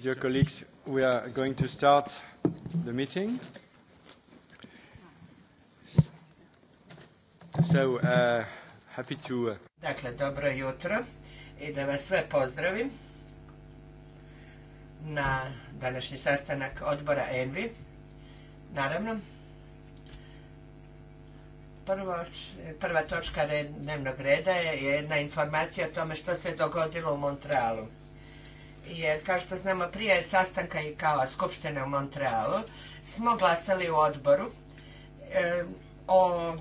Dear colleagues, we are going to start the meeting. So, uh, happy to... Uh, dakle, dobro jutro i da vas sve pozdravim na današnji sastanak odbora ENVI. Naravno, prva točka dnevnog reda je jedna informacija o tome što se dogodilo u Montrealu jer kao što znamo prije sastanka i kao skupštine u Montrealu smo glasali u odboru e, o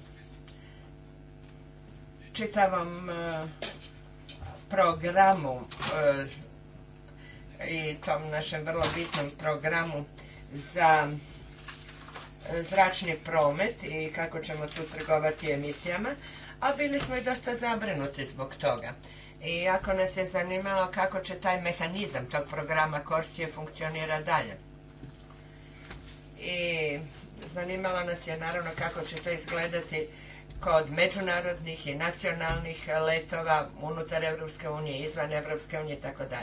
čitavom e, programu e, i tom našem vrlo bitnom programu za zračni promet i kako ćemo tu trgovati emisijama, a bili smo i dosta zabrinuti zbog toga i jako nas je zanimalo kako će taj mehanizam tog programa Korsije funkcionira dalje. I zanimalo nas je naravno kako će to izgledati kod međunarodnih i nacionalnih letova unutar Europske unije, izvan Europske unije itd.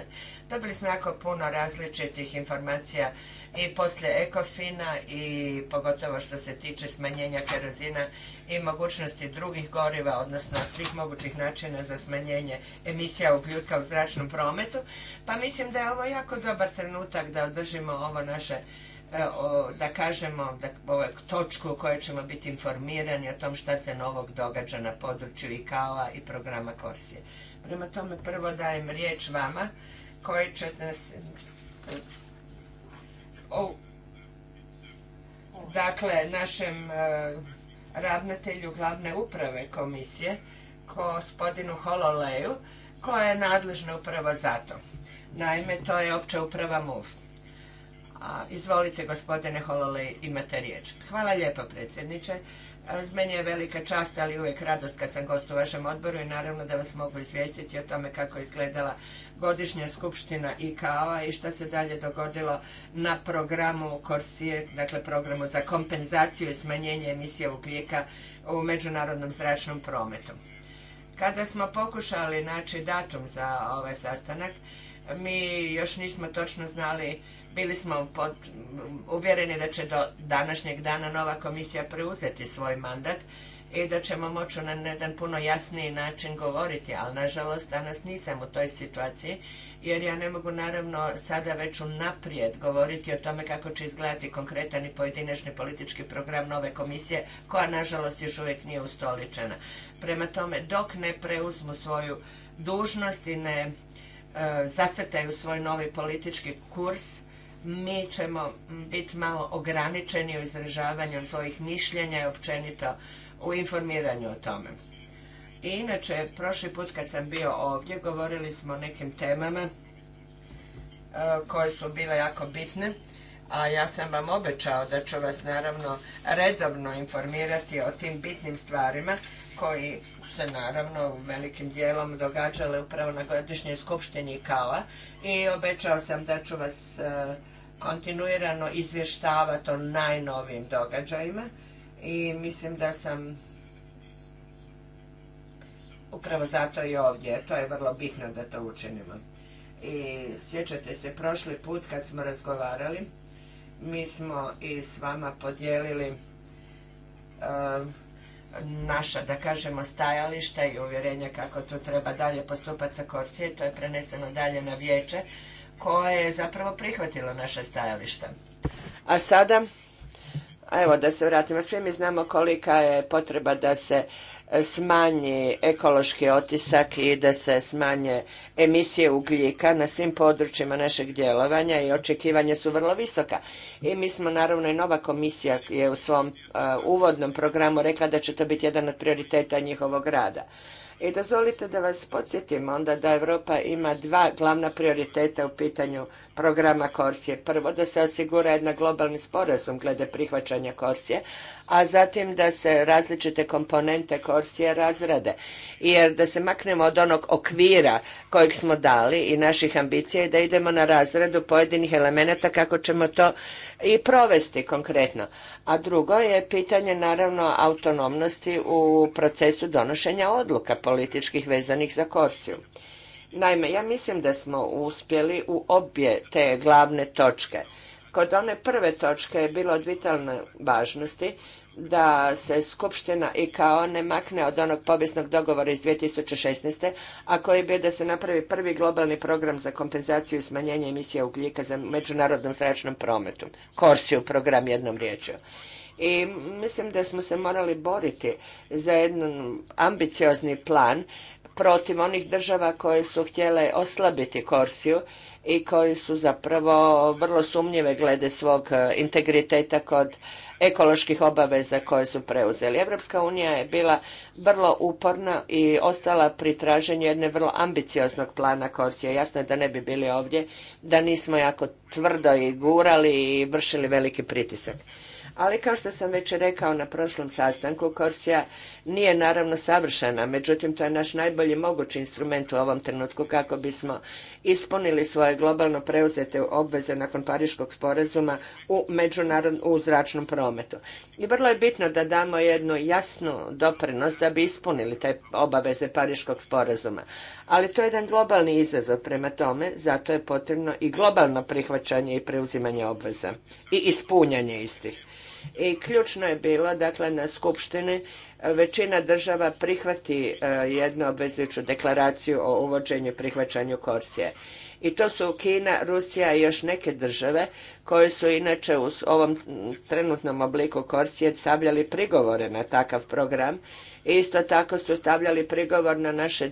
Dobili smo jako puno različitih informacija i poslije ekofina i pogotovo što se tiče smanjenja kerozina i mogućnosti drugih goriva, odnosno svih mogućih načina za smanjenje emisija ugljika u zračnom prometu. Pa mislim da je ovo jako dobar trenutak da održimo ovo naše E, da kažemo da, točku u kojoj ćemo biti informirani o tom šta se novog događa na području ICAO-a i programa Korsije. Prema tome prvo dajem riječ vama koji će nas dakle našem e, ravnatelju glavne uprave komisije gospodinu Hololeju koja je nadležna upravo za to. Naime, to je opća uprava MUF izvolite gospodine Hololej, imate riječ. Hvala lijepo predsjedniče. Meni je velika čast, ali uvijek radost kad sam gost u vašem odboru i naravno da vas mogu izvijestiti o tome kako je izgledala godišnja skupština IKAO-a i šta se dalje dogodilo na programu Korsije, dakle programu za kompenzaciju i smanjenje emisije ugljika u međunarodnom zračnom prometu. Kada smo pokušali naći datum za ovaj sastanak, mi još nismo točno znali bili smo uvjereni da će do današnjeg dana nova komisija preuzeti svoj mandat i da ćemo moći na jedan puno jasniji način govoriti, ali nažalost danas nisam u toj situaciji jer ja ne mogu naravno sada već unaprijed govoriti o tome kako će izgledati konkretan i pojedinačni politički program nove komisije koja nažalost još uvijek nije ustoličena. Prema tome, dok ne preuzmu svoju dužnost i ne e, zacrtaju svoj novi politički kurs, mi ćemo biti malo ograničeni u izražavanju svojih mišljenja i općenito u informiranju o tome. I inače, prošli put kad sam bio ovdje, govorili smo o nekim temama e, koje su bile jako bitne, a ja sam vam obećao da ću vas naravno redovno informirati o tim bitnim stvarima koji se naravno velikim dijelom događale upravo na godišnjoj skupštini kao i obećao sam da ću vas e, kontinuirano izvještavati o najnovijim događajima i mislim da sam upravo zato i ovdje, jer to je vrlo bitno da to učinimo. I sjećate se, prošli put kad smo razgovarali, mi smo i s vama podijelili eh, naša, da kažemo, stajališta i uvjerenja kako tu treba dalje postupati sa Korsije. To je preneseno dalje na vijeće koje je zapravo prihvatilo naše stajališta. A sada, evo da se vratimo, svi mi znamo kolika je potreba da se e, smanji ekološki otisak i da se smanje emisije ugljika na svim područjima našeg djelovanja i očekivanja su vrlo visoka. I mi smo naravno i nova komisija je u svom e, uvodnom programu rekla da će to biti jedan od prioriteta njihovog rada. I dozvolite da vas podsjetim onda da Europa ima dva glavna prioriteta u pitanju programa Korsije. Prvo, da se osigura jedan globalni sporazum glede prihvaćanja Korsije, a zatim da se različite komponente korsije razrade. Jer da se maknemo od onog okvira kojeg smo dali i naših ambicija i da idemo na razradu pojedinih elemenata kako ćemo to i provesti konkretno. A drugo je pitanje naravno autonomnosti u procesu donošenja odluka političkih vezanih za korsiju. Naime, ja mislim da smo uspjeli u obje te glavne točke – Kod one prve točke je bilo od vitalne važnosti da se Skupština i kao ne makne od onog povijesnog dogovora iz 2016. a koji bi da se napravi prvi globalni program za kompenzaciju i smanjenje emisija ugljika za međunarodnom zračnom prometu. Korsiju program jednom riječju. I mislim da smo se morali boriti za jedan ambiciozni plan protiv onih država koje su htjele oslabiti Korsiju i koji su zapravo vrlo sumnjive glede svog e, integriteta kod ekoloških obaveza koje su preuzeli. Evropska unija je bila vrlo uporna i ostala pri traženju jedne vrlo ambicioznog plana Korsije. Jasno je da ne bi bili ovdje, da nismo jako tvrdo i gurali i vršili veliki pritisak. Ali kao što sam već rekao na prošlom sastanku, Korsija nije naravno savršena, međutim to je naš najbolji mogući instrument u ovom trenutku kako bismo ispunili svoje globalno preuzete obveze nakon Pariškog sporazuma u, međunarod, u zračnom prometu. I vrlo je bitno da damo jednu jasnu doprinos da bi ispunili te obaveze Pariškog sporazuma. Ali to je jedan globalni izazov prema tome, zato je potrebno i globalno prihvaćanje i preuzimanje obveza i ispunjanje istih i ključno je bilo dakle na skupštini većina država prihvati e, jednu obvezujuću deklaraciju o uvođenju i prihvaćanju korsije. I to su Kina, Rusija i još neke države koje su inače u ovom trenutnom obliku korsije stavljali prigovore na takav program Isto tako su stavljali prigovor na naše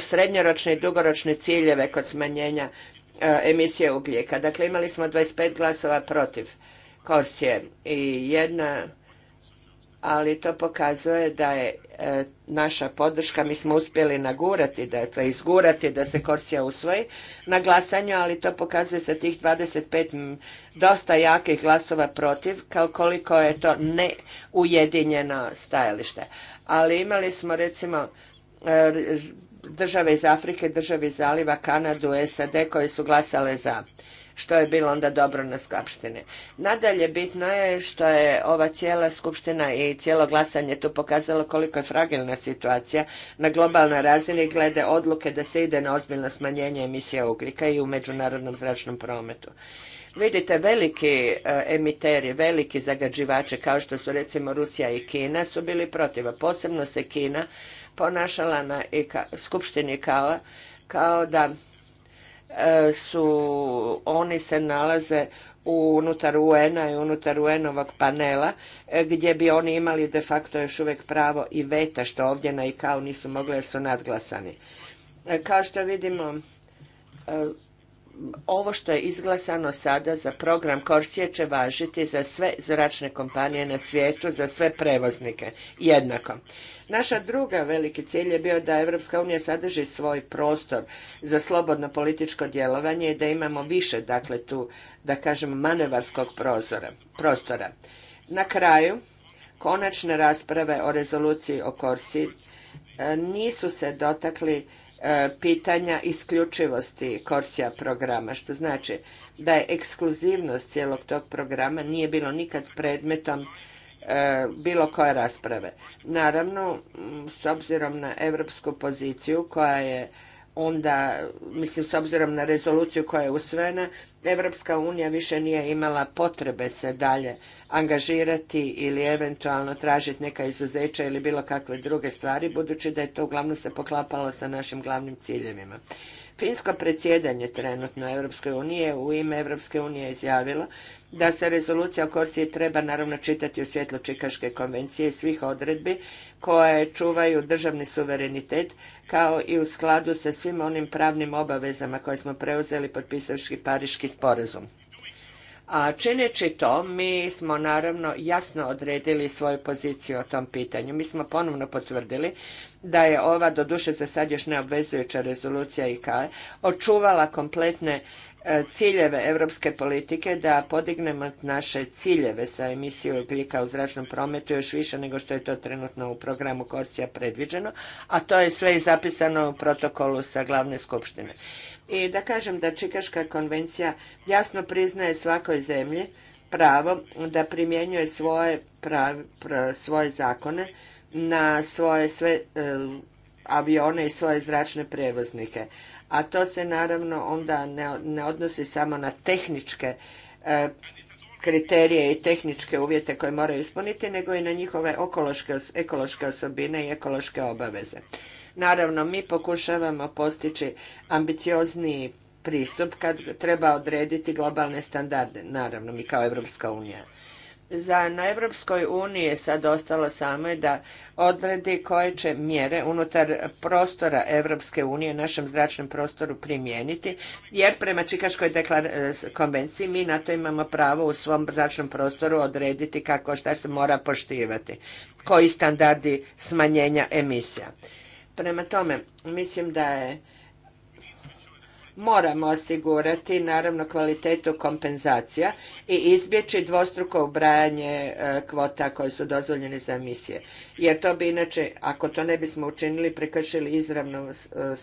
srednjoročne i dugoročne ciljeve kod smanjenja e, emisije ugljika. Dakle, imali smo 25 glasova protiv Korsije i jedna, ali to pokazuje da je e, naša podrška, mi smo uspjeli nagurati, dakle izgurati da se Korsija usvoji na glasanju, ali to pokazuje sa tih 25 dosta jakih glasova protiv, kao koliko je to neujedinjeno stajalište. Ali imali smo recimo e, države iz Afrike, države iz Zaliva, Kanadu, SAD koje su glasale za što je bilo onda dobro na skupštini. Nadalje bitno je što je ova cijela skupština i cijelo glasanje tu pokazalo koliko je fragilna situacija na globalnoj razini glede odluke da se ide na ozbiljno smanjenje emisije ugljika i u međunarodnom zračnom prometu. Vidite, veliki e, emiteri, veliki zagađivači kao što su recimo Rusija i Kina su bili protiv, posebno se Kina ponašala na skupštini kao da E, su, oni se nalaze unutar UN-a i unutar UN-ovog panela, e, gdje bi oni imali de facto još uvijek pravo i veta, što ovdje na ICAO nisu mogli jer su nadglasani. E, kao što vidimo, ovo što je izglasano sada za program Korsije će važiti za sve zračne kompanije na svijetu, za sve prevoznike jednako. Naša druga veliki cilj je bio da Evropska unija sadrži svoj prostor za slobodno političko djelovanje i da imamo više, dakle, tu, da kažem manevarskog prostora. Na kraju, konačne rasprave o rezoluciji o Korsi e, nisu se dotakli E, pitanja isključivosti Korsija programa, što znači da je ekskluzivnost cijelog tog programa nije bilo nikad predmetom e, bilo koje rasprave. Naravno, s obzirom na europsku poziciju koja je onda, mislim, s obzirom na rezoluciju koja je usvojena, Evropska unija više nije imala potrebe se dalje angažirati ili eventualno tražiti neka izuzeća ili bilo kakve druge stvari, budući da je to uglavnom se poklapalo sa našim glavnim ciljevima. Finsko predsjedanje trenutno Evropske unije u ime Evropske unije izjavilo da se rezolucija o Korsiji treba naravno čitati u Svjetlo Čikaške konvencije i svih odredbi koje čuvaju državni suverenitet kao i u skladu sa svim onim pravnim obavezama koje smo preuzeli potpisavši Pariški sporazum. A čineći to, mi smo naravno jasno odredili svoju poziciju o tom pitanju. Mi smo ponovno potvrdili da je ova, doduše za sad još neobvezujuća rezolucija IKA očuvala kompletne E, ciljeve europske politike da podignemo naše ciljeve sa emisiju ugljika u zračnom prometu još više nego što je to trenutno u programu Korcija predviđeno, a to je sve i zapisano u protokolu sa glavne skupštine. I da kažem da Čikaška konvencija jasno priznaje svakoj zemlji pravo da primjenjuje svoje, svoje zakone na svoje sve e, avione i svoje zračne prijevoznike a to se naravno onda ne, odnosi samo na tehničke e, kriterije i tehničke uvjete koje moraju ispuniti, nego i na njihove ekološke osobine i ekološke obaveze. Naravno, mi pokušavamo postići ambiciozniji pristup kad treba odrediti globalne standarde, naravno mi kao Evropska unija za na Evropskoj uniji je sad ostalo samo da odredi koje će mjere unutar prostora Evropske unije našem zračnom prostoru primijeniti, jer prema Čikaškoj eh, konvenciji mi na to imamo pravo u svom zračnom prostoru odrediti kako šta se mora poštivati, koji standardi smanjenja emisija. Prema tome, mislim da je moramo osigurati naravno kvalitetu kompenzacija i izbjeći dvostruko ubrajanje e, kvota koje su dozvoljene za emisije. Jer to bi inače, ako to ne bismo učinili, prekršili izravno e,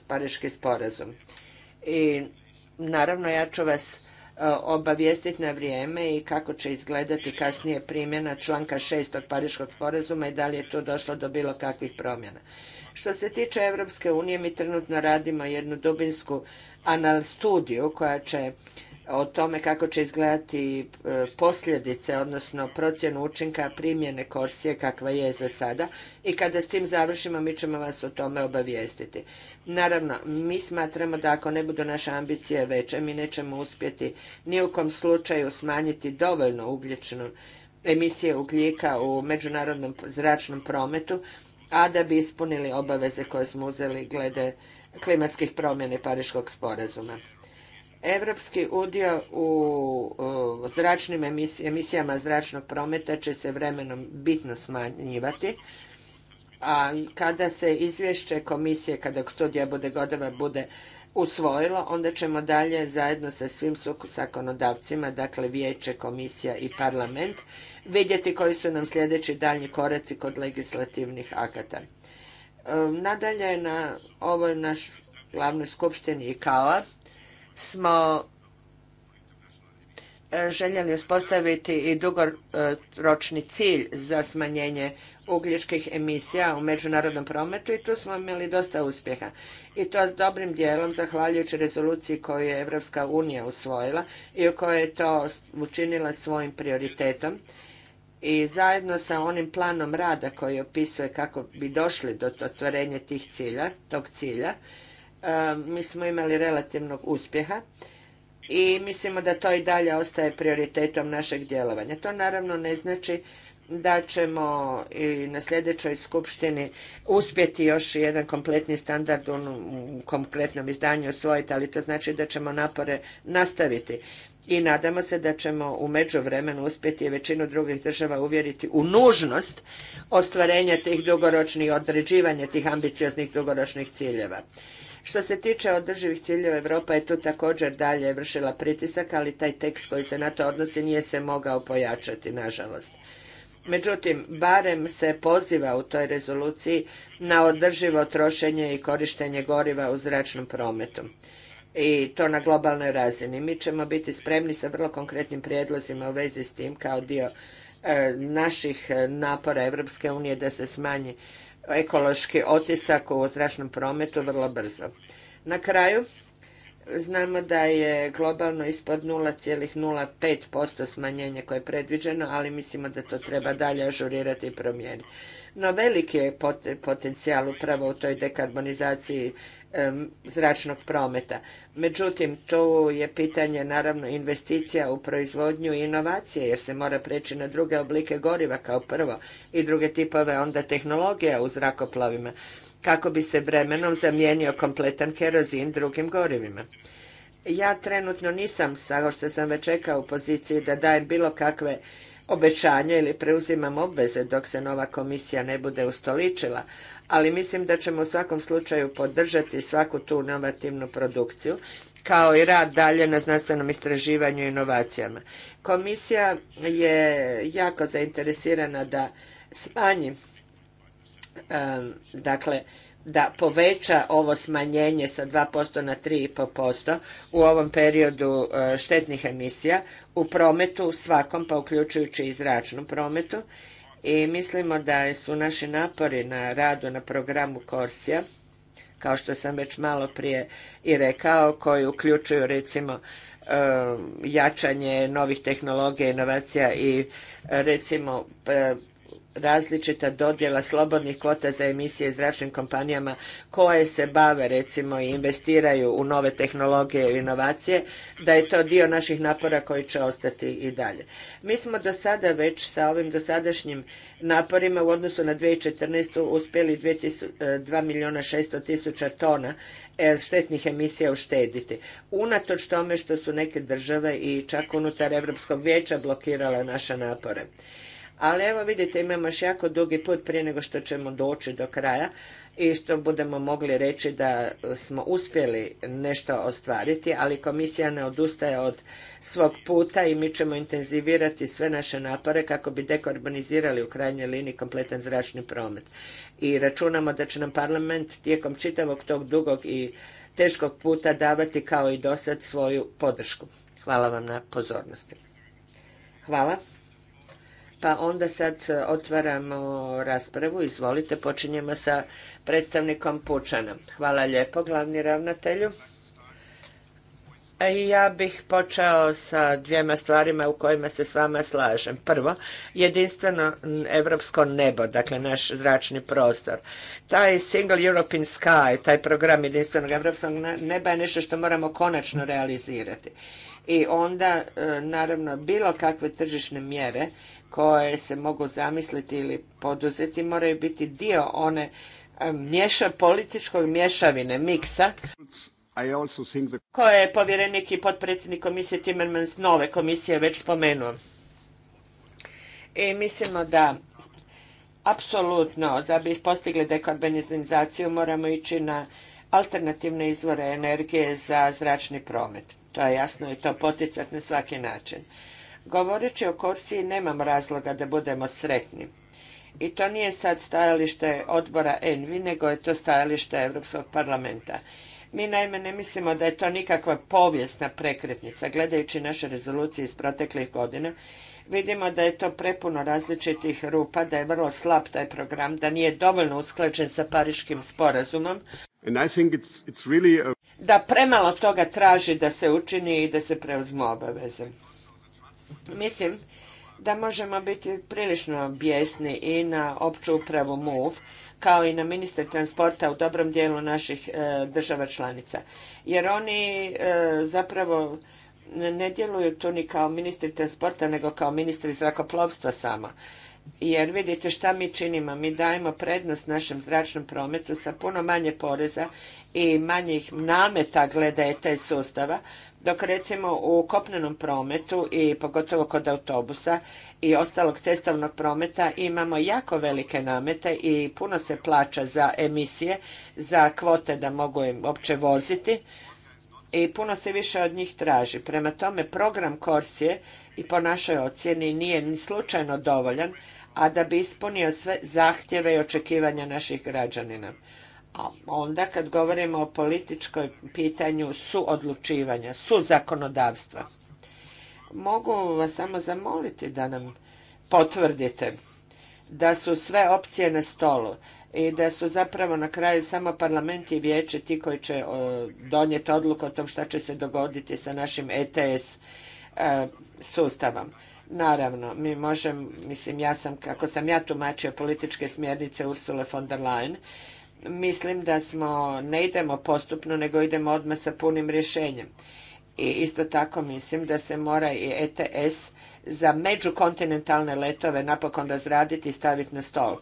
Pariški sporazum. I naravno ja ću vas e, obavijestiti na vrijeme i kako će izgledati kasnije primjena članka 6. Pariškog sporazuma i da li je to došlo do bilo kakvih promjena. Što se tiče Europske unije, mi trenutno radimo jednu dubinsku anal studiju koja će o tome kako će izgledati e, posljedice, odnosno procjenu učinka primjene korsije kakva je za sada i kada s tim završimo mi ćemo vas o tome obavijestiti. Naravno, mi smatramo da ako ne budu naše ambicije veće, mi nećemo uspjeti ni u kom slučaju smanjiti dovoljno ugljičnu emisije ugljika u međunarodnom zračnom prometu, a da bi ispunili obaveze koje smo uzeli glede klimatskih promjena Pariškog sporazuma. Evropski udio u zračnim emisijama zračnog prometa će se vremenom bitno smanjivati, a kada se izvješće komisije, kada studija bude godova, bude usvojilo, onda ćemo dalje zajedno sa svim zakonodavcima, dakle vijeće, komisija i parlament, vidjeti koji su nam sljedeći dalji koraci kod legislativnih akata. Nadalje, na ovoj naš glavnoj skupštini i a smo e, željeli uspostaviti i dugoročni cilj za smanjenje ugljičkih emisija u međunarodnom prometu i tu smo imali dosta uspjeha. I to dobrim dijelom zahvaljujući rezoluciji koju je Evropska unija usvojila i u kojoj je to učinila svojim prioritetom i zajedno sa onim planom rada koji opisuje kako bi došli do otvorenja tih cilja, tog cilja, e, mi smo imali relativnog uspjeha i mislimo da to i dalje ostaje prioritetom našeg djelovanja. To naravno ne znači da ćemo i na sljedećoj skupštini uspjeti još jedan kompletni standard u konkretnom izdanju osvojiti, ali to znači da ćemo napore nastaviti i nadamo se da ćemo u međuvremenu uspjeti većinu drugih država uvjeriti u nužnost ostvarenja tih dugoročnih određivanja tih ambicioznih dugoročnih ciljeva. Što se tiče održivih ciljeva, Europa je tu također dalje vršila pritisak, ali taj tekst koji se na to odnosi nije se mogao pojačati, nažalost. Međutim, barem se poziva u toj rezoluciji na održivo trošenje i korištenje goriva u zračnom prometu i to na globalnoj razini. Mi ćemo biti spremni sa vrlo konkretnim prijedlozima u vezi s tim kao dio e, naših napora Europske unije da se smanji ekološki otisak u zračnom prometu vrlo brzo. Na kraju, znamo da je globalno ispod 0,05% smanjenje koje je predviđeno, ali mislimo da to treba dalje ažurirati i promijeniti. No veliki je potencijal upravo u toj dekarbonizaciji zračnog prometa. Međutim, tu je pitanje naravno investicija u proizvodnju i inovacije jer se mora preći na druge oblike goriva kao prvo i druge tipove onda tehnologija u zrakoplovima kako bi se vremenom zamijenio kompletan kerozin drugim gorivima. Ja trenutno nisam, kao što sam već čekao u poziciji da dajem bilo kakve obećanja ili preuzimam obveze dok se nova komisija ne bude ustoličila, ali mislim da ćemo u svakom slučaju podržati svaku tu inovativnu produkciju, kao i rad dalje na znanstvenom istraživanju i inovacijama. Komisija je jako zainteresirana da smanji, dakle, da poveća ovo smanjenje sa 2% na 3,5% u ovom periodu e, štetnih emisija u prometu svakom, pa uključujući i zračnom prometu i mislimo da su naši napori na radu na programu Korsija, kao što sam već malo prije i rekao, koji uključuju recimo um, jačanje novih tehnologija, inovacija i recimo um, različita dodjela slobodnih kvota za emisije zračnim kompanijama koje se bave recimo i investiraju u nove tehnologije i inovacije, da je to dio naših napora koji će ostati i dalje. Mi smo do sada već sa ovim dosadašnjim naporima u odnosu na 2014. uspjeli 2 milijuna 600 tisuća tona e, štetnih emisija uštediti. Unatoč tome što su neke države i čak unutar Europskog vijeća blokirale naše napore. Ali evo vidite, imamo još jako dugi put prije nego što ćemo doći do kraja i što budemo mogli reći da smo uspjeli nešto ostvariti, ali komisija ne odustaje od svog puta i mi ćemo intenzivirati sve naše napore kako bi dekarbonizirali u krajnjoj liniji kompletan zračni promet. I računamo da će nam parlament tijekom čitavog tog dugog i teškog puta davati kao i do sad svoju podršku. Hvala vam na pozornosti. Hvala. Pa onda sad otvaramo raspravu. Izvolite, počinjemo sa predstavnikom Pučana. Hvala lijepo, glavni ravnatelju. E, ja bih počeo sa dvijema stvarima u kojima se s vama slažem. Prvo, jedinstveno evropsko nebo, dakle naš zračni prostor. Taj Single European Sky, taj program jedinstvenog evropskog neba je nešto što moramo konačno realizirati. I onda, e, naravno, bilo kakve tržišne mjere koje se mogu zamisliti ili poduzeti moraju biti dio one e, mješa, političkog mješavine, miksa koje je povjerenik i potpredsjednik komisije Timmermans nove komisije već spomenuo. I mislimo da apsolutno da bi postigli dekarbonizaciju moramo ići na alternativne izvore energije za zračni promet. To je jasno i to poticati na svaki način. Govoreći o Korsiji nemam razloga da budemo sretni. I to nije sad stajalište odbora ENVI, nego je to stajalište Europskog parlamenta. Mi naime ne mislimo da je to nikakva povijesna prekretnica. Gledajući naše rezolucije iz proteklih godina, vidimo da je to prepuno različitih rupa, da je vrlo slab taj program, da nije dovoljno usklađen sa pariškim sporazumom. Da premalo toga traži da se učini i da se preuzmu obaveze. Mislim da možemo biti prilično bijesni i na opću upravu MUV, kao i na ministri transporta u dobrom dijelu naših e, država članica. Jer oni e, zapravo ne djeluju tu ni kao ministri transporta, nego kao ministri zrakoplovstva samo. Jer vidite šta mi činimo, mi dajemo prednost našem zračnom prometu sa puno manje poreza i manjih nameta glede te sustava, dok recimo u kopnenom prometu i pogotovo kod autobusa i ostalog cestovnog prometa imamo jako velike namete i puno se plaća za emisije, za kvote da mogu im opće voziti i puno se više od njih traži. Prema tome program Korsije i po našoj ocjeni nije ni slučajno dovoljan, a da bi ispunio sve zahtjeve i očekivanja naših građanina onda kad govorimo o političkoj pitanju suodlučivanja, suzakonodavstva. Mogu vas samo zamoliti da nam potvrdite da su sve opcije na stolu i da su zapravo na kraju samo parlament i vijeće ti koji će donijeti odluku o tom šta će se dogoditi sa našim ETS e, sustavom. Naravno, mi možemo, mislim, ja sam, kako sam ja tumačio političke smjernice Ursule von der Leyen, mislim da smo, ne idemo postupno, nego idemo odmah sa punim rješenjem. I isto tako mislim da se mora i ETS za međukontinentalne letove napokon razraditi i staviti na stol.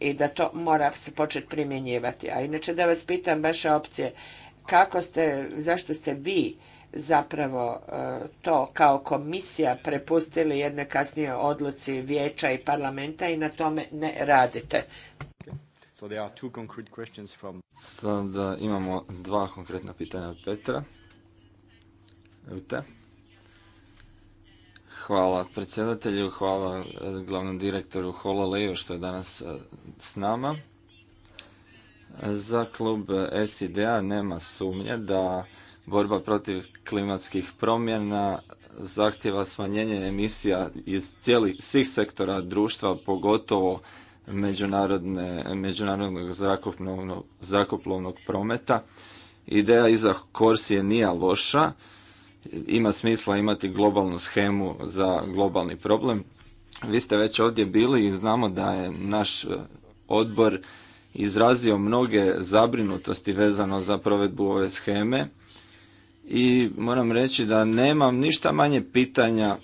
I da to mora se početi primjenjivati. A inače da vas pitam vaše opcije, kako ste, zašto ste vi zapravo e, to kao komisija prepustili jedne kasnije odluci vijeća i parlamenta i na tome ne radite. Sada imamo dva konkretna pitanja od Petra. Hvala predsjedatelju, hvala eh, glavnom direktoru Hola Leo što je danas eh, s nama. Za klub eh, SID-a nema sumnje da borba protiv klimatskih promjena zahtjeva smanjenje emisija iz cijeli, svih sektora društva, pogotovo međunarodnog zrakoplovnog, zrakoplovnog prometa. Ideja iza Korsije nije loša, ima smisla imati globalnu schemu za globalni problem. Vi ste već ovdje bili i znamo da je naš e, odbor izrazio mnoge zabrinutosti vezano za provedbu ove scheme i moram reći da nemam ništa manje pitanja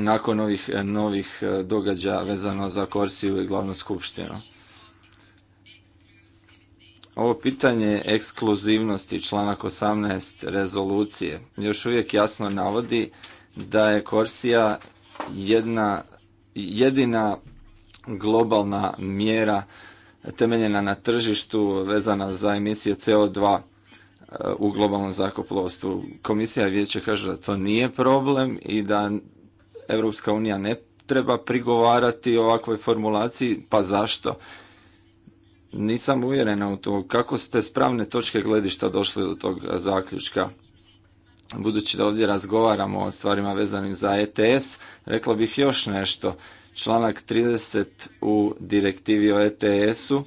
nakon ovih eh, novih eh, događaja vezano za Korsiju i glavnu skupštinu. Ovo pitanje ekskluzivnosti članak 18 rezolucije još uvijek jasno navodi da je Korsija jedna, jedina globalna mjera temeljena na tržištu vezana za emisije CO2 eh, u globalnom zakoplovstvu. Komisija vijeće kaže da to nije problem i da Europska unija ne treba prigovarati ovakvoj formulaciji, pa zašto? Nisam uvjerena u to. Kako ste s pravne točke gledišta došli do tog zaključka? Budući da ovdje razgovaramo o stvarima vezanim za ETS, rekla bih još nešto. Članak 30 u direktivi o ETS-u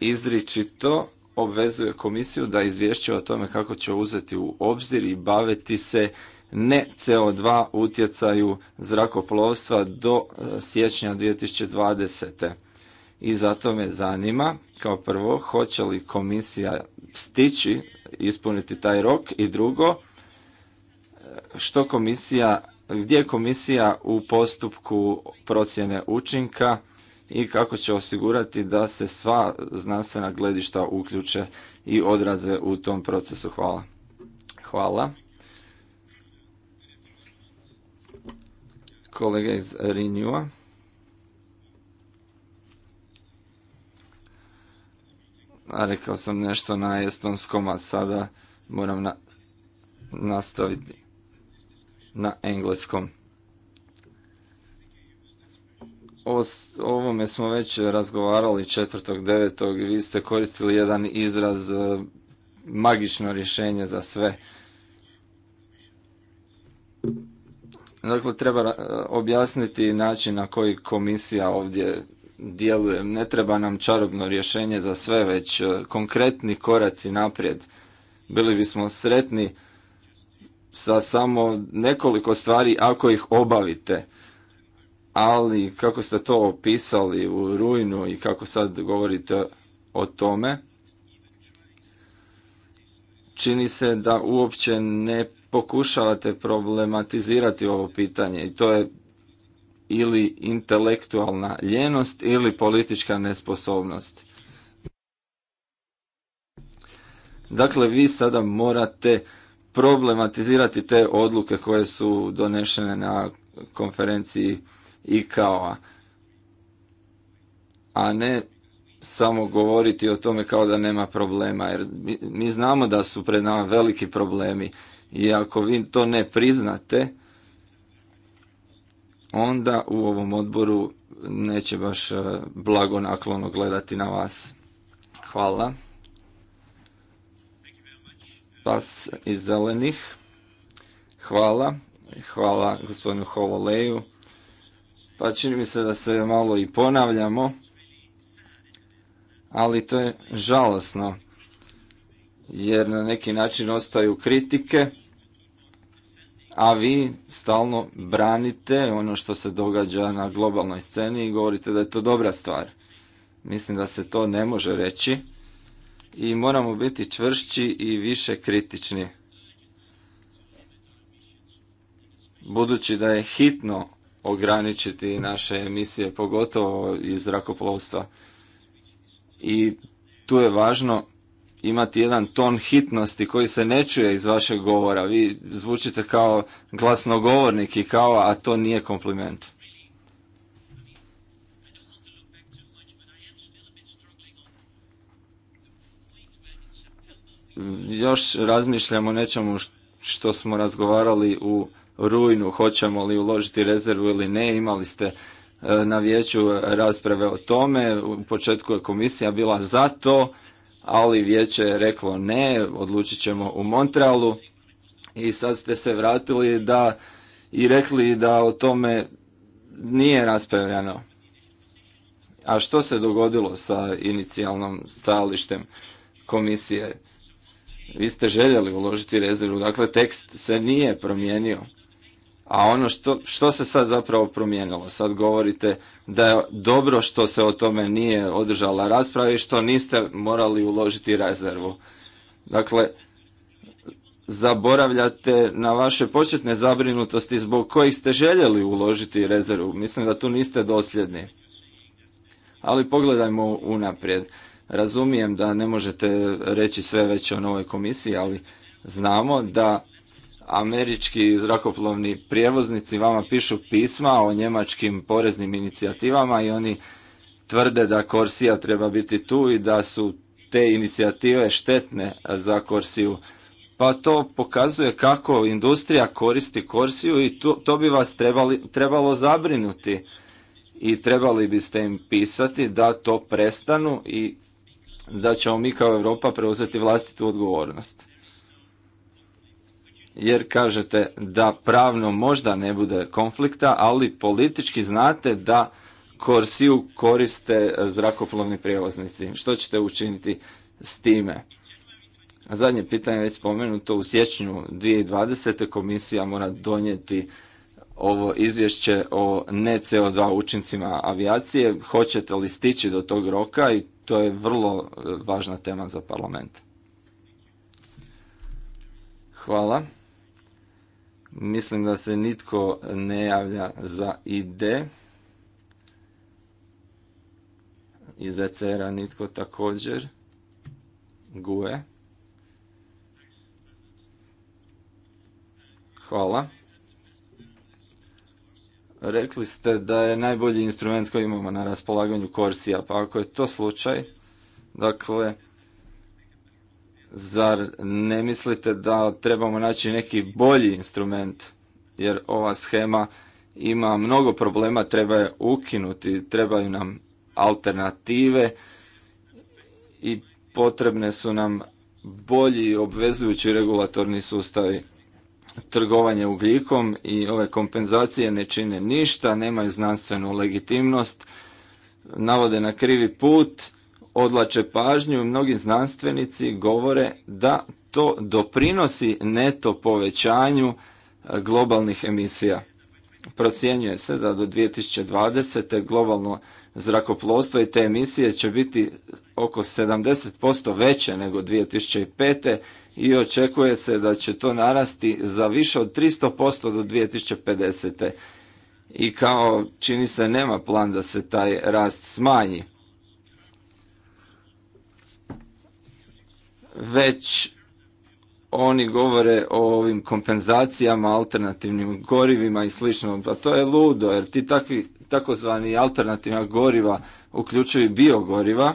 izričito obvezuje komisiju da izvješće o tome kako će uzeti u obzir i baviti se ne CO2 utjecaju zrakoplovstva do e, siječnja 2020. I zato me zanima, kao prvo, hoće li komisija stići ispuniti taj rok i drugo, e, što komisija, gdje je komisija u postupku procjene učinka i kako će osigurati da se sva znanstvena gledišta uključe i odraze u tom procesu. Hvala. Hvala. kolega iz Renewa. A rekao sam nešto na estonskom, a sada moram nastaviti na engleskom. O ovome smo već razgovarali 4.9. i vi ste koristili jedan izraz e, magično rješenje za sve Dakle, treba e, objasniti način na koji komisija ovdje djeluje. Ne treba nam čarobno rješenje za sve, već e, konkretni koraci naprijed. Bili bismo sretni sa samo nekoliko stvari ako ih obavite. Ali kako ste to opisali u rujnu i kako sad govorite o tome, čini se da uopće ne pokušavate problematizirati ovo pitanje i to je ili intelektualna ljenost ili politička nesposobnost. Dakle, vi sada morate problematizirati te odluke koje su donešene na konferenciji i a a ne samo govoriti o tome kao da nema problema, jer mi znamo da su pred nama veliki problemi i ako vi to ne priznate, onda u ovom odboru neće baš e, blago naklono gledati na vas. Hvala. Pas iz zelenih. Hvala. Hvala gospodinu Hovoleju. Pa čini mi se da se malo i ponavljamo, ali to je žalosno, jer na neki način ostaju kritike, a vi stalno branite ono što se događa na globalnoj sceni i govorite da je to dobra stvar. Mislim da se to ne može reći i moramo biti čvršći i više kritični. Budući da je hitno ograničiti naše emisije, pogotovo iz zrakoplovstva. I tu je važno imati jedan ton hitnosti koji se ne čuje iz vašeg govora. Vi zvučite kao glasnogovornik i kao, a to nije kompliment. Još razmišljamo o nečemu što smo razgovarali u rujnu, hoćemo li uložiti rezervu ili ne, imali ste e, na vijeću rasprave o tome, u početku je komisija bila za to, ali vijeće je reklo ne, odlučit ćemo u Montrealu i sad ste se vratili da i rekli da o tome nije raspravljeno. A što se dogodilo sa inicijalnom stajalištem komisije? Vi ste željeli uložiti rezervu, dakle tekst se nije promijenio. A ono što, što se sad zapravo promijenilo? Sad govorite da je dobro što se o tome nije održala rasprava i što niste morali uložiti rezervu. Dakle, zaboravljate na vaše početne zabrinutosti zbog kojih ste željeli uložiti rezervu. Mislim da tu niste dosljedni. Ali pogledajmo unaprijed. Razumijem da ne možete reći sve već o novoj komisiji, ali znamo da američki zrakoplovni prijevoznici vama pišu pisma o njemačkim poreznim inicijativama i oni tvrde da Korsija treba biti tu i da su te inicijative štetne za Korsiju. Pa to pokazuje kako industrija koristi Korsiju i to, to bi vas trebali, trebalo zabrinuti. I trebali biste im pisati da to prestanu i da ćemo mi kao Europa preuzeti vlastitu odgovornost jer kažete da pravno možda ne bude konflikta, ali politički znate da Korsiju koriste eh, zrakoplovni prijevoznici. Što ćete učiniti s time? Zadnje pitanje je već spomenuto u siječnju 2020. komisija mora donijeti ovo izvješće o ne CO2 učincima avijacije. Hoćete li stići do tog roka i to je vrlo eh, važna tema za parlament. Hvala. Mislim da se nitko ne javlja za ID. I za e a nitko također. Gue. Hvala. Rekli ste da je najbolji instrument koji imamo na raspolaganju Corsija, pa ako je to slučaj, dakle, Zar ne mislite da trebamo naći neki bolji instrument? Jer ova schema ima mnogo problema, treba je ukinuti, trebaju nam alternative i potrebne su nam bolji obvezujući regulatorni sustavi. Trgovanje ugljikom i ove kompenzacije ne čine ništa, nemaju znanstvenu legitimnost, navode na krivi put odlače pažnju i mnogi znanstvenici govore da to doprinosi neto povećanju e, globalnih emisija. Procjenjuje se da do 2020. globalno zrakoplovstvo i te emisije će biti oko 70% veće nego 2005. i očekuje se da će to narasti za više od 300% do 2050. I kao čini se nema plan da se taj rast smanji. već oni govore o ovim kompenzacijama, alternativnim gorivima i slično, Pa to je ludo jer ti takvi takozvani alternativna goriva uključuju biogoriva.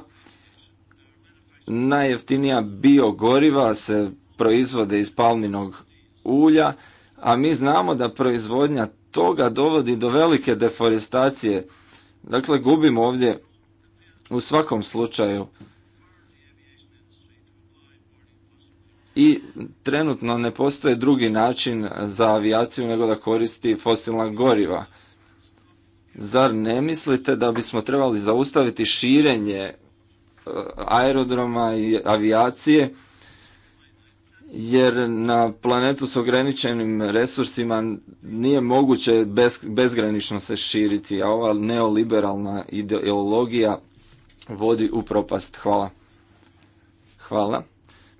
Najjeftinija biogoriva se proizvode iz palminog ulja, a mi znamo da proizvodnja toga dovodi do velike deforestacije. Dakle, gubimo ovdje u svakom slučaju i trenutno ne postoje drugi način za avijaciju nego da koristi fosilna goriva. Zar ne mislite da bismo trebali zaustaviti širenje e, aerodroma i avijacije jer na planetu s ograničenim resursima nije moguće bezgranično se širiti, a ova neoliberalna ideologija vodi u propast. Hvala. Hvala.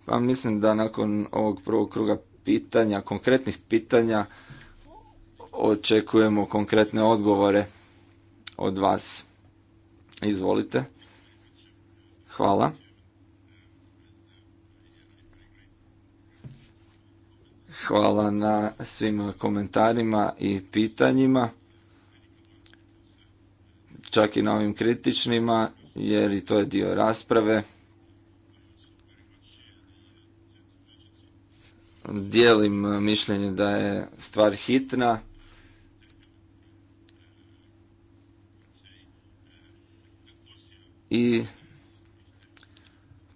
Pa mislim da nakon ovog prvog kruga pitanja, konkretnih pitanja, očekujemo konkretne odgovore od vas. Izvolite. Hvala. Hvala na svim komentarima i pitanjima. Čak i na ovim kritičnima, jer i to je dio rasprave. dijelim eh, mišljenje da je stvar hitna. I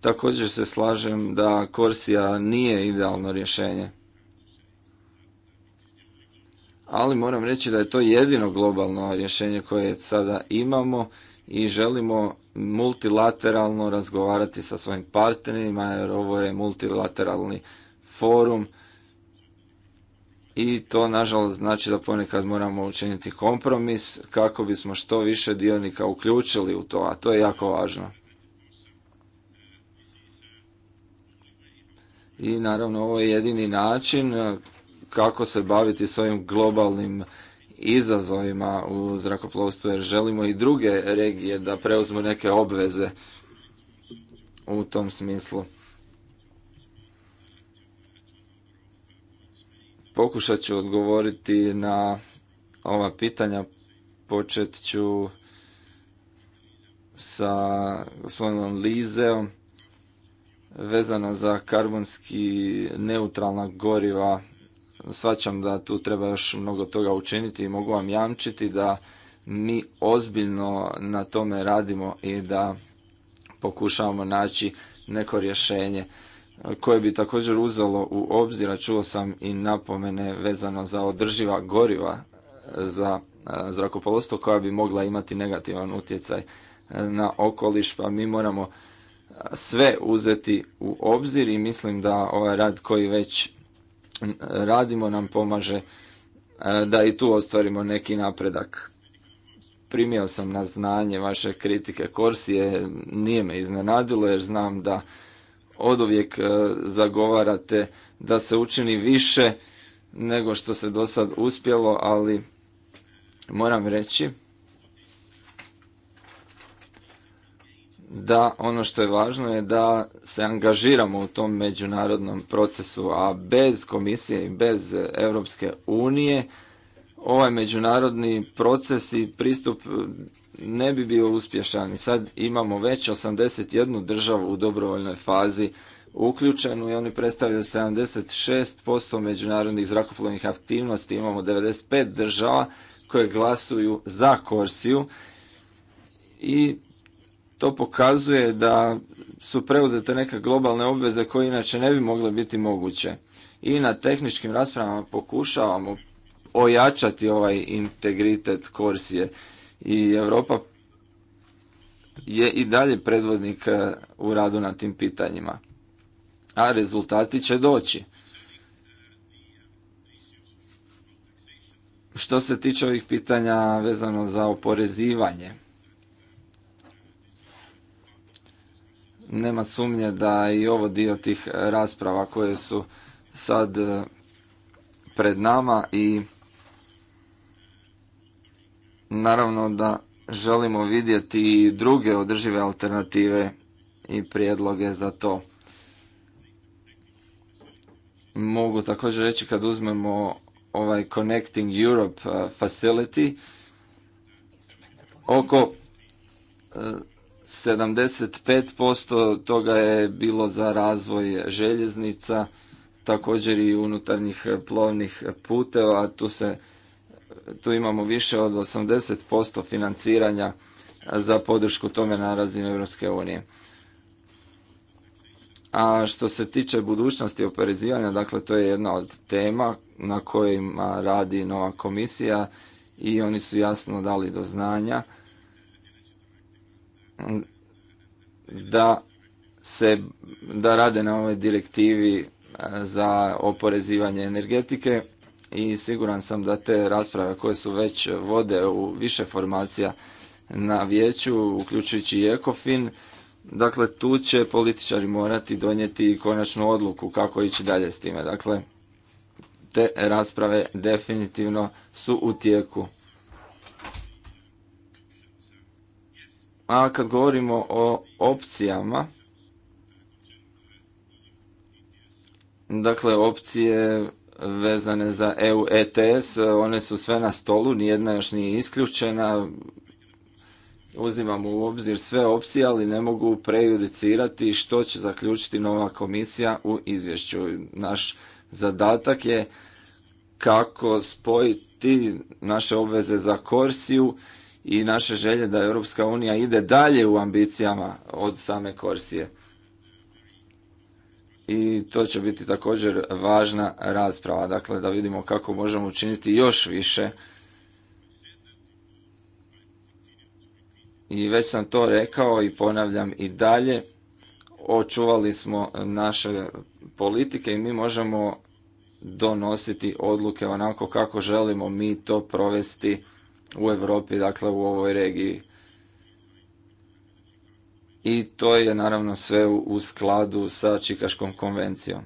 također se slažem da Korsija nije idealno rješenje. Ali moram reći da je to jedino globalno rješenje koje sada imamo i želimo multilateralno razgovarati sa svojim partnerima jer ovo je multilateralni forum i to nažalost znači da ponekad moramo učiniti kompromis kako bismo što više dionika uključili u to, a to je jako važno. I naravno ovo je jedini način eh, kako se baviti s ovim globalnim izazovima u zrakoplovstvu jer želimo i druge regije da preuzmu neke obveze u tom smislu. Pokušat ću odgovoriti na ova pitanja. Počet ću sa gospodinom Lizeom vezano za karbonski neutralna goriva. Svaćam da tu treba još mnogo toga učiniti i mogu vam jamčiti da mi ozbiljno na tome radimo i da pokušavamo naći neko rješenje koje bi također uzelo u obzira, čuo sam i napomene vezano za održiva goriva e, za e, zrakopolovstvo koja bi mogla imati negativan utjecaj e, na okoliš, pa mi moramo sve uzeti u obzir i mislim da ovaj rad koji već radimo nam pomaže da i tu ostvarimo neki napredak. Primio sam na znanje vaše kritike Korsije, nije me iznenadilo jer znam da oduvijek e, zagovarate da se učini više nego što se do sad uspjelo, ali moram reći da ono što je važno je da se angažiramo u tom međunarodnom procesu, a bez komisije i bez Europske unije ovaj međunarodni proces i pristup ne bi bio uspješan. sad imamo već 81 državu u dobrovoljnoj fazi uključenu i oni predstavljaju 76% međunarodnih zrakoplovnih aktivnosti. Imamo 95 država koje glasuju za Korsiju i to pokazuje da su preuzete neke globalne obveze koje inače ne bi mogle biti moguće. I na tehničkim raspravama pokušavamo ojačati ovaj integritet Korsije i Europa je i dalje predvodnik eh, u radu na tim pitanjima. A rezultati će doći. Što se tiče ovih pitanja vezano za oporezivanje, nema sumnje da i ovo dio tih rasprava koje su sad eh, pred nama i Naravno da želimo vidjeti i druge održive alternative i prijedloge za to. Mogu također reći kad uzmemo ovaj Connecting Europe eh, Facility oko 75% eh, toga je bilo za razvoj željeznica, također i unutarnjih plovnih puteva, tu se tu imamo više od 80% financiranja za podršku tome na razini Europske unije. A što se tiče budućnosti oporezivanja, dakle to je jedna od tema na kojima radi nova komisija i oni su jasno dali do znanja da se da rade na ovoj direktivi za oporezivanje energetike i siguran sam da te rasprave koje su već vode u više formacija na vijeću, uključujući i ECOFIN, dakle tu će političari morati donijeti konačnu odluku kako ići dalje s time. Dakle, te rasprave definitivno su u tijeku. A kad govorimo o opcijama, dakle opcije vezane za EU ETS, one su sve na stolu, nijedna još nije isključena. Uzimam u obzir sve opcije, ali ne mogu prejudicirati što će zaključiti nova komisija u izvješću. Naš zadatak je kako spojiti naše obveze za Korsiju i naše želje da Europska unija ide dalje u ambicijama od same Korsije i to će biti također važna rasprava. Dakle, da vidimo kako možemo učiniti još više. I već sam to rekao i ponavljam i dalje. Očuvali smo naše politike i mi možemo donositi odluke onako kako želimo mi to provesti u Europi, dakle u ovoj regiji i to je naravno sve u skladu sa Čikaškom konvencijom.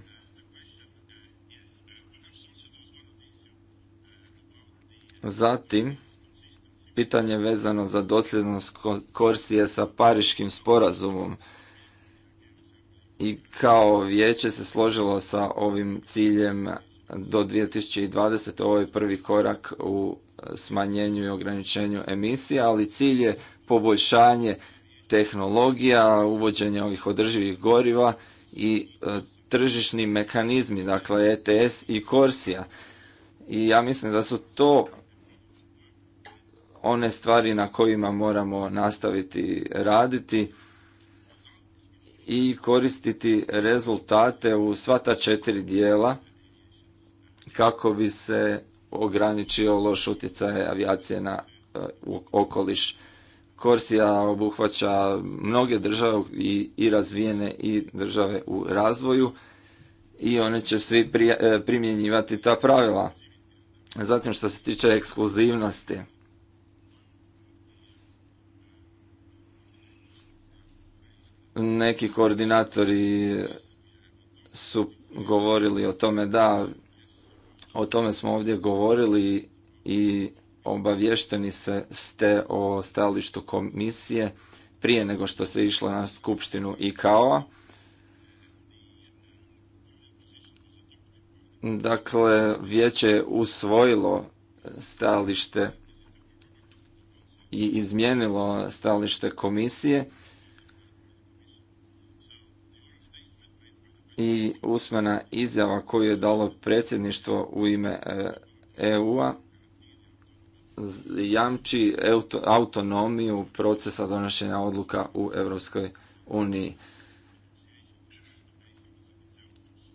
Zatim, pitanje vezano za dosljednost Korsije sa Pariškim sporazumom i kao vijeće se složilo sa ovim ciljem do 2020. Ovo je prvi korak u smanjenju i ograničenju emisija, ali cilj je poboljšanje tehnologija, uvođenje ovih održivih goriva i e, tržišni mehanizmi, dakle ETS i Korsija. I ja mislim da su to one stvari na kojima moramo nastaviti raditi i koristiti rezultate u sva ta četiri dijela kako bi se ograničio loš utjecaj avijacije na e, okoliš. Korsija obuhvaća mnoge države i, i razvijene i države u razvoju i one će svi e, primjenjivati ta pravila. Zatim što se tiče ekskluzivnosti. Neki koordinatori su govorili o tome da o tome smo ovdje govorili i obavješteni se ste o stajalištu komisije prije nego što se išlo na skupštinu i a Dakle, vijeće je usvojilo stajalište i izmijenilo stajalište komisije i usmena izjava koju je dalo predsjedništvo u ime EU-a e jamči autonomiju procesa donošenja odluka u Europskoj uniji.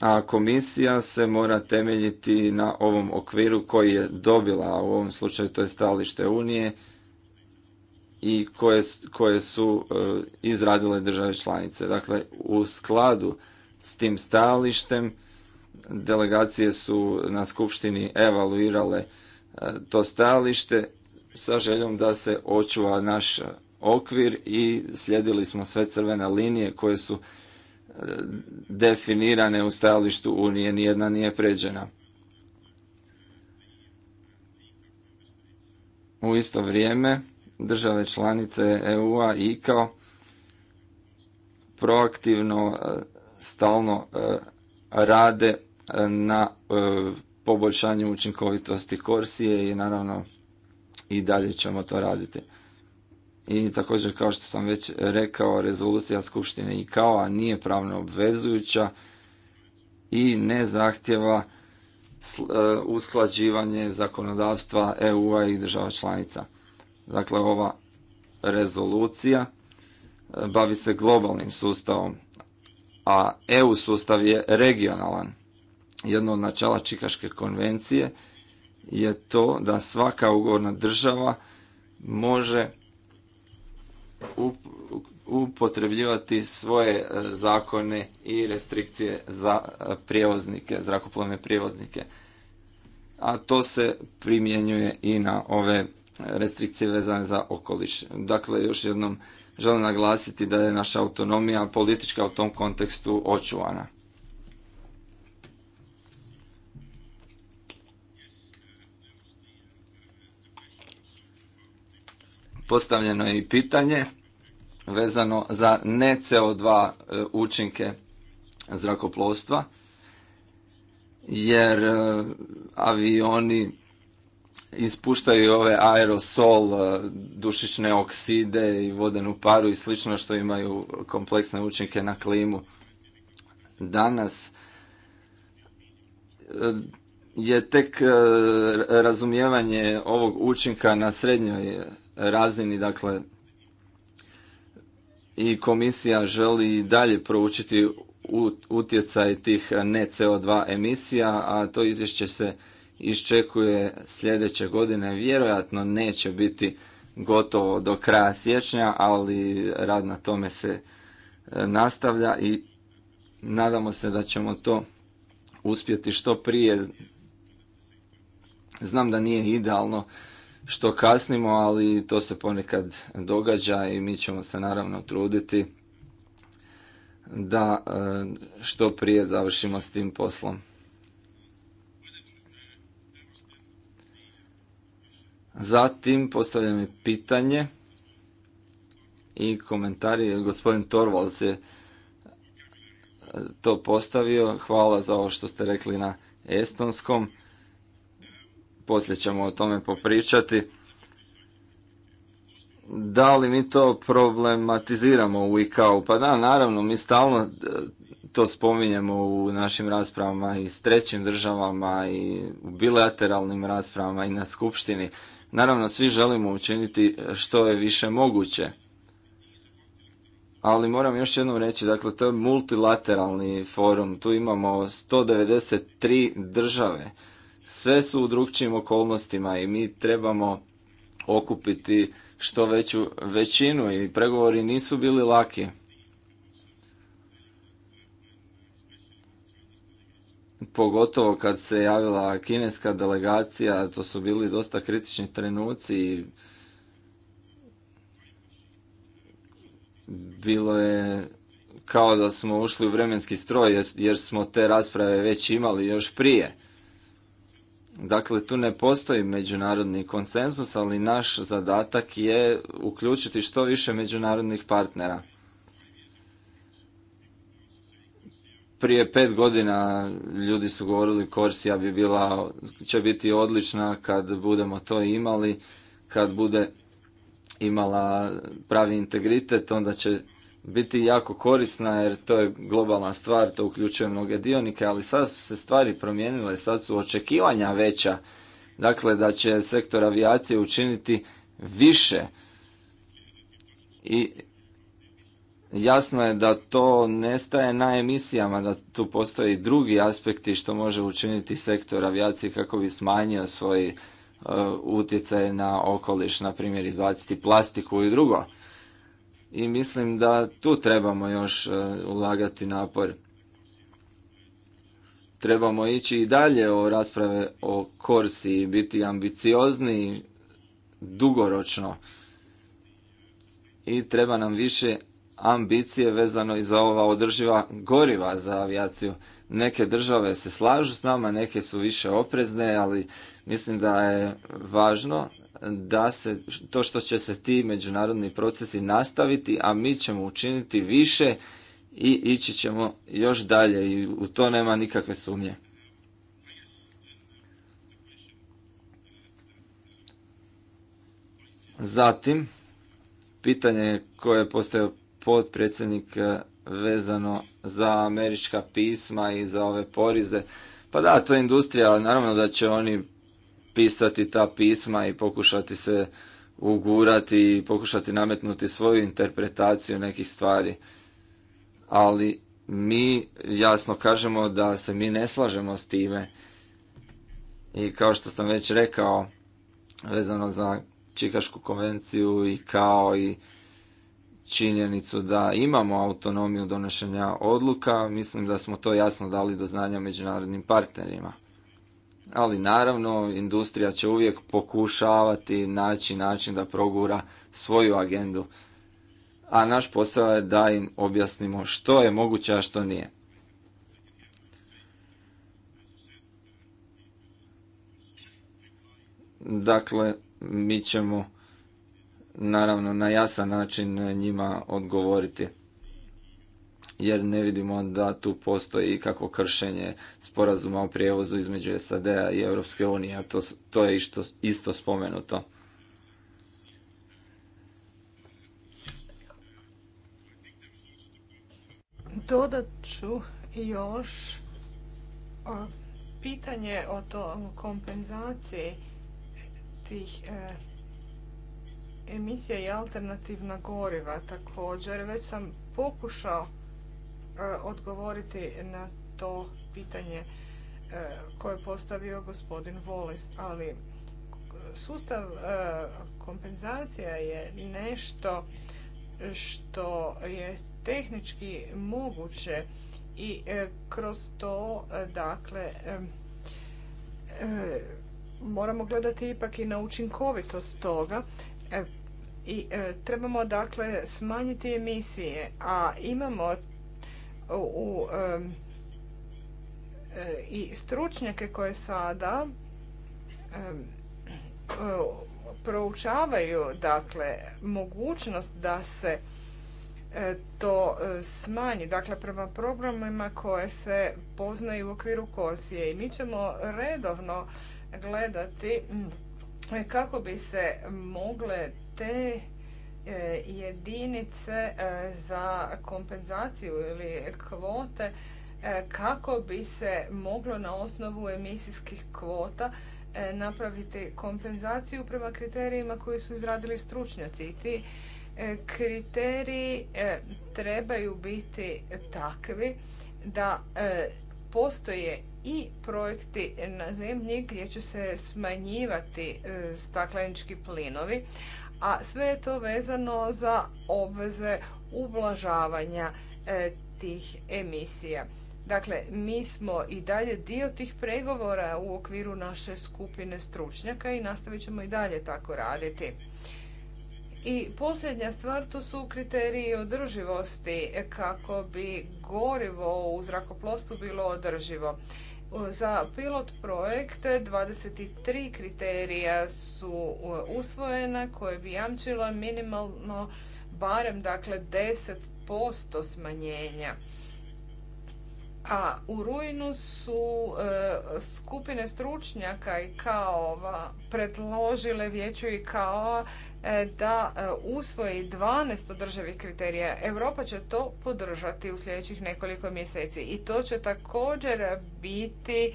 A komisija se mora temeljiti na ovom okviru koji je dobila, u ovom slučaju to je stalište Unije i koje, koje su e, izradile države članice. Dakle, u skladu s tim stalištem, delegacije su na skupštini evaluirale E, to stajalište sa željom da se očuva naš okvir i slijedili smo sve crvene linije koje su e, definirane u stajalištu Unije, nijedna nije pređena. U isto vrijeme države članice EU-a i kao proaktivno e, stalno rade na poboljšanju učinkovitosti korsije i naravno i dalje ćemo to raditi. I također kao što sam već rekao, rezolucija Skupštine i kao nije pravno obvezujuća i ne zahtjeva e, usklađivanje zakonodavstva EU-a i država članica. Dakle, ova rezolucija e, bavi se globalnim sustavom, a EU sustav je regionalan jedno od načela Čikaške konvencije je to da svaka ugovorna država može upotrebljivati svoje e, zakone i restrikcije za e, prijevoznike, zrakoplovne prijevoznike. A to se primjenjuje i na ove restrikcije vezane za okoliš. Dakle, još jednom želim naglasiti da je naša autonomija politička u tom kontekstu očuvana. Postavljeno je i pitanje vezano za ne CO2 e, učinke zrakoplovstva, jer e, avioni ispuštaju ove aerosol, e, dušične okside i vodenu paru i slično što imaju kompleksne učinke na klimu. Danas je tek razumijevanje ovog učinka na srednjoj razini, dakle, i komisija želi dalje proučiti utjecaj tih eh, ne CO2 emisija, a to izvješće se iščekuje sljedeće godine. Vjerojatno neće biti gotovo do kraja siječnja, ali rad na tome se eh, nastavlja i nadamo se da ćemo to uspjeti što prije. Znam da nije idealno što kasnimo, ali to se ponekad događa i mi ćemo se naravno truditi da e, što prije završimo s tim poslom. Zatim postavljam i pitanje i komentari. gospodin Torvalds je e, to postavio. Hvala za ovo što ste rekli na estonskom poslije ćemo o tome popričati. Da li mi to problematiziramo u ICAO? Pa da, naravno, mi stalno e, to spominjemo u našim raspravama i s trećim državama i u bilateralnim raspravama i na skupštini. Naravno, svi želimo učiniti što je više moguće. Ali moram još jednom reći, dakle, to je multilateralni forum. Tu imamo 193 države sve su u drugčijim okolnostima i mi trebamo okupiti što veću većinu i pregovori nisu bili laki. Pogotovo kad se javila kineska delegacija, to su bili dosta kritični trenuci i bilo je kao da smo ušli u vremenski stroj jer smo te rasprave već imali još prije. Dakle, tu ne postoji međunarodni konsenzus, ali naš zadatak je uključiti što više međunarodnih partnera. Prije pet godina ljudi su govorili Korsija bi bila, će biti odlična kad budemo to imali, kad bude imala pravi integritet, onda će biti jako korisna jer to je globalna stvar, to uključuje mnoge dionike, ali sad su se stvari promijenile, sad su očekivanja veća, dakle da će sektor avijacije učiniti više i jasno je da to nestaje na emisijama, da tu postoje i drugi aspekti što može učiniti sektor avijacije kako bi smanjio svoj e, utjecaj na okoliš, na primjer izbaciti plastiku i drugo i mislim da tu trebamo još e, ulagati napor. Trebamo ići i dalje o rasprave o korsi i biti ambiciozni dugoročno. I treba nam više ambicije vezano i za ova održiva goriva za avijaciju. Neke države se slažu s nama, neke su više oprezne, ali mislim da je važno da se to što će se ti međunarodni procesi nastaviti, a mi ćemo učiniti više i ići ćemo još dalje i u to nema nikakve sumnje. Zatim, pitanje koje je postao potpredsjednik eh, vezano za američka pisma i za ove porize. Pa da, to je industrija, naravno da će oni pisati ta pisma i pokušati se ugurati i pokušati nametnuti svoju interpretaciju nekih stvari. Ali mi jasno kažemo da se mi ne slažemo s time. I kao što sam već rekao, vezano za Čikašku konvenciju i kao i činjenicu da imamo autonomiju donošenja odluka, mislim da smo to jasno dali do znanja međunarodnim partnerima ali naravno industrija će uvijek pokušavati naći način da progura svoju agendu, a naš posao je da im objasnimo što je moguće, a što nije. Dakle, mi ćemo naravno na jasan način njima odgovoriti jer ne vidimo da tu postoji kako kršenje sporazuma o prijevozu između SAD-a i Europske unije, a to, to je isto, isto spomenuto. Dodat ću još pitanje o to kompenzaciji tih e, emisija i alternativna goriva također. Već sam pokušao E, odgovoriti na to pitanje e, koje je postavio gospodin Volis, ali sustav e, kompenzacija je nešto što je tehnički moguće i kroz to dakle moramo gledati ipak i na učinkovitost toga i trebamo dakle smanjiti emisije, a imamo u e, i stručnjake koje sada e, proučavaju dakle mogućnost da se e, to smanji, dakle prema programima koje se poznaju u okviru korsije i mi ćemo redovno gledati mm, kako bi se mogle te E, jedinice e, za kompenzaciju ili kvote e, kako bi se moglo na osnovu emisijskih kvota napraviti kompenzaciju prema kriterijima koji su izradili stručnjaci. I ti kriteriji trebaju biti takvi da postoje i projekti na zemlji gdje će se smanjivati staklenički plinovi, a sve je to vezano za obveze ublažavanja e, tih emisija. Dakle, mi smo i dalje dio tih pregovora u okviru naše skupine stručnjaka i nastavit ćemo i dalje tako raditi. I posljednja stvar to su kriteriji održivosti kako bi gorivo u zrakoplovstvu bilo održivo. Za pilot projekte 23 kriterija su usvojena koje bi jamčila minimalno barem dakle 10% smanjenja a u rujnu su e, skupine stručnjaka i kao predložile vijeću i kao e, da e, usvoji 12 održivih kriterija. Europa će to podržati u sljedećih nekoliko mjeseci i to će također biti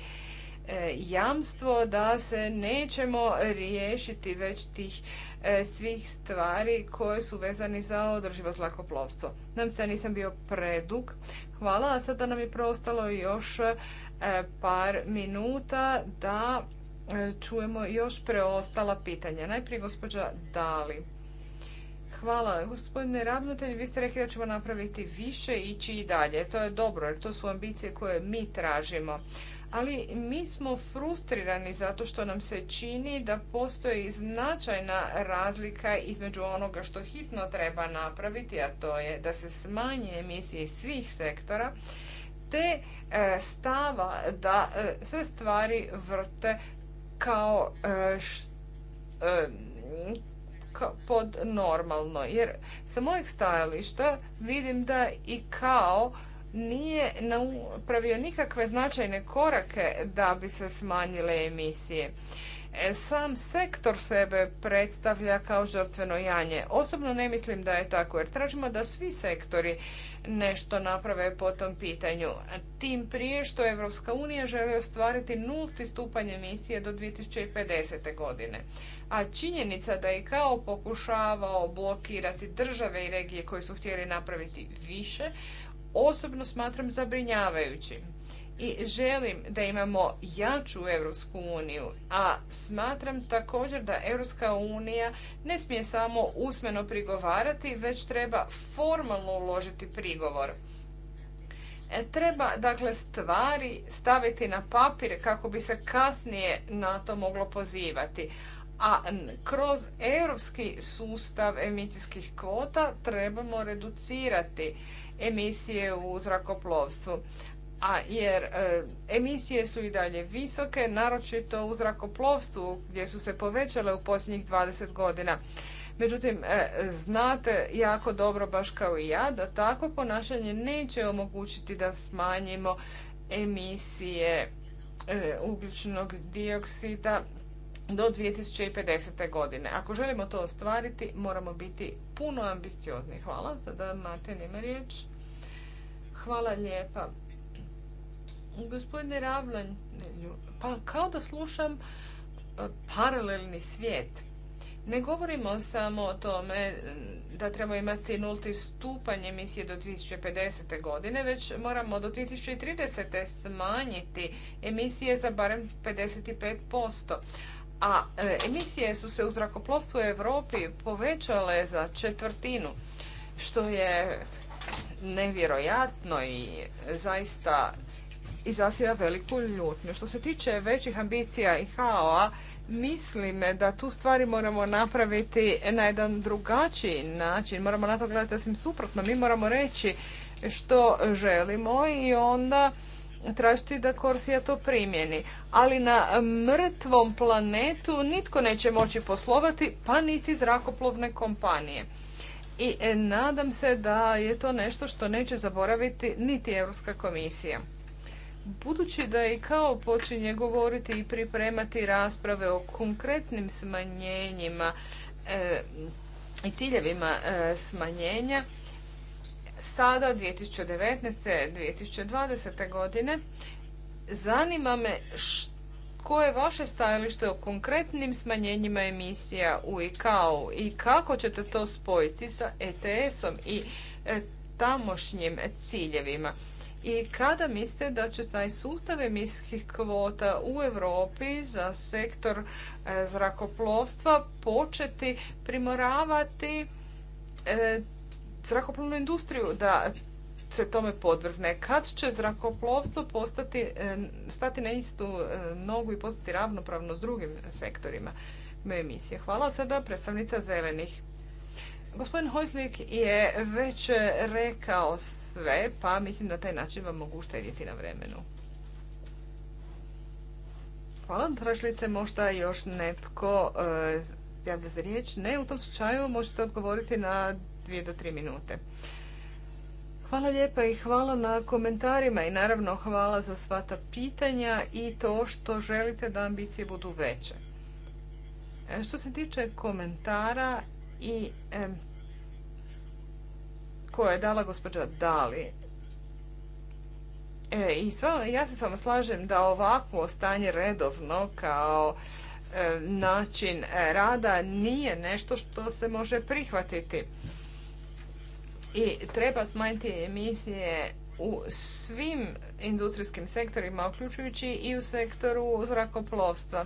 jamstvo da se nećemo riješiti već tih E, svih stvari koje su vezani za održivo zlakoplovstvo. Nam se nisam bio predug. Hvala, a sada nam je preostalo još e, par minuta da e, čujemo još preostala pitanja. Najprije gospođa Dali. Hvala. Gospodine ravnatelj, vi ste rekli da ćemo napraviti više, ići i dalje. To je dobro jer to su ambicije koje mi tražimo ali mi smo frustrirani zato što nam se čini da postoji značajna razlika između onoga što hitno treba napraviti, a to je da se smanje emisije svih sektora, te e, stava da e, se stvari vrte kao e, pod normalno. Jer sa mojeg stajališta vidim da i kao nije napravio nikakve značajne korake da bi se smanjile emisije. E, sam sektor sebe predstavlja kao žrtveno janje. Osobno ne mislim da je tako jer tražimo da svi sektori nešto naprave po tom pitanju. Tim prije što Evropska unija želi ostvariti nulti stupanj emisije do 2050. godine. A činjenica da je kao pokušavao blokirati države i regije koji su htjeli napraviti više, osobno smatram zabrinjavajućim. I želim da imamo jaču Europsku uniju, a smatram također da Europska unija ne smije samo usmeno prigovarati, već treba formalno uložiti prigovor. E, treba dakle stvari staviti na papir kako bi se kasnije na to moglo pozivati. A kroz europski sustav emisijskih kvota trebamo reducirati emisije u zrakoplovstvu. A jer e, emisije su i dalje visoke, naročito u zrakoplovstvu gdje su se povećale u posljednjih 20 godina. Međutim, e, znate jako dobro, baš kao i ja, da takvo ponašanje neće omogućiti da smanjimo emisije e, ugljičnog dioksida do 2050. godine. Ako želimo to ostvariti, moramo biti puno ambiciozni. Hvala. Sada Mate nima riječ. Hvala lijepa. Gospodine Ravlanj, pa kao da slušam e, paralelni svijet. Ne govorimo samo o tome da trebamo imati nulti stupanj emisije do 2050. godine, već moramo do 2030. smanjiti emisije za barem 55% a e, emisije su se u zrakoplovstvu u Europi povećale za četvrtinu, što je nevjerojatno i zaista izaziva veliku ljutnju. Što se tiče većih ambicija i hao mislim da tu stvari moramo napraviti na jedan drugačiji način. Moramo na to gledati sasvim suprotno. Mi moramo reći što želimo i onda tražiti da Korsija to primjeni. Ali na mrtvom planetu nitko neće moći poslovati, pa niti zrakoplovne kompanije. I e, nadam se da je to nešto što neće zaboraviti niti Europska komisija. Budući da i kao počinje govoriti i pripremati rasprave o konkretnim smanjenjima e, i ciljevima e, smanjenja, sada 2019. 2020. godine. Zanima me koje je vaše stajalište o konkretnim smanjenjima emisija u ICAO i kako ćete to spojiti sa ETS-om i e, tamošnjim ciljevima? I kada mislite da će taj sustav emisijskih kvota u Europi za sektor e, zrakoplovstva početi primoravati e, zrakoplovnu industriju da se tome podvrgne. Kad će zrakoplovstvo postati, e, stati na istu e, nogu i postati ravnopravno s drugim sektorima emisije? Hvala sada predstavnica zelenih. Gospodin Hojslik je već rekao sve, pa mislim da taj način vam mogu uštedjeti na vremenu. Hvala. Tražili se možda još netko e, javlja za riječ? Ne, u tom slučaju možete odgovoriti na dvije do tri minute. Hvala lijepa i hvala na komentarima i naravno hvala za sva ta pitanja i to što želite da ambicije budu veće. E, što se tiče komentara i koje je dala gospođa Dali, e, i ja se s vama slažem da ovako stanje redovno kao način e, rada nije nešto što se može prihvatiti i treba smanjiti emisije u svim industrijskim sektorima, uključujući i u sektoru zrakoplovstva.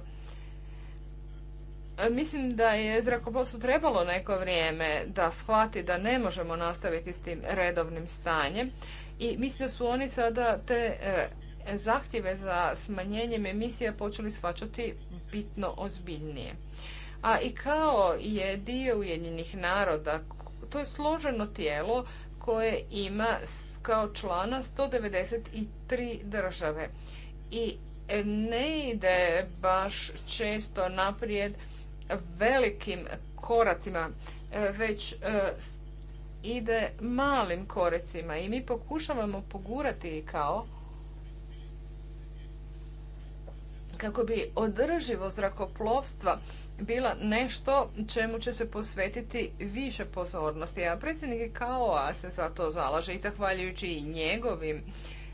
E, mislim da je zrakoplovstvu trebalo neko vrijeme da shvati da ne možemo nastaviti s tim redovnim stanjem i mislim da su oni sada te e, zahtjeve za smanjenjem emisija počeli shvaćati bitno ozbiljnije. A i kao je dio Ujedinjenih naroda to je složeno tijelo koje ima kao člana 193 države i ne ide baš često naprijed velikim koracima, e, već e, ide malim korecima i mi pokušavamo pogurati kao kako bi održivo zrakoplovstva bila nešto čemu će se posvetiti više pozornosti. A predsjednik kao se za to zalaže i zahvaljujući i njegovim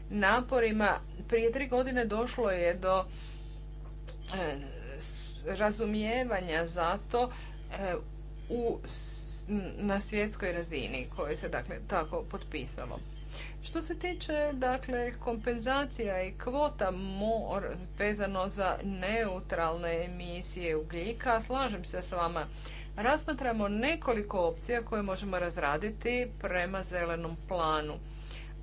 naporima. Prije tri godine došlo je do e, razumijevanja za to e, na svjetskoj razini koje se dakle tako potpisalo. Što se tiče dakle, kompenzacija i kvota mor vezano za neutralne emisije ugljika, slažem se s vama. Razmatramo nekoliko opcija koje možemo razraditi prema zelenom planu.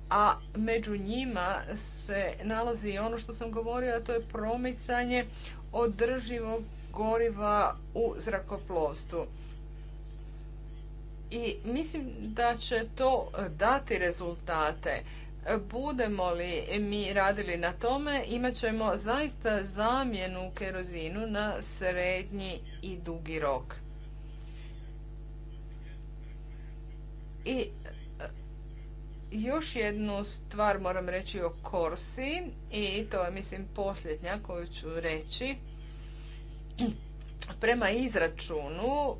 A među njima se nalazi i ono što sam govorila, to je promicanje održivog goriva u zrakoplovstvu i mislim da će to e, dati rezultate. E, budemo li mi radili na tome, imat ćemo zaista zamjenu kerozinu na srednji i dugi rok. I e, još jednu stvar moram reći o Korsi i to je mislim posljednja koju ću reći. Prema izračunu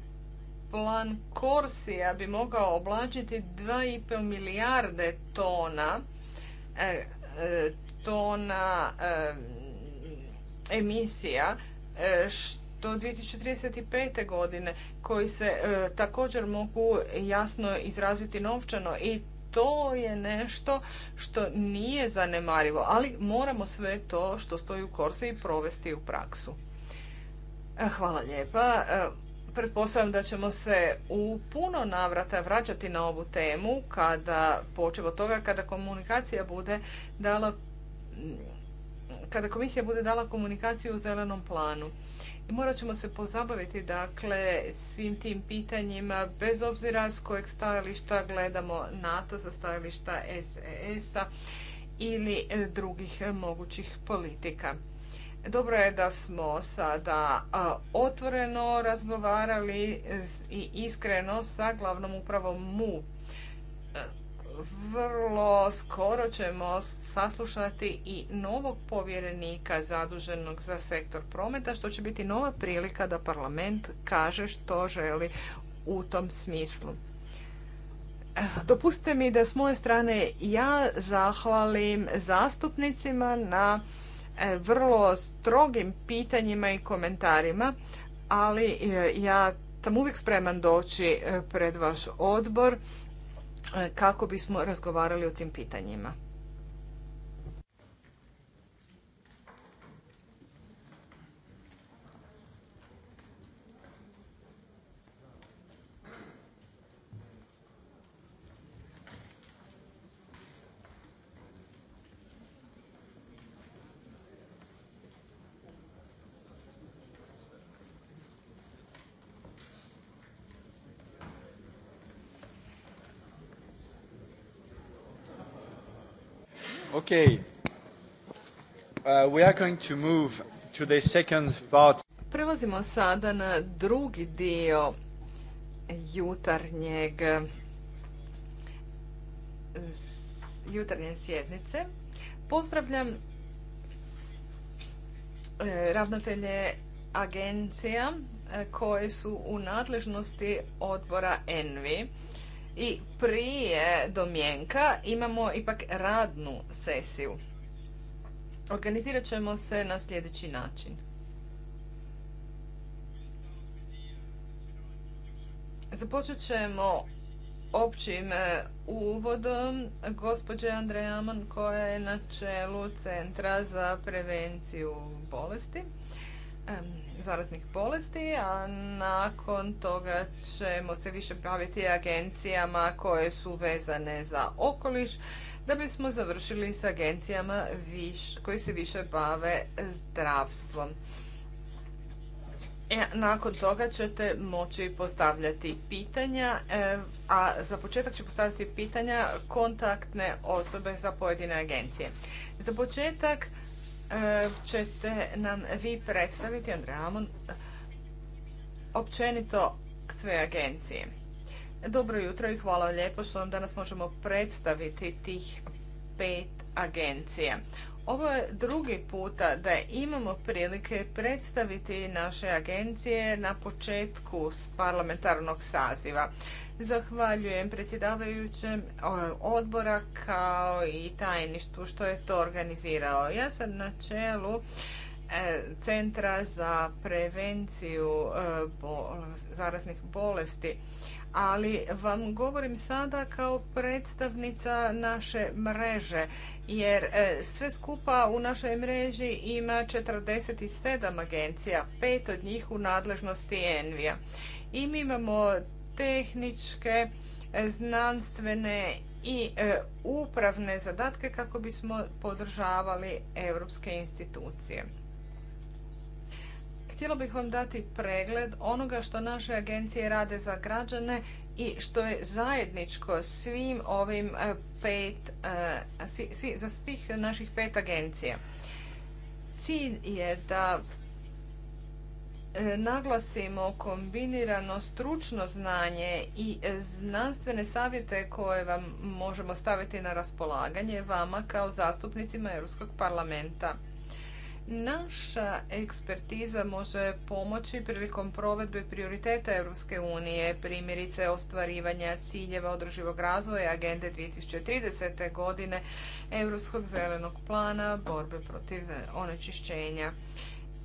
plan Korsija bi mogao oblačiti 2,5 milijarde tona e, e tona e, emisija e, što 2035. godine koji se također mogu jasno izraziti novčano i to je nešto što nije zanemarivo, ali moramo sve to što stoji u korse i provesti u praksu. Hvala lijepa. Pretpostavljam da ćemo se u puno navrata vraćati na ovu temu kada, počevo toga, kada komunikacija bude dala kada komisija bude dala komunikaciju u zelenom planu. I morat ćemo se pozabaviti dakle svim tim pitanjima bez obzira s kojeg stajališta gledamo NATO sa stajališta SES-a ili drugih mogućih politika. Dobro je da smo sada otvoreno razgovarali i iskreno sa glavnom upravom MU. E, vrlo skoro ćemo saslušati i novog povjerenika zaduženog za sektor prometa, što će biti nova prilika da parlament kaže što želi u tom smislu. E, dopustite mi da s moje strane ja zahvalim zastupnicima na E, vrlo strogim pitanjima i komentarima, ali e, ja tam uvijek spreman doći e, pred vaš odbor kako bismo razgovarali o tim pitanjima. Okay. Prelazimo sada na drugi dio jutarnjeg jutarnje sjednice. Pozdravljam e, ravnatelje agencija e, koje su u nadležnosti odbora ENVI i prije domjenka imamo ipak radnu sesiju. Organizirat ćemo se na sljedeći način. Započet ćemo općim e, uvodom gospođe Andreja Aman koja je na čelu Centra za prevenciju bolesti zaraznih bolesti, a nakon toga ćemo se više praviti agencijama koje su vezane za okoliš, da bismo završili s agencijama viš, koji se više bave zdravstvom. E, nakon toga ćete moći postavljati pitanja, e, a za početak ću postaviti pitanja kontaktne osobe za pojedine agencije. Za početak ćete nam vi predstaviti, Andrej Amon, općenito sve agencije. Dobro jutro i hvala lijepo što vam danas možemo predstaviti tih pet agencija. Ovo je drugi puta da imamo prilike predstaviti naše agencije na početku parlamentarnog saziva. Zahvaljujem predsjedavajućem odbora kao i tajništvu što je to organizirao. Ja sam na čelu e, Centra za prevenciju e, zaraznih bolesti, ali vam govorim sada kao predstavnica naše mreže, jer e, sve skupa u našoj mreži ima 47 agencija, pet od njih u nadležnosti Envija. I mi imamo tehničke, znanstvene i e, upravne zadatke kako bismo podržavali europske institucije. Htjela bih vam dati pregled onoga što naše agencije rade za građane i što je zajedničko svim ovim e, pet, e, svi, svi, za svih naših pet agencija. Cilj je da E, naglasimo kombinirano stručno znanje i e, znanstvene savjete koje vam možemo staviti na raspolaganje vama kao zastupnicima Europskog parlamenta. Naša ekspertiza može pomoći prilikom provedbe prioriteta Europske unije, primjerice ostvarivanja ciljeva održivog razvoja agende 2030. godine Europskog zelenog plana borbe protiv onečišćenja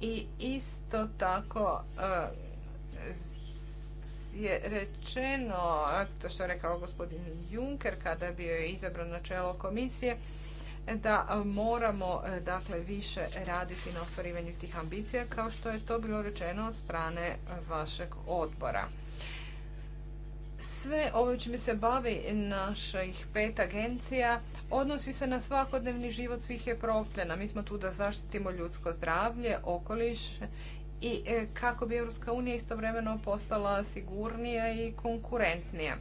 i isto tako e, je rečeno, to što je rekao gospodin Juncker kada bio je izabran na čelo komisije, da moramo e, dakle više raditi na ostvarivanju tih ambicija kao što je to bilo rečeno od strane vašeg odbora sve ovo čim se bavi naših pet agencija odnosi se na svakodnevni život svih je Europljana. Mi smo tu da zaštitimo ljudsko zdravlje, okoliš i e, kako bi Europska unija istovremeno postala sigurnija i konkurentnija.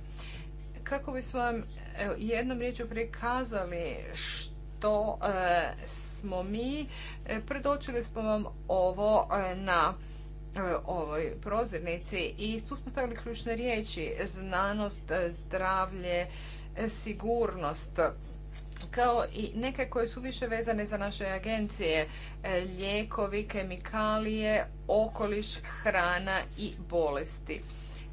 Kako bismo vam e, jednom riječju prikazali što e, smo mi, predočili smo vam ovo na E, ovoj prozirnici i tu smo stavili ključne riječi znanost, zdravlje, sigurnost kao i neke koje su više vezane za naše agencije, e, lijekovi, kemikalije, okoliš, hrana i bolesti.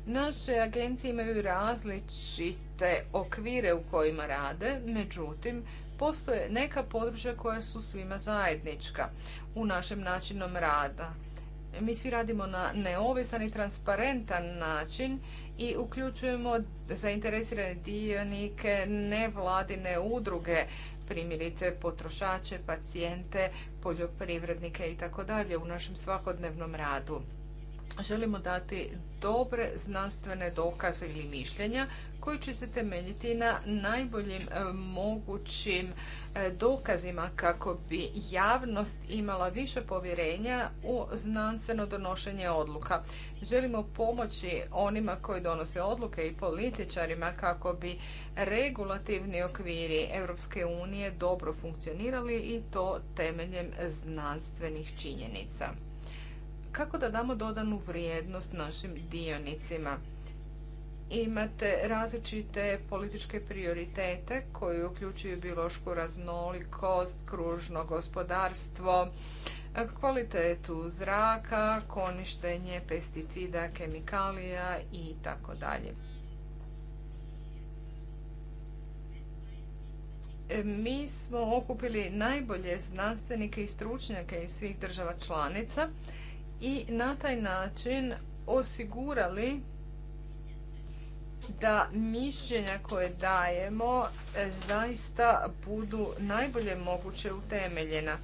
Naše agencije imaju različite okvire u kojima rade, međutim, postoje neka područja koja su svima zajednička u našem načinom rada mi svi radimo na neovisan i transparentan način i uključujemo zainteresirane dionike, nevladine udruge, primjerice potrošače, pacijente, poljoprivrednike i tako dalje u našem svakodnevnom radu želimo dati dobre znanstvene dokaze ili mišljenja koji će se temeljiti na najboljim e, mogućim e, dokazima kako bi javnost imala više povjerenja u znanstveno donošenje odluka. Želimo pomoći onima koji donose odluke i političarima kako bi regulativni okviri Europske unije dobro funkcionirali i to temeljem znanstvenih činjenica kako da damo dodanu vrijednost našim dionicima. Imate različite političke prioritete koji uključuju biološku raznolikost, kružno gospodarstvo, kvalitetu zraka, koništenje pesticida, kemikalija i tako dalje. Mi smo okupili najbolje znanstvenike i stručnjake iz svih država članica i na taj način osigurali da mišljenja koje dajemo e, zaista budu najbolje moguće utemeljena.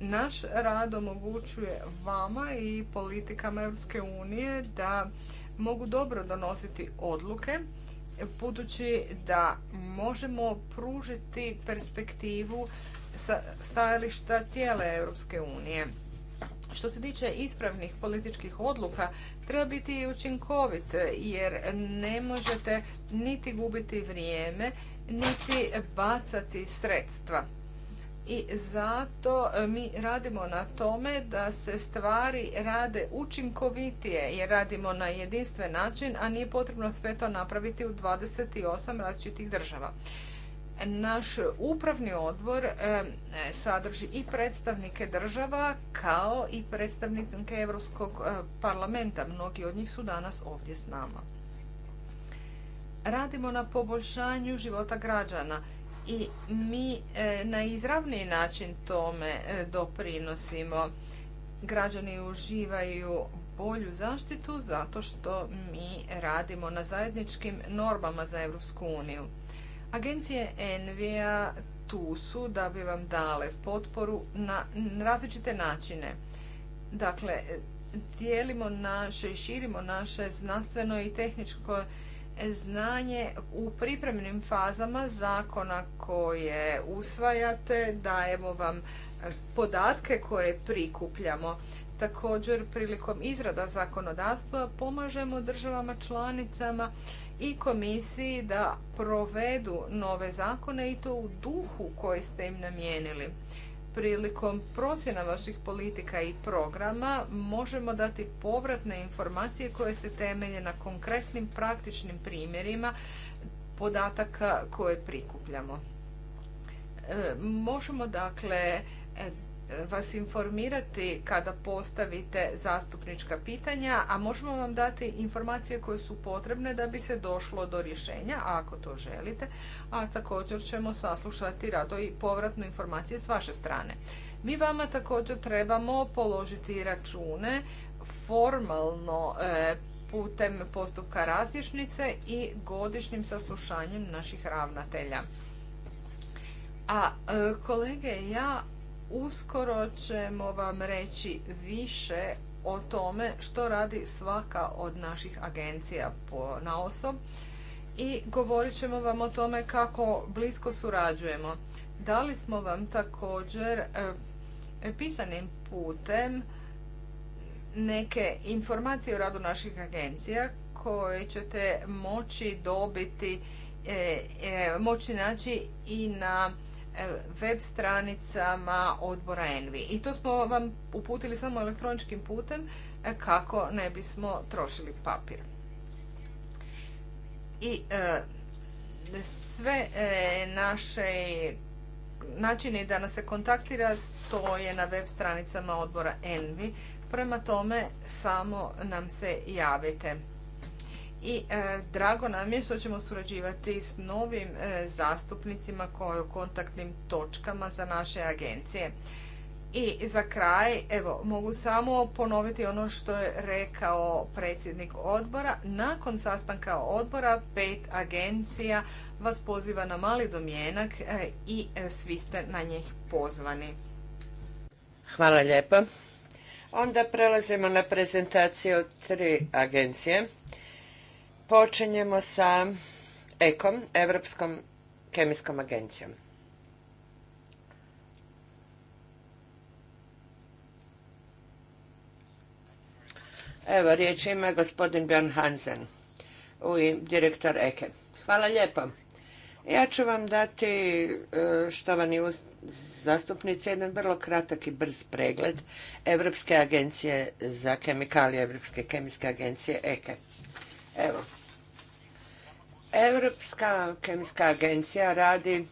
Naš rad omogućuje vama i politikama Europske unije da mogu dobro donositi odluke budući da možemo pružiti perspektivu sa stajališta cijele Europske unije. Što se tiče ispravnih političkih odluka, treba biti i učinkovit jer ne možete niti gubiti vrijeme, niti bacati sredstva. I zato e, mi radimo na tome da se stvari rade učinkovitije jer radimo na jedinstven način, a nije potrebno sve to napraviti u 28 različitih država naš upravni odbor sadrži i predstavnike država kao i predstavnike Europskog e, parlamenta. Mnogi od njih su danas ovdje s nama. Radimo na poboljšanju života građana i mi e, na izravni način tome e, doprinosimo. Građani uživaju bolju zaštitu zato što mi radimo na zajedničkim normama za Europsku uniju. Agencije Envija tu su da bi vam dale potporu na različite načine. Dakle, dijelimo naše i širimo naše znanstveno i tehničko znanje u pripremnim fazama zakona koje usvajate, dajemo vam podatke koje prikupljamo. Također, prilikom izrada zakonodavstva pomažemo državama članicama i komisiji da provedu nove zakone i to u duhu koji ste im namijenili. Prilikom procjena vaših politika i programa možemo dati povratne informacije koje se temelje na konkretnim praktičnim primjerima podataka koje prikupljamo. E, možemo dakle vas informirati kada postavite zastupnička pitanja, a možemo vam dati informacije koje su potrebne da bi se došlo do rješenja, ako to želite, a također ćemo saslušati rado i povratnu informacije s vaše strane. Mi vama također trebamo položiti račune formalno e, putem postupka razješnice i godišnjim saslušanjem naših ravnatelja. A e, kolege, ja Uskoro ćemo vam reći više o tome što radi svaka od naših agencija po, na osob i govorit ćemo vam o tome kako blisko surađujemo. Dali smo vam također eh, pisanim putem neke informacije o radu naših agencija koje ćete moći dobiti, e, moći naći i na E, web stranicama odbora Envi. I to smo vam uputili samo elektroničkim putem e, kako ne bismo trošili papir. I e, sve naše načini da nas se kontaktira stoje na web stranicama odbora Envi. Prema tome samo nam se javite i e, drago nam je što ćemo surađivati s novim e, zastupnicima koji kontaktnim točkama za naše agencije. I za kraj, evo, mogu samo ponoviti ono što je rekao predsjednik odbora. Nakon sastanka odbora pet agencija vas poziva na mali domjenak e, i svi ste na njih pozvani. Hvala lijepa. Onda prelazimo na prezentaciju tri agencije Počinjemo sa EKOM, Europskom kemijskom agencijom. Evo, riječ ima gospodin Bjorn Hansen, direktor EKE. Hvala lijepo. Ja ću vam dati, e, štovani zastupnici, jedan vrlo kratak i brz pregled Evropske agencije za kemikalije, Evropske kemijske agencije EKE. Evo, Europska kemijska agencija radi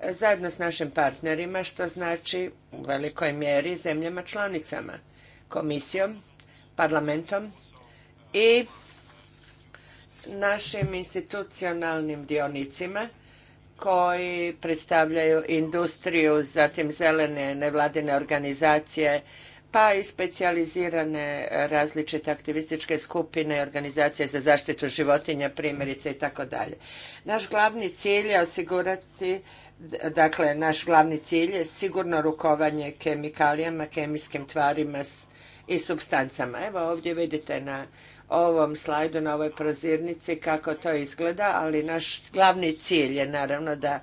e, zajedno s našim partnerima, što znači u velikoj mjeri zemljama članicama, komisijom, parlamentom i našim institucionalnim dionicima koji predstavljaju industriju, zatim zelene nevladine organizacije, pa i specijalizirane različite aktivističke skupine i organizacije za zaštitu životinja, primjerice i tako dalje. Naš glavni cilj je osigurati Dakle, naš glavni cilj je sigurno rukovanje kemikalijama, kemijskim tvarima i substancama. Evo ovdje vidite na ovom slajdu, na ovoj prozirnici kako to izgleda, ali naš glavni cilj je naravno da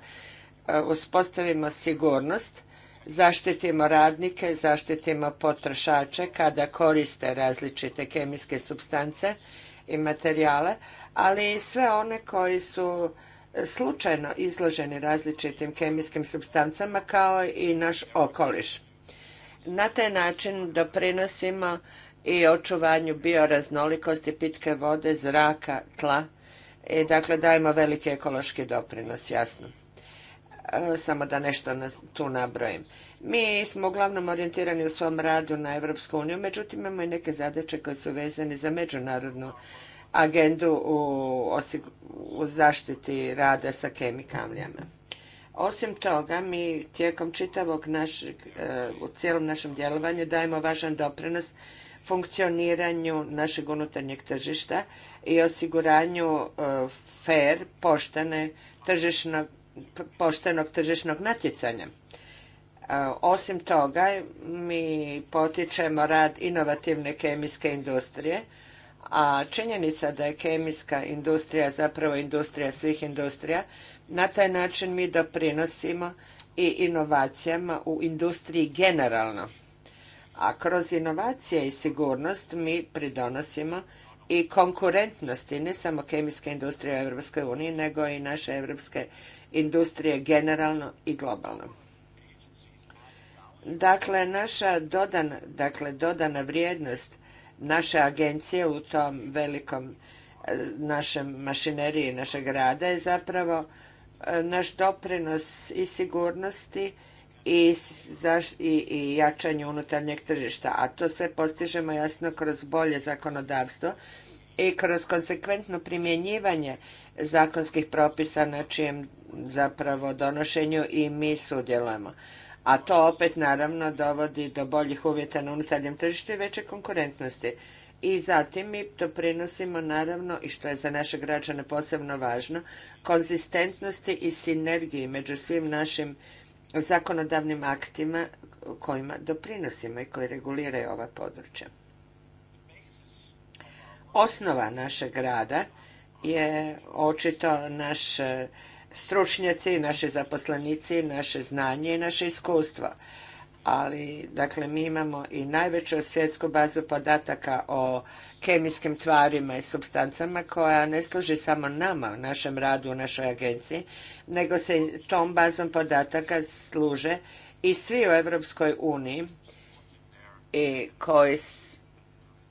e, uspostavimo sigurnost zaštitimo radnike, zaštitimo potrošače kada koriste različite kemijske substance i materijale, ali i sve one koji su e, slučajno izloženi različitim kemijskim substancama kao i naš okoliš. Na taj način doprinosimo i očuvanju bioraznolikosti pitke vode, zraka, tla i dakle dajemo veliki ekološki doprinos, jasno. E, samo da nešto tu nabrojim. Mi smo uglavnom orijentirani u svom radu na Evropsku uniju, međutim imamo i neke zadaće koje su vezane za međunarodnu agendu u zaštiti rada sa kemikalijama. Osim toga, mi tijekom čitavog našeg, e, u cijelom našem djelovanju dajemo važan doprinos funkcioniranju našeg unutarnjeg tržišta i osiguranju e, fer, poštene tržišnog poštenog tržišnog natjecanja. E, osim toga, mi potičemo rad inovativne kemijske industrije, a činjenica da je kemijska industrija zapravo industrija svih industrija, na taj način mi doprinosimo i inovacijama u industriji generalno. A kroz inovacije i sigurnost mi pridonosimo i konkurentnosti ne samo kemijske industrije u Europskoj nego i naše europske industrije generalno i globalno. Dakle, naša dodana, dakle, dodana vrijednost naše agencije u tom velikom e, našem mašineriji našeg rada je zapravo e, naš doprinos i sigurnosti i, i jačanju unutarnjeg tržišta. A to sve postižemo jasno kroz bolje zakonodavstvo i kroz konsekventno primjenjivanje zakonskih propisa na čijem zapravo donošenju i mi sudjelujemo. A to opet naravno dovodi do boljih uvjeta na unutarnjem tržištu i veće konkurentnosti. I zatim mi to prinosimo naravno i što je za naše građane posebno važno, konzistentnosti i sinergiji među svim našim zakonodavnim aktima kojima doprinosimo i koji reguliraju ova područja. Osnova našeg rada je očito naš e, stručnjaci, naši zaposlenici, naše znanje i naše iskustvo ali dakle mi imamo i najveću svjetsku bazu podataka o kemijskim tvarima i substancama koja ne služi samo nama u našem radu u našoj agenciji, nego se tom bazom podataka služe i svi u Europskoj uniji i koji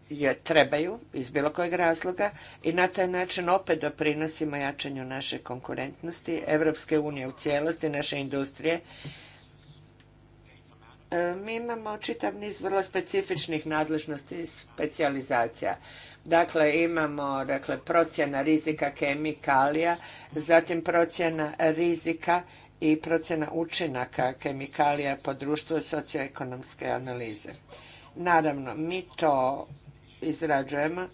je trebaju iz bilo kojeg razloga i na taj način opet doprinosimo jačanju naše konkurentnosti, Europske unije u cijelosti, naše industrije E, mi imamo čitav niz vrlo specifičnih nadležnosti i specijalizacija. Dakle, imamo dakle, procjena rizika kemikalija, zatim procjena rizika i procjena učinaka kemikalija po društvu socioekonomske analize. Naravno, mi to izrađujemo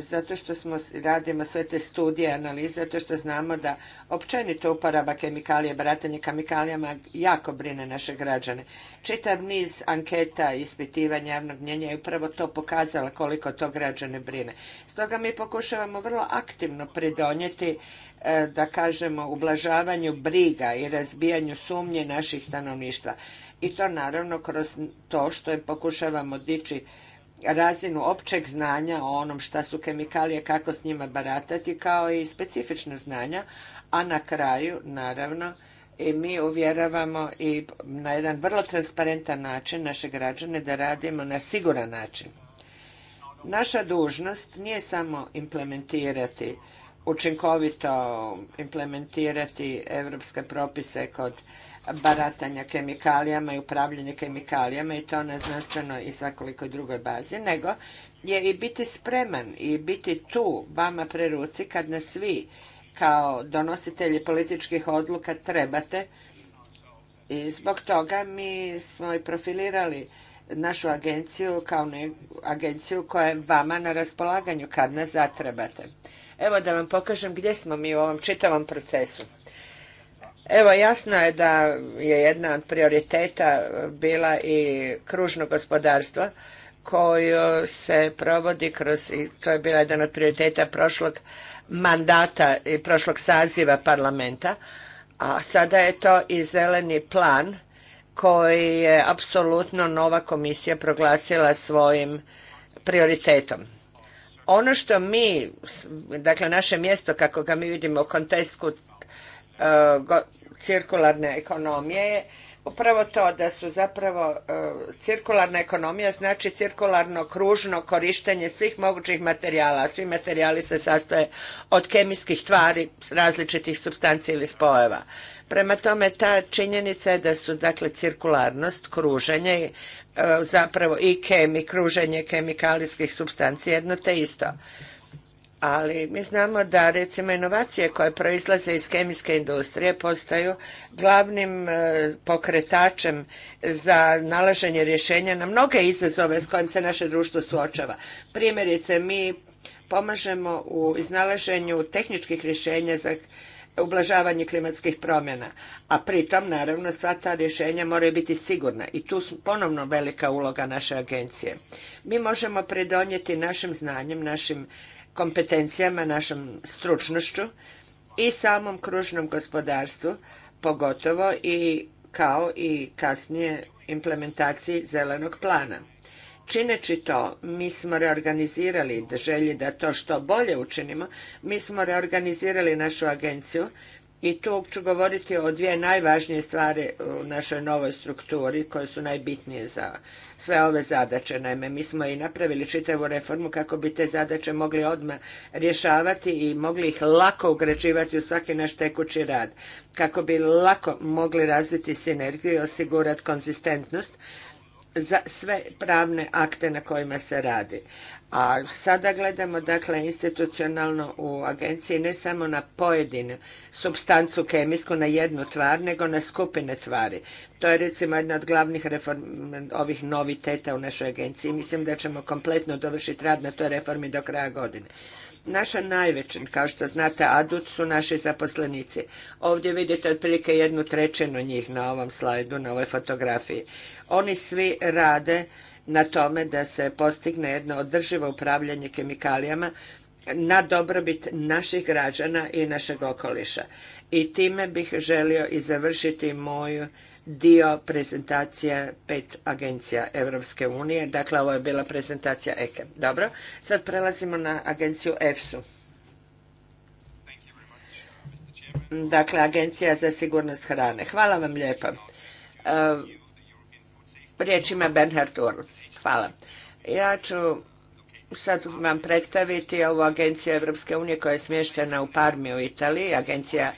zato što smo radimo sve te studije, analize, zato što znamo da općenito uporaba kemikalije, bratanje kemikalijama jako brine naše građane. Čitav niz anketa i ispitivanja javnog mnjenja je upravo to pokazala koliko to građane brine. Stoga mi pokušavamo vrlo aktivno pridonjeti, e, da kažemo ublažavanju briga i razbijanju sumnje naših stanovništva. I to naravno kroz to što im pokušavamo dići razinu općeg znanja o onom šta su kemikalije, kako s njima baratati, kao i specifična znanja, a na kraju, naravno, i mi uvjeravamo i na jedan vrlo transparentan način naše građane da radimo na siguran način. Naša dužnost nije samo implementirati, učinkovito implementirati evropske propise kod baratanja kemikalijama i upravljanje kemikalijama i to na znanstvenoj i svakolikoj drugoj bazi, nego je i biti spreman i biti tu vama pre ruci kad nas vi kao donositelji političkih odluka trebate i zbog toga mi smo i profilirali našu agenciju kao agenciju koja je vama na raspolaganju kad nas zatrebate. Evo da vam pokažem gdje smo mi u ovom čitavom procesu. Evo jasno je da je jedna od prioriteta bila i kružno gospodarstvo koju se provodi kroz, i to je bila jedan od prioriteta prošlog mandata i prošlog saziva parlamenta, a sada je to i zeleni plan koji je apsolutno nova komisija proglasila svojim prioritetom. Ono što mi, dakle naše mjesto kako ga mi vidimo u kontekstu e, cirkularne ekonomije je upravo to da su zapravo e, cirkularna ekonomija znači cirkularno kružno korištenje svih mogućih materijala. Svi materijali se sastoje od kemijskih tvari, različitih substanci ili spojeva. Prema tome ta činjenica je da su dakle cirkularnost, kruženje, e, zapravo i kemi, kruženje kemikalijskih substanci jedno te isto ali mi znamo da recimo inovacije koje proizlaze iz kemijske industrije postaju glavnim e, pokretačem za nalaženje rješenja na mnoge izazove s kojim se naše društvo suočava. Primjerice, mi pomažemo u iznalaženju tehničkih rješenja za ublažavanje klimatskih promjena, a pritom naravno sva ta rješenja moraju biti sigurna i tu su ponovno velika uloga naše agencije. Mi možemo pridonijeti našim znanjem, našim kompetencijama, našom stručnošću i samom kružnom gospodarstvu, pogotovo i kao i kasnije implementaciji zelenog plana. Čineći to, mi smo reorganizirali želji da to što bolje učinimo, mi smo reorganizirali našu agenciju i tu ću govoriti o dvije najvažnije stvari u našoj novoj strukturi koje su najbitnije za sve ove zadaće. Naime, mi smo i napravili čitavu reformu kako bi te zadaće mogli odmah rješavati i mogli ih lako ugrađivati u svaki naš tekući rad. Kako bi lako mogli razviti sinergiju i osigurati konzistentnost za sve pravne akte na kojima se radi. A sada gledamo dakle institucionalno u agenciji ne samo na pojedinu substancu kemijsku, na jednu tvar, nego na skupine tvari. To je recimo jedna od glavnih reform, ovih noviteta u našoj agenciji. Mislim da ćemo kompletno dovršiti rad na toj reformi do kraja godine. Naša najveća, kao što znate, adut su naši zaposlenici. Ovdje vidite otprilike jednu trećinu njih na ovom slajdu, na ovoj fotografiji. Oni svi rade na tome da se postigne jedno održivo upravljanje kemikalijama na dobrobit naših građana i našeg okoliša. I time bih želio i završiti moju dio prezentacije pet agencija Europske unije. Dakle, ovo je bila prezentacija EKE. Dobro, sad prelazimo na agenciju EFSU. Dakle, Agencija za sigurnost hrane. Hvala vam lijepa. E, ima Bernhard Url. Hvala. Ja ću sad vam predstaviti ovu agenciju Evropske unije koja je smještena u Parmi u Italiji, agencija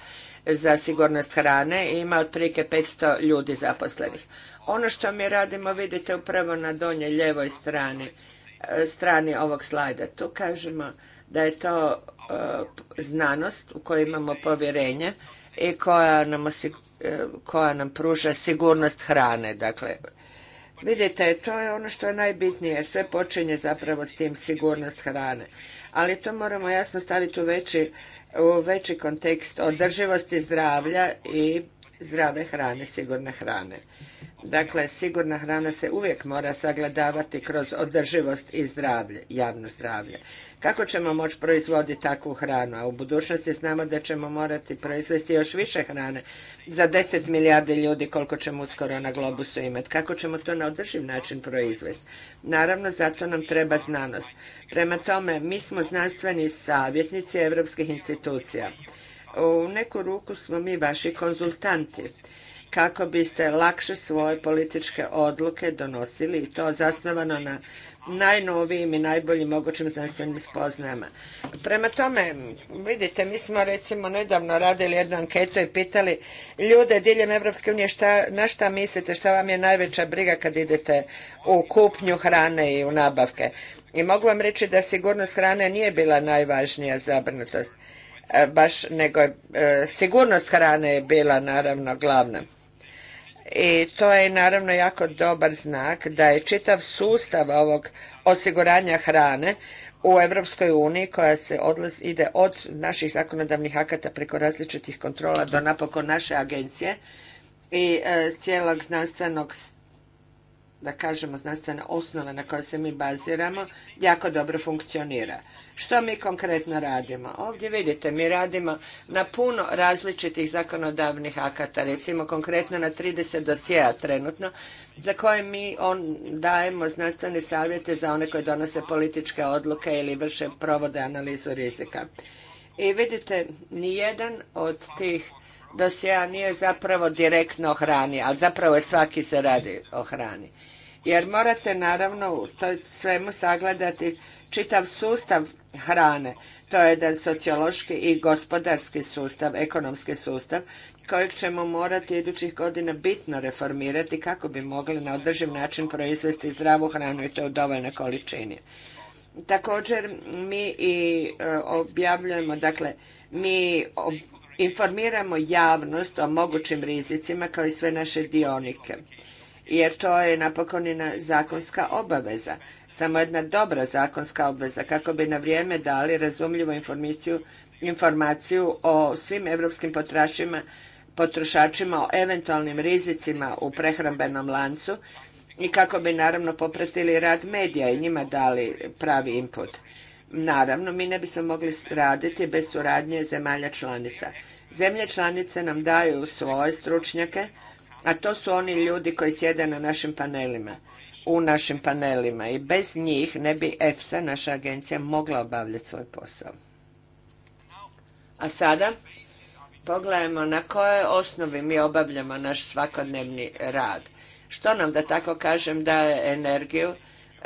za sigurnost hrane i ima otprilike 500 ljudi zaposlenih. Ono što mi radimo vidite upravo na donjoj ljevoj strani, e, strani ovog slajda. Tu kažemo da je to e, znanost u kojoj imamo povjerenje i koja e, koja nam pruža sigurnost hrane, dakle Vidite, to je ono što je najbitnije. Sve počinje zapravo s tim sigurnost hrane. Ali to moramo jasno staviti u veći, u veći kontekst održivosti zdravlja i zdrave hrane, sigurne hrane. Dakle, sigurna hrana se uvijek mora sagledavati kroz održivost i zdravlje, javno zdravlje. Kako ćemo moći proizvoditi takvu hranu? A u budućnosti znamo da ćemo morati proizvesti još više hrane za 10 milijardi ljudi koliko ćemo uskoro na globusu imati. Kako ćemo to na održiv način proizvesti? Naravno, zato nam treba znanost. Prema tome, mi smo znanstveni savjetnici europskih institucija. U neku ruku smo mi vaši konzultanti kako biste lakše svoje političke odluke donosili i to zasnovano na najnovijim i najboljim mogućim znanstvenim spoznajama. Prema tome, vidite, mi smo recimo nedavno radili jednu anketu i pitali ljude diljem Evropske unije na šta mislite, šta vam je najveća briga kad idete u kupnju hrane i u nabavke. I mogu vam reći da sigurnost hrane nije bila najvažnija zabrinutost, e, baš nego e, sigurnost hrane je bila naravno glavna i to je naravno jako dobar znak da je čitav sustav ovog osiguranja hrane u Europskoj uniji koja se odlaz, ide od naših zakonodavnih akata preko različitih kontrola do napokon naše agencije i e, cijelog znanstvenog da kažemo znanstvena osnova na kojoj se mi baziramo jako dobro funkcionira. Što mi konkretno radimo? Ovdje vidite, mi radimo na puno različitih zakonodavnih akata, recimo konkretno na 30 dosjeja trenutno, za koje mi on dajemo znanstvene savjete za one koji donose političke odluke ili vrše provode analizu rizika. I vidite, nijedan od tih dosjea nije zapravo direktno o hrani, ali zapravo je svaki se radi o hrani. Jer morate naravno u svemu sagledati čitav sustav hrane. To je jedan sociološki i gospodarski sustav, ekonomski sustav, kojeg ćemo morati idućih godina bitno reformirati kako bi mogli na održiv način proizvesti zdravu hranu i to u dovoljnoj količini. Također mi i e, objavljujemo, dakle, mi informiramo javnost o mogućim rizicima kao i sve naše dionike jer to je napokon i zakonska obaveza samo jedna dobra zakonska obveza kako bi na vrijeme dali razumljivu informaciju o svim europskim potrošačima o eventualnim rizicima u prehrambenom lancu i kako bi naravno popratili rad medija i njima dali pravi input. Naravno, mi ne bismo mogli raditi bez suradnje zemalja članica. Zemlje članice nam daju svoje stručnjake, a to su oni ljudi koji sjede na našim panelima u našim panelima i bez njih ne bi EFSA, naša agencija, mogla obavljati svoj posao. A sada pogledajmo na kojoj osnovi mi obavljamo naš svakodnevni rad. Što nam, da tako kažem, daje energiju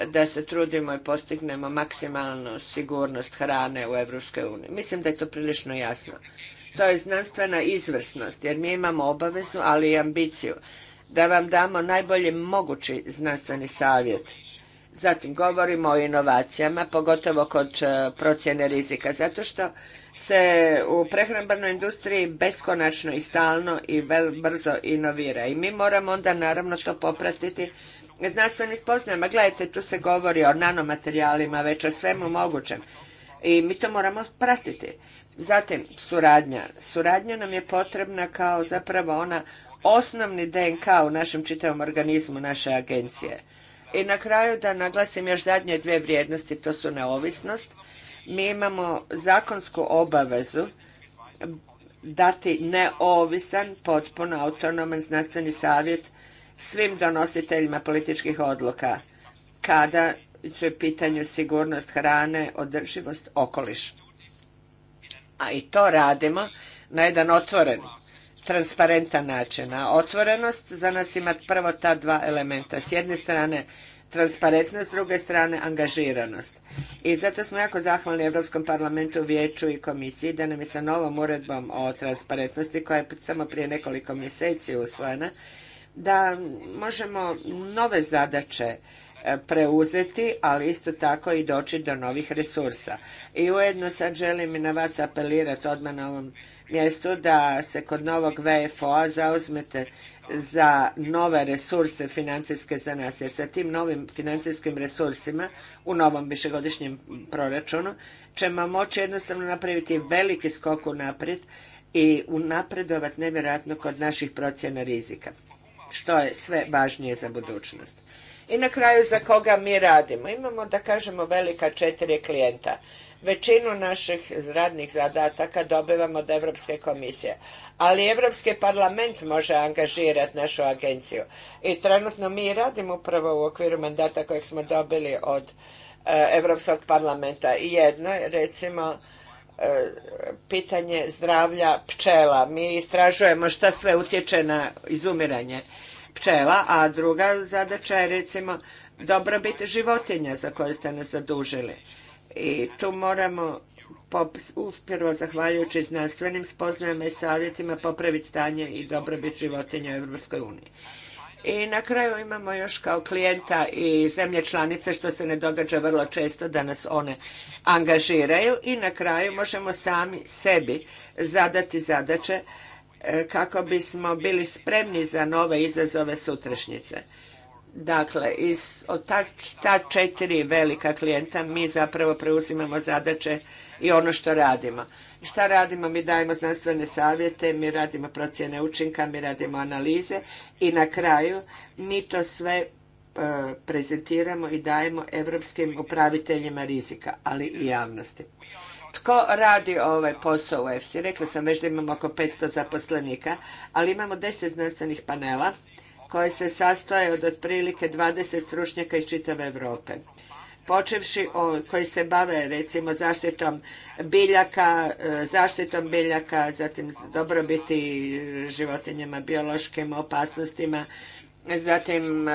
da se trudimo i postignemo maksimalnu sigurnost hrane u EU? Mislim da je to prilično jasno. To je znanstvena izvrsnost, jer mi imamo obavezu, ali i ambiciju da vam damo najbolji mogući znanstveni savjet. Zatim govorimo o inovacijama, pogotovo kod e, procjene rizika, zato što se u prehrambenoj industriji beskonačno i stalno i vel, brzo inovira i mi moramo onda naravno to popratiti znanstvenim spoznajama. Gledajte, tu se govori o nanomaterijalima, već o svemu mogućem i mi to moramo pratiti. Zatim, suradnja. Suradnja nam je potrebna kao zapravo ona osnovni DNK u našem čitavom organizmu naše agencije. I na kraju da naglasim još zadnje dvije vrijednosti, to su neovisnost. Mi imamo zakonsku obavezu dati neovisan, potpuno autonoman znanstveni savjet svim donositeljima političkih odluka kada su u pitanju sigurnost hrane, održivost, okoliš. A i to radimo na jedan otvoren transparentan način. A otvorenost za nas ima prvo ta dva elementa. S jedne strane transparentnost, s druge strane angažiranost. I zato smo jako zahvalni Europskom parlamentu, vijeću i komisiji da nam je sa novom uredbom o transparentnosti koja je samo prije nekoliko mjeseci usvojena, da možemo nove zadaće e, preuzeti, ali isto tako i doći do novih resursa. I ujedno sad želim i na vas apelirati odmah na ovom mjestu da se kod novog VFO-a zauzmete za nove resurse financijske za nas, jer sa tim novim financijskim resursima u novom višegodišnjem proračunu ćemo moći jednostavno napraviti veliki skok u i unapredovati nevjerojatno kod naših procjena rizika, što je sve važnije za budućnost. I na kraju za koga mi radimo. Imamo, da kažemo, velika četiri klijenta većinu naših radnih zadataka dobivamo od Europske komisije. Ali Europski parlament može angažirati našu agenciju. I trenutno mi radimo upravo u okviru mandata kojeg smo dobili od Europskog parlamenta. I jedno recimo e, pitanje zdravlja pčela. Mi istražujemo šta sve utječe na izumiranje pčela, a druga zadaća je recimo dobrobit životinja za koje ste nas zadužili i tu moramo uspjelo zahvaljujući znanstvenim spoznajama i savjetima popraviti stanje i dobrobit životinja u Europskoj uniji. I na kraju imamo još kao klijenta i zemlje članice što se ne događa vrlo često da nas one angažiraju i na kraju možemo sami sebi zadati zadaće e, kako bismo bili spremni za nove izazove sutrašnjice. Dakle, iz, od ta, četiri velika klijenta mi zapravo preuzimamo zadaće i ono što radimo. Šta radimo? Mi dajemo znanstvene savjete, mi radimo procjene učinka, mi radimo analize i na kraju mi to sve e, prezentiramo i dajemo evropskim upraviteljima rizika, ali i javnosti. Tko radi ovaj posao u EFSI? Rekla sam već da imamo oko 500 zaposlenika, ali imamo 10 znanstvenih panela koje se sastoje od otprilike 20 stručnjaka iz čitave Europe počevši koji se bave recimo zaštitom biljaka, e, zaštitom biljaka, zatim dobrobiti životinjama, biološkim opasnostima, zatim e,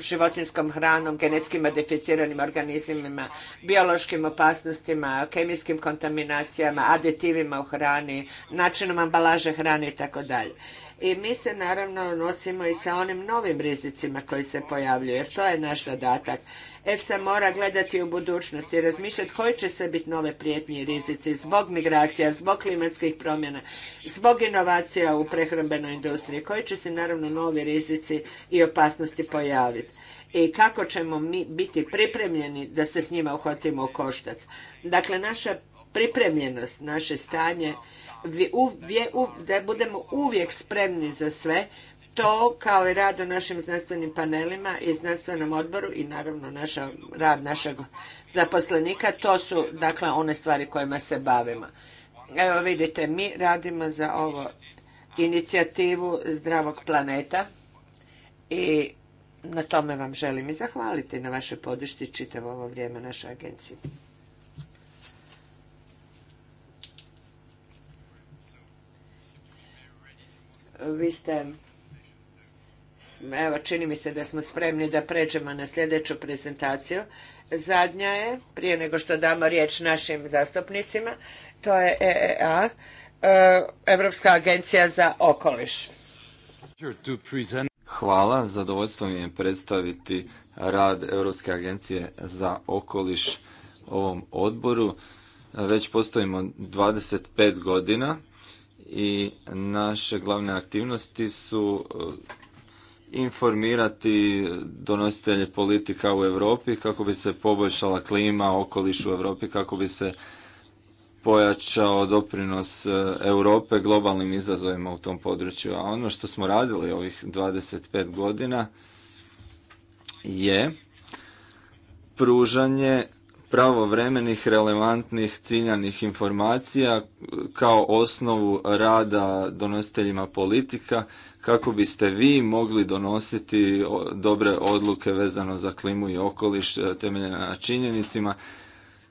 životinskom hranom, genetski modificiranim organizmima, biološkim opasnostima, kemijskim kontaminacijama, aditivima u hrani, načinom ambalaže hrane i tako dalje i mi se naravno nosimo i sa onim novim rizicima koji se pojavljuju jer to je naš zadatak. EFSA mora gledati u budućnost i razmišljati koji će se biti nove prijetnje i rizici zbog migracija, zbog klimatskih promjena, zbog inovacija u prehrambenoj industriji, koji će se naravno novi rizici i opasnosti pojaviti i kako ćemo mi biti pripremljeni da se s njima uhvatimo u koštac. Dakle, naša pripremljenost, naše stanje da budemo uvijek spremni za sve, to kao i rad u našim znanstvenim panelima i znanstvenom odboru i naravno rad našeg zaposlenika, to su dakle one stvari kojima se bavimo. Evo vidite, mi radimo za ovo inicijativu zdravog planeta i na tome vam želim i zahvaliti na vašoj podršci čitavo ovo vrijeme našoj agenciji. Vi ste, evo čini mi se da smo spremni da pređemo na sljedeću prezentaciju. Zadnja je, prije nego što damo riječ našim zastupnicima, to je EEA, Europska agencija za okoliš. Hvala, zadovoljstvo mi je predstaviti rad Europske agencije za okoliš ovom odboru. Već postojimo 25 godina i naše glavne aktivnosti su e, informirati donositelje politika u Europi kako bi se poboljšala klima, okoliš u Europi, kako bi se pojačao doprinos e, Europe globalnim izazovima u tom području. A ono što smo radili ovih 25 godina je pružanje pravovremenih, relevantnih, ciljanih informacija kao osnovu rada donositeljima politika kako biste vi mogli donositi dobre odluke vezano za klimu i okoliš e, temeljene na činjenicima.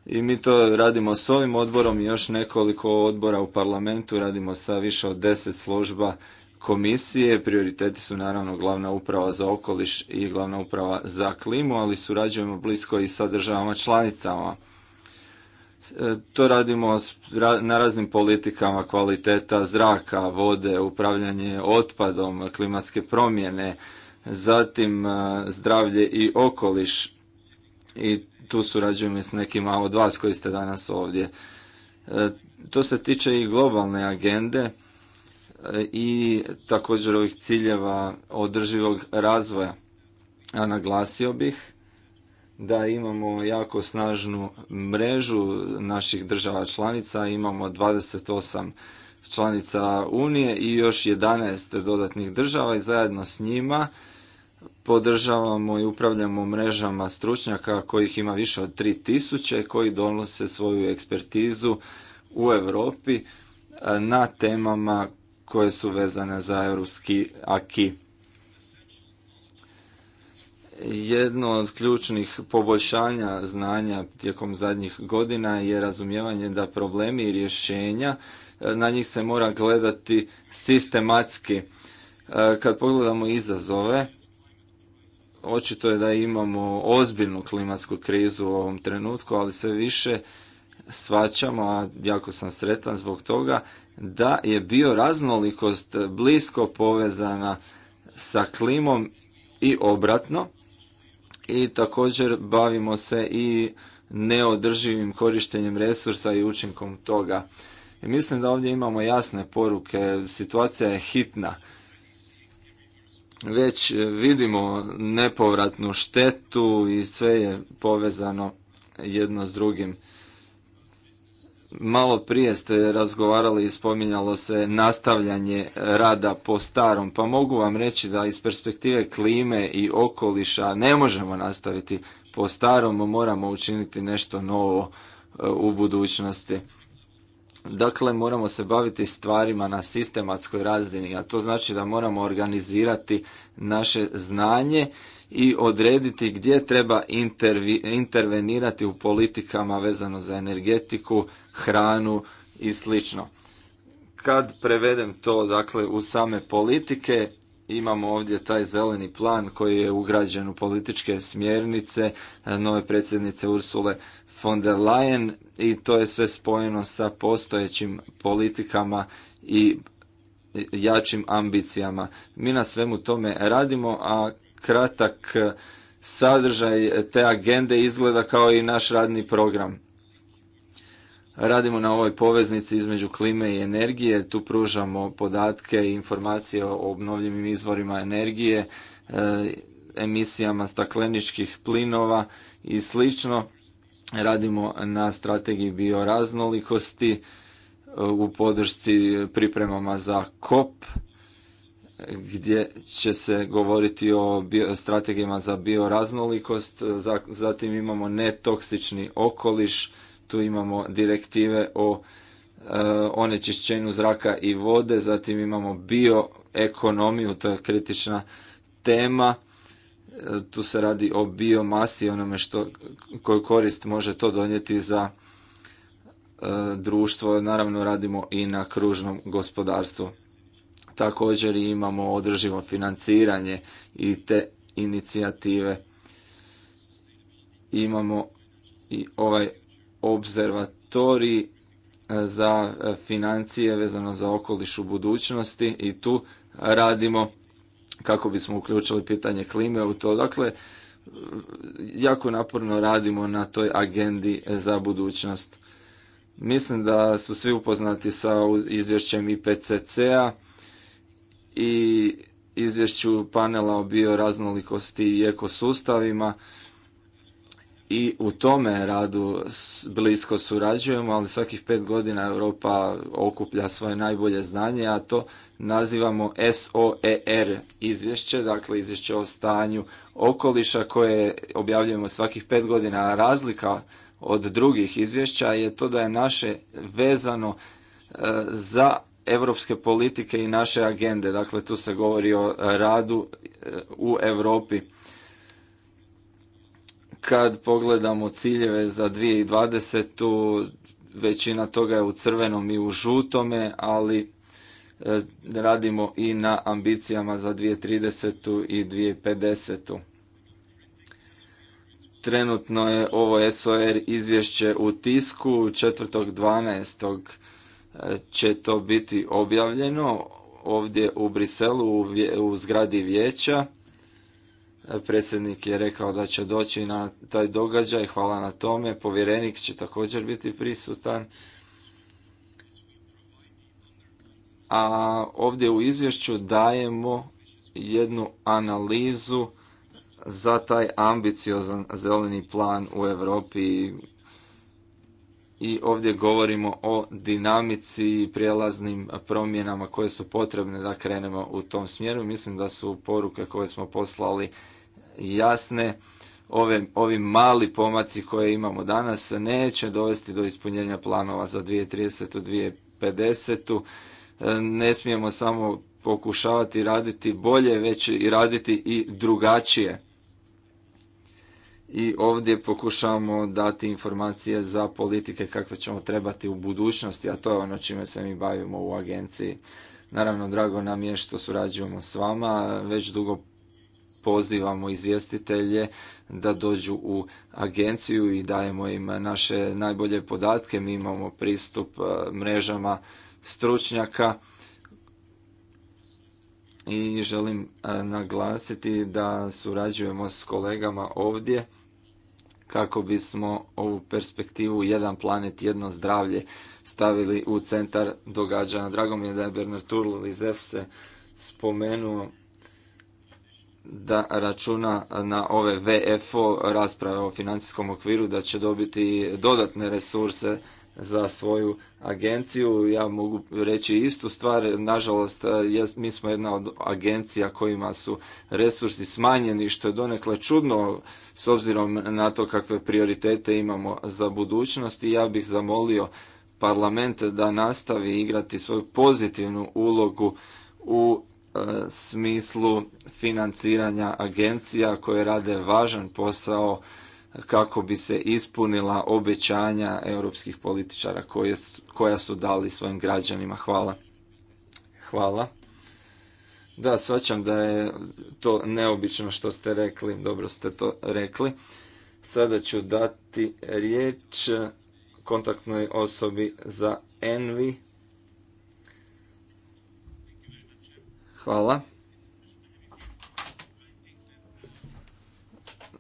I mi to radimo s ovim odborom i još nekoliko odbora u parlamentu, radimo sa više od deset služba komisije. Prioriteti su naravno glavna uprava za okoliš i glavna uprava za klimu, ali surađujemo blisko i sa državama članicama. E, to radimo na raznim politikama kvaliteta zraka, vode, upravljanje otpadom, klimatske promjene, zatim e, zdravlje i okoliš. I tu surađujemo s nekima od vas koji ste danas ovdje. E, to se tiče i globalne agende i također ovih ciljeva održivog razvoja. A naglasio bih da imamo jako snažnu mrežu naših država članica, imamo 28 članica Unije i još 11 dodatnih država i zajedno s njima podržavamo i upravljamo mrežama stručnjaka kojih ima više od 3000 koji donose svoju ekspertizu u Europi na temama koje su vezane za europski aki. Jedno od ključnih poboljšanja znanja tijekom zadnjih godina je razumijevanje da problemi i rješenja e, na njih se mora gledati sistematski. E, kad pogledamo izazove, očito je da imamo ozbiljnu klimatsku krizu u ovom trenutku, ali sve više svaćamo, a jako sam sretan zbog toga, da je bioraznolikost blisko povezana sa klimom i obratno i također bavimo se i neodrživim korištenjem resursa i učinkom toga. I mislim da ovdje imamo jasne poruke, situacija je hitna. Već vidimo nepovratnu štetu i sve je povezano jedno s drugim. Malo prije ste razgovarali i spominjalo se nastavljanje rada po starom, pa mogu vam reći da iz perspektive klime i okoliša ne možemo nastaviti po starom, moramo učiniti nešto novo e, u budućnosti. Dakle, moramo se baviti stvarima na sistematskoj razini, a to znači da moramo organizirati naše znanje i odrediti gdje treba intervenirati u politikama vezano za energetiku, hranu i sl. Kad prevedem to dakle u same politike, imamo ovdje taj zeleni plan koji je ugrađen u političke smjernice e, nove predsjednice Ursule von der Leyen i to je sve spojeno sa postojećim politikama i jačim ambicijama. Mi na svemu tome radimo, a kratak e, sadržaj te agende izgleda kao i naš radni program. Radimo na ovoj poveznici između klime i energije, tu pružamo podatke i informacije o obnovljivim izvorima energije, e, emisijama stakleničkih plinova i slično. Radimo na strategiji bioraznolikosti e, u podršci pripremama za KOP gdje će se govoriti o strategijama za bioraznolikost, zatim imamo netoksični okoliš, tu imamo direktive o e, onečišćenju zraka i vode, zatim imamo bioekonomiju, to je kritična tema, e, tu se radi o biomasi, onome što, koju korist može to donijeti za e, društvo, naravno radimo i na kružnom gospodarstvu. Također imamo održivo financiranje i te inicijative. Imamo i ovaj observatorij eh, za financije vezano za okoliš u budućnosti i tu radimo kako bismo uključili pitanje klime u to. Dakle, jako naporno radimo na toj agendi eh, za budućnost. Mislim da su svi upoznati sa izvješćem IPCC-a i izvješću panela o bioraznolikosti i ekosustavima i u tome radu blisko surađujemo, ali svakih pet godina Europa okuplja svoje najbolje znanje, a to nazivamo SOER izvješće, dakle izvješće o stanju okoliša koje objavljujemo svakih pet godina. A razlika od drugih izvješća je to da je naše vezano e, za europske politike i naše agende. Dakle, tu se govori o radu e, u Europi. Kad pogledamo ciljeve za 2020. većina toga je u crvenom i u žutome, ali e, radimo i na ambicijama za 2030. i 2050. Trenutno je ovo SOR izvješće u tisku 4.12 će to biti objavljeno ovdje u Briselu u zgradi vijeća. Predsjednik je rekao da će doći na taj događaj, hvala na tome. Povjerenik će također biti prisutan. A ovdje u izvješću dajemo jednu analizu za taj ambiciozan zeleni plan u Europi i ovdje govorimo o dinamici i prijelaznim promjenama koje su potrebne da krenemo u tom smjeru. Mislim da su poruke koje smo poslali jasne. Ove, ovi mali pomaci koje imamo danas neće dovesti do ispunjenja planova za 2030. 2050. Ne smijemo samo pokušavati raditi bolje, već i raditi i drugačije i ovdje pokušavamo dati informacije za politike kakve ćemo trebati u budućnosti, a to je ono čime se mi bavimo u agenciji. Naravno, drago nam je što surađujemo s vama, već dugo pozivamo izvjestitelje da dođu u agenciju i dajemo im naše najbolje podatke. Mi imamo pristup e, mrežama stručnjaka i želim e, naglasiti da surađujemo s kolegama ovdje kako bismo ovu perspektivu jedan planet, jedno zdravlje stavili u centar događanja. Drago mi je da je Bernard Turl iz EFSE spomenuo da računa na ove VFO rasprave o financijskom okviru da će dobiti dodatne resurse za svoju agenciju. Ja mogu reći istu stvar, nažalost e, mi smo jedna od agencija kojima su resursi smanjeni što je donekle čudno s obzirom na to kakve prioritete imamo za budućnost i ja bih zamolio parlament da nastavi igrati svoju pozitivnu ulogu u e, smislu financiranja agencija koje rade važan posao kako bi se ispunila obećanja europskih političara koja su dali svojim građanima. Hvala. Hvala. Da, svačam da je to neobično što ste rekli, dobro ste to rekli. Sada ću dati riječ kontaktnoj osobi za Envi. Hvala.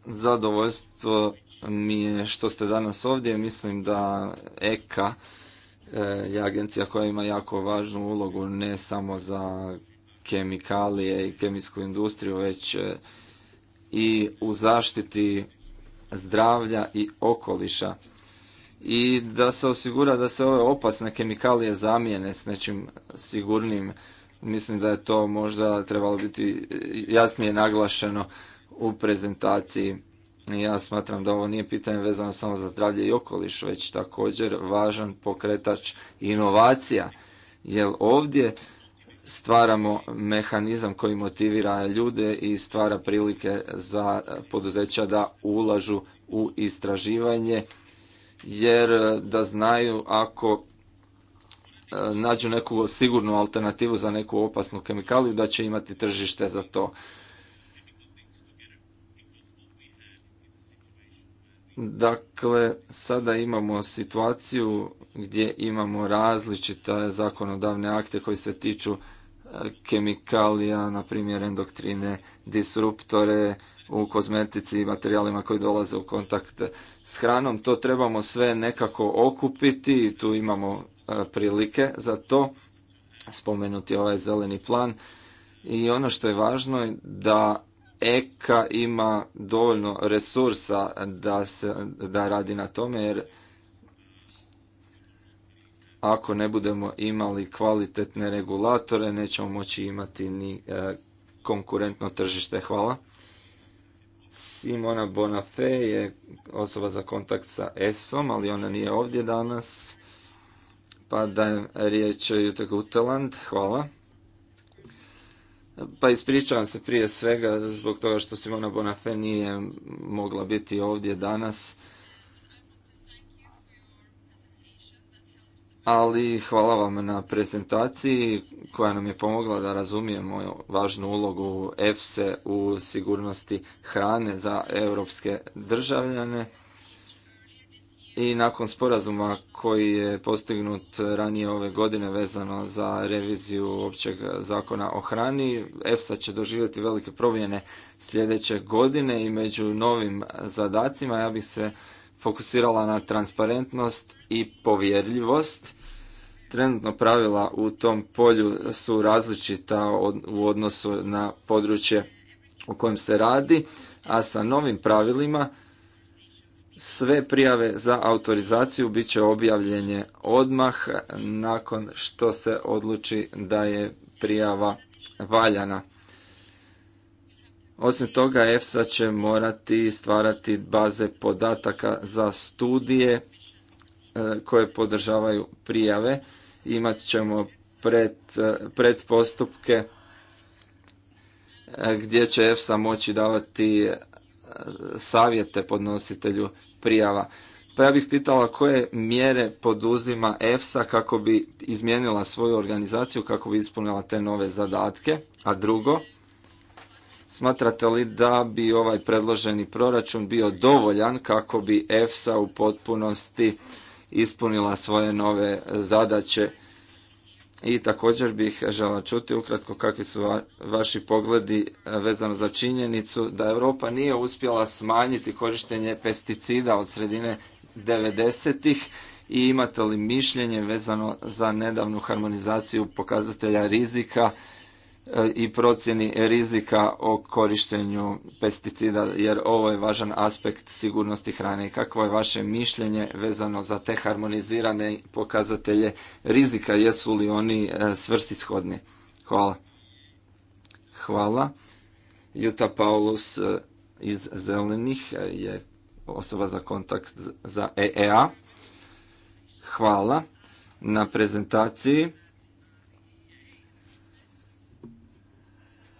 Zadovoljstvo mi je što ste danas ovdje. Mislim da EKA e, je agencija koja ima jako važnu ulogu ne samo za kemikalije i kemijsku industriju, već e, i u zaštiti zdravlja i okoliša. I da se osigura da se ove opasne kemikalije zamijene s nečim sigurnim. Mislim da je to možda trebalo biti e, jasnije naglašeno u prezentaciji. Ja smatram da ovo nije pitanje vezano samo za zdravlje i okoliš, već također važan pokretač inovacija. Jer ovdje stvaramo mehanizam koji motivira ljude i stvara prilike za poduzeća da ulažu u istraživanje, jer da znaju ako e, nađu neku sigurnu alternativu za neku opasnu kemikaliju, da će imati tržište za to. Dakle, sada imamo situaciju gdje imamo različite zakonodavne akte koji se tiču e, kemikalija, na primjer endoktrine, disruptore u kozmetici i materijalima koji dolaze u kontakt s hranom. To trebamo sve nekako okupiti i tu imamo e, prilike za to. Spomenuti ovaj zeleni plan. I ono što je važno je da Eka ima dovoljno resursa da, se, da radi na tome jer ako ne budemo imali kvalitetne regulatore nećemo moći imati ni e, konkurentno tržište. Hvala. Simona Bonafé je osoba za kontakt sa ESOM, ali ona nije ovdje danas. Pa dajem riječ Jute Guteland. Hvala. Pa ispričavam se prije svega zbog toga što Simona Bonafé nije mogla biti ovdje danas. Ali hvala vam na prezentaciji koja nam je pomogla da razumijemo važnu ulogu EFSE u sigurnosti hrane za europske državljane i nakon sporazuma koji je postignut ranije ove godine vezano za reviziju općeg zakona o hrani, EFSA će doživjeti velike promjene sljedeće godine i među novim zadacima ja bih se fokusirala na transparentnost i povjerljivost. Trenutno pravila u tom polju su različita u odnosu na područje u kojem se radi, a sa novim pravilima sve prijave za autorizaciju bit će objavljenje odmah nakon što se odluči da je prijava valjana. Osim toga, EFSA će morati stvarati baze podataka za studije e, koje podržavaju prijave. Imat ćemo pred, e, predpostupke e, gdje će EFSA moći davati savjete podnositelju prijava. Pa ja bih pitala koje mjere poduzima EFSA kako bi izmijenila svoju organizaciju, kako bi ispunila te nove zadatke. A drugo, smatrate li da bi ovaj predloženi proračun bio dovoljan kako bi EFSA u potpunosti ispunila svoje nove zadaće i također bih žela čuti ukratko kakvi su vaši pogledi e, vezano za činjenicu da Europa nije uspjela smanjiti korištenje pesticida od sredine 90-ih i imate li mišljenje vezano za nedavnu harmonizaciju pokazatelja rizika i procjeni rizika o korištenju pesticida, jer ovo je važan aspekt sigurnosti hrane. I kakvo je vaše mišljenje vezano za te harmonizirane pokazatelje rizika, jesu li oni e, svrsishodni? Hvala. Hvala. Juta Paulus e, iz Zelenih e, je osoba za kontakt za EEA. Hvala na prezentaciji.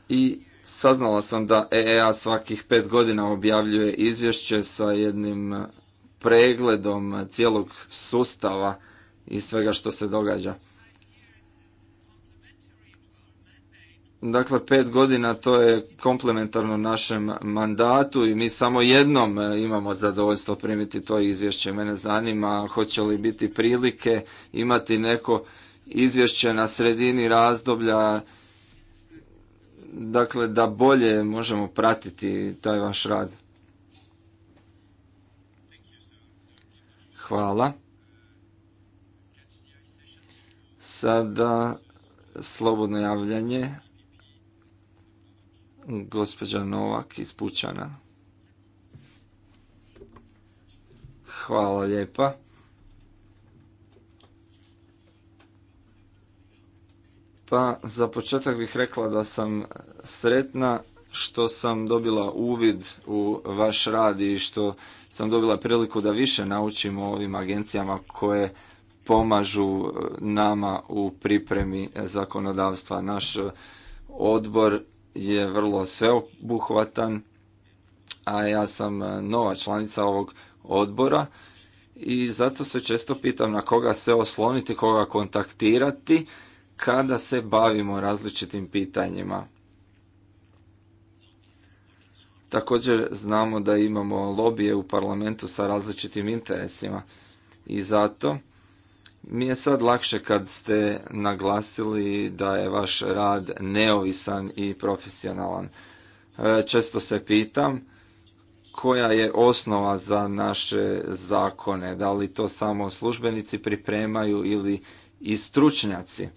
i saznala sam da EEA svakih pet godina objavljuje izvješće sa jednim pregledom cijelog sustava i svega što se događa. Dakle, pet godina to je komplementarno našem mandatu i mi samo jednom e, imamo zadovoljstvo primiti to izvješće. Mene zanima hoće li biti prilike imati neko izvješće na sredini razdoblja dakle da bolje možemo pratiti taj vaš rad. Hvala. Sada slobodno javljanje gospođa Novak iz Pučana. Hvala lijepa. Pa za početak bih rekla da sam sretna što sam dobila uvid u vaš rad i što sam dobila priliku da više naučimo o ovim agencijama koje pomažu e, nama u pripremi zakonodavstva. Naš e, odbor je vrlo sveobuhvatan, a ja sam e, nova članica ovog odbora i zato se često pitam na koga se osloniti, koga kontaktirati kada se bavimo različitim pitanjima. Također znamo da imamo lobije u parlamentu sa različitim interesima i zato mi je sad lakše kad ste naglasili da je vaš rad neovisan i profesionalan. E, često se pitam koja je osnova za naše zakone, da li to samo službenici pripremaju ili i stručnjaci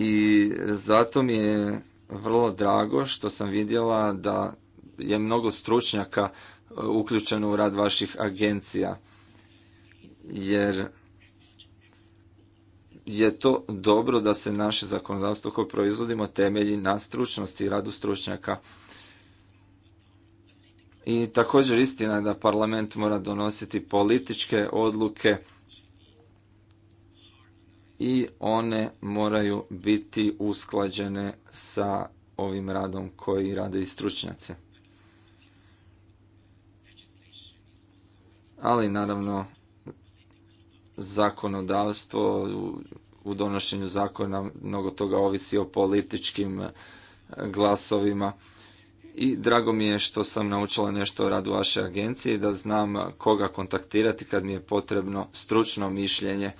i zato mi je vrlo drago što sam vidjela da je mnogo stručnjaka e, uključeno u rad vaših agencija. Jer je to dobro da se naše zakonodavstvo koje proizvodimo temelji na stručnosti i radu stručnjaka. I također istina je da parlament mora donositi političke odluke i one moraju biti usklađene sa ovim radom koji rade i stručnjaci. Ali naravno zakonodavstvo u donošenju zakona mnogo toga ovisi o političkim e, glasovima i drago mi je što sam naučila nešto o radu vaše agencije i da znam koga kontaktirati kad mi je potrebno stručno mišljenje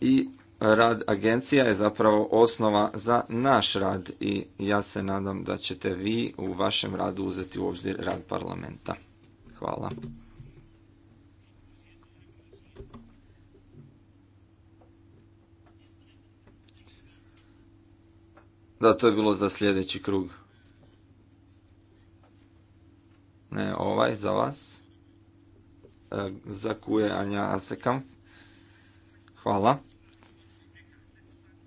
i rad agencija je zapravo osnova za naš rad i ja se nadam da ćete vi u vašem radu uzeti u obzir rad parlamenta. Hvala. Da, to je bilo za sljedeći krug. Ne, ovaj za vas. E, za kuje Anja Asekam. Hvala.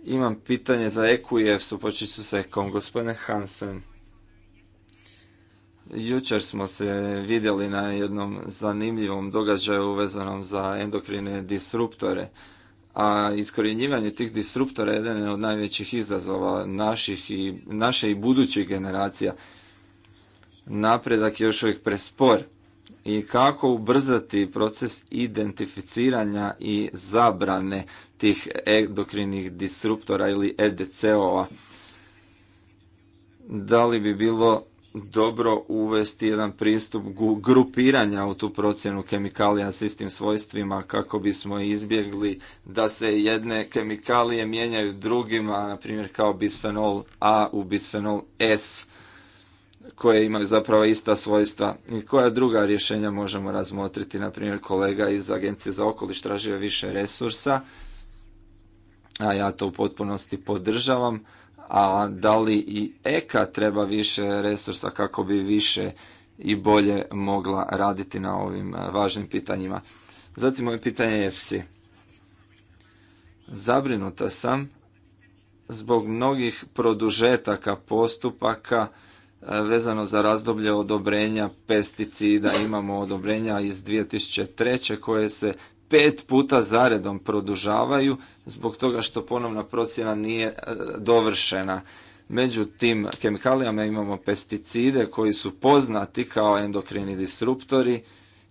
Imam pitanje za EKU i EFSU, počet ću s EKOM. Gospodine Hansen, jučer smo se vidjeli na jednom zanimljivom događaju uvezanom za endokrine disruptore, a iskorjenjivanje tih disruptora je jedan od najvećih izazova naših i, naše i budućih generacija. Napredak je još uvijek prespor i kako ubrzati proces identificiranja i zabrane tih endokrinih disruptora ili EDC-ova. Da li bi bilo dobro uvesti jedan pristup grupiranja u tu procjenu kemikalija s istim svojstvima kako bismo izbjegli da se jedne kemikalije mijenjaju drugima, na primjer kao bisfenol A u bisfenol S koje imaju zapravo ista svojstva i koja druga rješenja možemo razmotriti. Na primjer, kolega iz Agencije za okoliš tražio više resursa a ja to u potpunosti podržavam, a da li i EKA treba više resursa kako bi više i bolje mogla raditi na ovim e, važnim pitanjima. Zatim moje pitanje je FC. Zabrinuta sam zbog mnogih produžetaka postupaka e, vezano za razdoblje odobrenja pesticida. Imamo odobrenja iz 2003. koje se pet puta zaredom produžavaju zbog toga što ponovna procjena nije e, dovršena. Međutim, kemikalijama imamo pesticide koji su poznati kao endokrini disruptori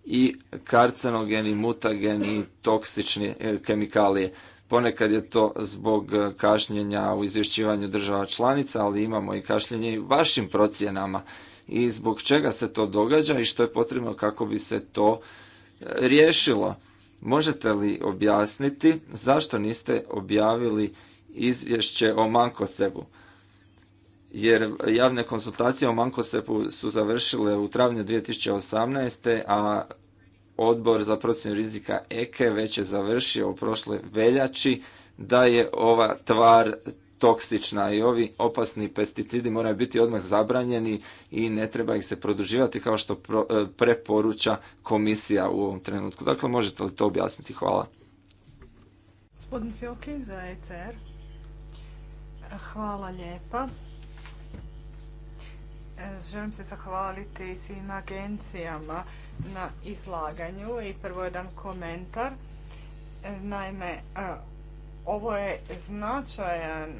i karcenogeni, mutageni, toksični e, kemikalije. Ponekad je to zbog e, kašnjenja u izvješćivanju država članica, ali imamo i kašnjenje i vašim procjenama i zbog čega se to događa i što je potrebno kako bi se to riješilo. Možete li objasniti zašto niste objavili izvješće o Mankosebu? Jer javne konsultacije o Mankosebu su završile u travnju 2018. a odbor za procjenu rizika EKE e već je završio u prošloj veljači da je ova tvar toksična i ovi opasni pesticidi moraju biti odmah zabranjeni i ne treba ih se produživati kao što e, preporuča komisija u ovom trenutku. Dakle, možete li to objasniti? Hvala. Gospodin za ECR. Hvala lijepa. E, želim se zahvaliti svim agencijama na izlaganju i prvo jedan komentar. E, naime, ovo je značajan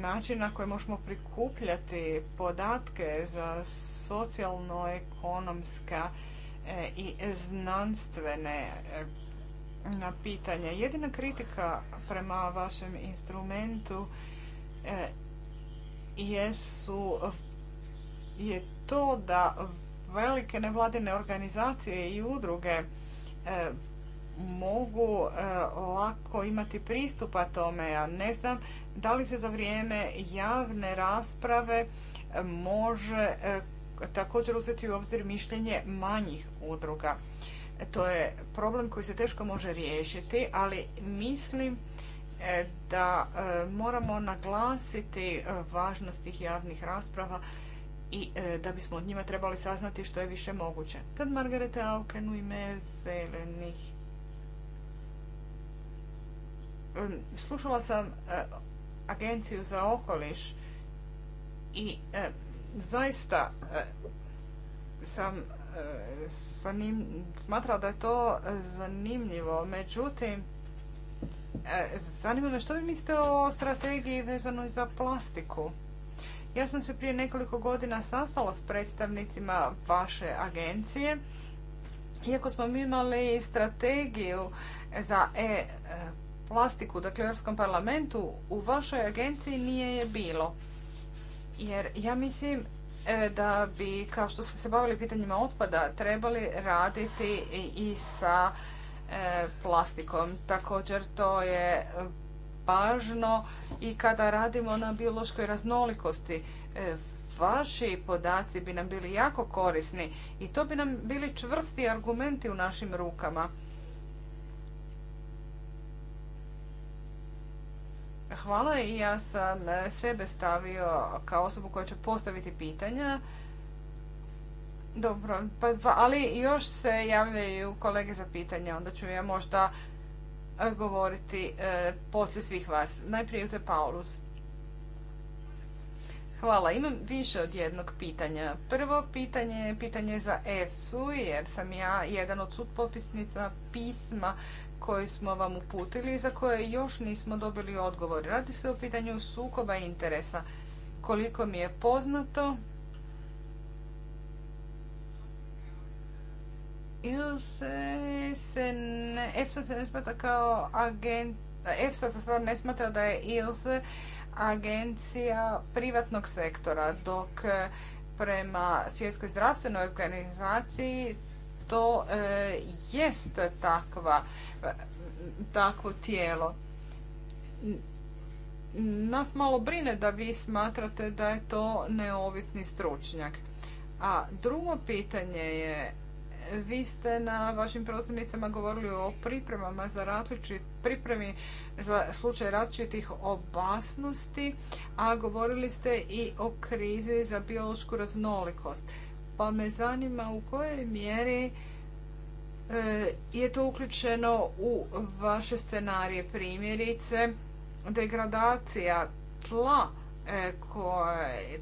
način na koji možemo prikupljati podatke za socijalno-ekonomska e, i znanstvene e, pitanja. Jedina kritika prema vašem instrumentu e, jesu, je to da velike nevladine organizacije i udruge mogu e, lako imati pristupa tome. Ja ne znam da li se za vrijeme javne rasprave e, može e, također uzeti u obzir mišljenje manjih udruga. To je problem koji se teško može riješiti, ali mislim da moramo naglasiti važnost tih javnih rasprava i da bismo od njima trebali saznati što je više moguće. Kad Margarete Auken u ime zelenih Um, slušala sam uh, Agenciju za okoliš i uh, zaista uh, sam smatrala da je to zanimljivo. Međutim, zanima me što vi mislite o strategiji vezanoj za plastiku? Ja sam se prije nekoliko godina sastala s predstavnicima vaše agencije. Iako smo mi imali strategiju za e plastiku, dakle u Europskom parlamentu, u vašoj agenciji nije je bilo. Jer ja mislim e, da bi, kao što ste se bavili pitanjima otpada, trebali raditi i sa e, plastikom. Također to je važno i kada radimo na biološkoj raznolikosti. E, vaši podaci bi nam bili jako korisni i to bi nam bili čvrsti argumenti u našim rukama. Hvala i ja sam e, sebe stavio kao osobu koja će postaviti pitanja. Dobro, pa, ali još se javljaju kolege za pitanja, onda ću ja možda e, govoriti e, poslije svih vas. Najprije je Paulus. Hvala. Imam više od jednog pitanja. Prvo pitanje je pitanje za EFSU, jer sam ja jedan od sudpopisnica pisma koji smo vam uputili i za koje još nismo dobili odgovor. Radi se o pitanju sukoba interesa. Koliko mi je poznato, ne, EFSA se kao ne smatra da je ILS agencija privatnog sektora, dok eh, prema Svjetskoj zdravstvenoj organizaciji to e, jest takva, takvo tijelo. Nas malo brine da vi smatrate da je to neovisni stručnjak. A drugo pitanje je, vi ste na vašim prostornicama govorili o pripremama za različit, pripremi za slučaj različitih opasnosti, a govorili ste i o krizi za biološku raznolikost pa me zanima u kojoj mjeri e, je to uključeno u vaše scenarije primjerice degradacija tla e,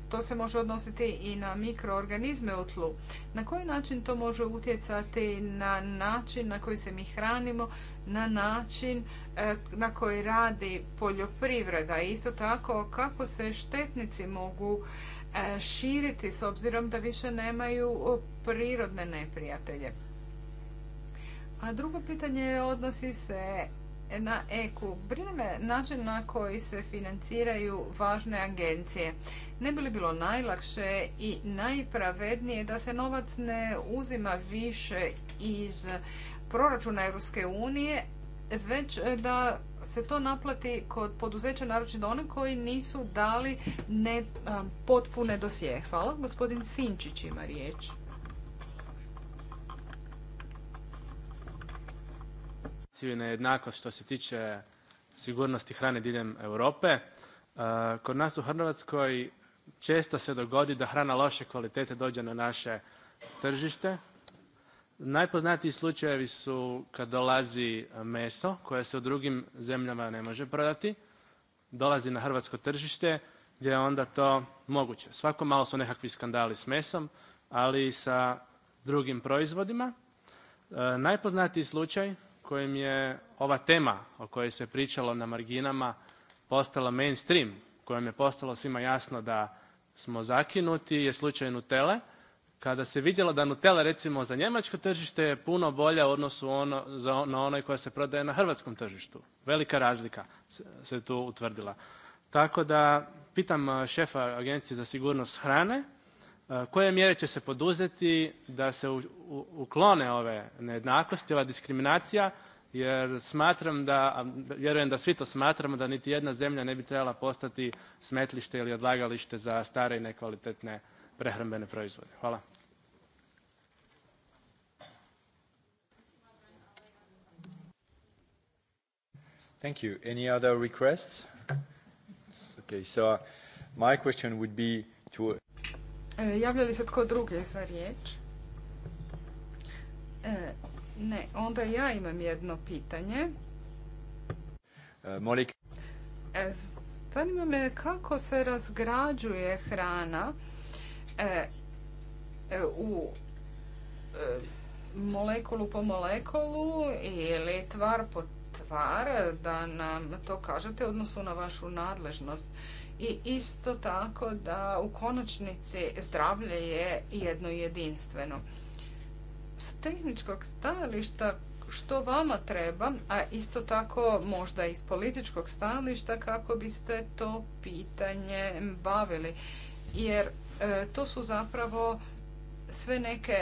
to se može odnositi i na mikroorganizme u tlu. Na koji način to može utjecati na način na koji se mi hranimo, na način e, na koji radi poljoprivreda. Isto tako kako se štetnici mogu E, širiti s obzirom da više nemaju prirodne neprijatelje. A drugo pitanje odnosi se na EKU. Brine me način na koji se financiraju važne agencije. Ne bi li bilo najlakše i najpravednije da se novac ne uzima više iz proračuna Europske unije, već da se to naplati kod poduzeća, naročito one koji nisu dali ne, potpune dosije. Hvala. Gospodin Sinčić ima riječ. jednakost što se tiče sigurnosti hrane diljem Europe. E, kod nas u Hrvatskoj često se dogodi da hrana loše kvalitete dođe na naše tržište Najpoznatiji slučajevi su kad dolazi meso koje se u drugim zemljama ne može prodati, dolazi na hrvatsko tržište gdje je onda to moguće. Svako malo su nekakvi skandali s mesom, ali i sa drugim proizvodima. E, najpoznatiji slučaj kojim je ova tema o kojoj se pričalo na marginama postala mainstream, kojom je postalo svima jasno da smo zakinuti je slučaj Nutele kada se vidjelo da Nutella recimo za njemačko tržište je puno bolja u odnosu ono, na onoj koja se prodaje na hrvatskom tržištu. Velika razlika se tu utvrdila. Tako da pitam eh, šefa Agencije za sigurnost hrane eh, koje mjere će se poduzeti da se uklone ove nejednakosti, ova diskriminacija, jer smatram da, vjerujem da svi to smatramo, da niti jedna zemlja ne bi trebala postati smetlište ili odlagalište za stare i nekvalitetne prehrambene proizvode. Hvala. Thank you. Any other requests? Okay, so uh, my question would be to... Uh, e, javlja li se tko drugi za riječ? E, ne, onda ja imam jedno pitanje. Uh, Molik. E, zanima me kako se razgrađuje hrana E, e, u e, molekulu po molekulu ili tvar po tvar da nam to kažete odnosu na vašu nadležnost. I isto tako da u konačnici zdravlje je jedno jedinstveno. S tehničkog stajališta što vama treba, a isto tako možda iz političkog stajališta kako biste to pitanje bavili. Jer E, to su zapravo sve neke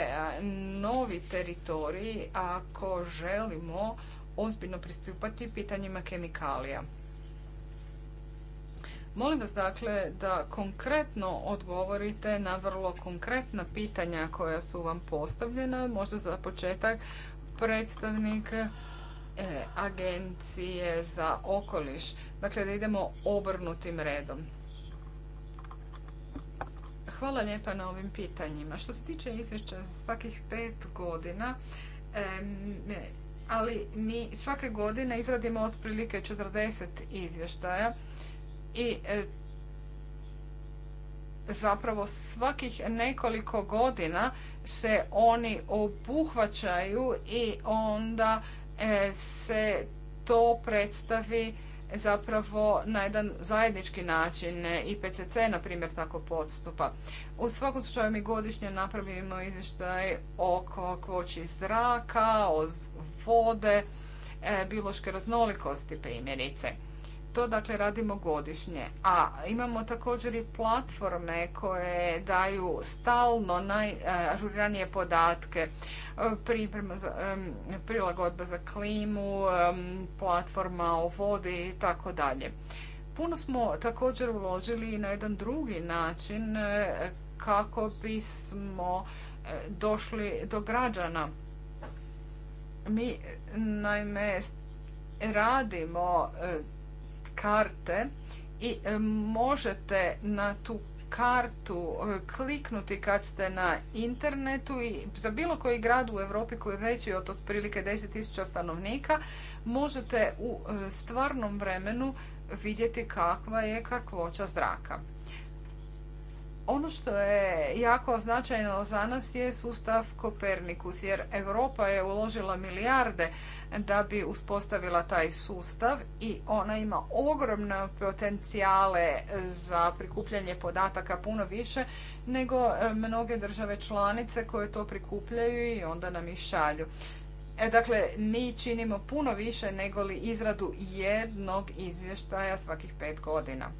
novi teritoriji ako želimo ozbiljno pristupati pitanjima kemikalija. Molim vas dakle da konkretno odgovorite na vrlo konkretna pitanja koja su vam postavljena. Možda za početak predstavnik e, agencije za okoliš. Dakle, da idemo obrnutim redom. Hvala lijepa na ovim pitanjima. Što se tiče izvješća svakih pet godina, ali mi svake godine izradimo otprilike 40 izvještaja i e, zapravo svakih nekoliko godina se oni obuhvaćaju i onda e, se to predstavi zapravo na jedan zajednički način. IPCC, na primjer, tako podstupa. U svakom slučaju mi godišnje napravimo izvještaj oko kvoći zraka, o vode, e, biološke raznolikosti primjerice. To dakle radimo godišnje. A imamo također i platforme koje daju stalno najažuriranije podatke. E, priprema prilagodba za klimu, platforma o vodi i tako dalje. Puno smo također uložili na jedan drugi način e, kako bismo e, došli do građana. Mi naime radimo karte i e, možete na tu kartu e, kliknuti kad ste na internetu i za bilo koji grad u Europi koji je veći od otprilike 10.000 stanovnika možete u e, stvarnom vremenu vidjeti kakva je kakvoća zraka. Ono što je jako značajno za nas je sustav Kopernikus, jer Europa je uložila milijarde da bi uspostavila taj sustav i ona ima ogromne potencijale za prikupljanje podataka puno više nego e, mnoge države članice koje to prikupljaju i onda nam ih šalju. E, dakle, mi činimo puno više nego li izradu jednog izvještaja svakih pet godina.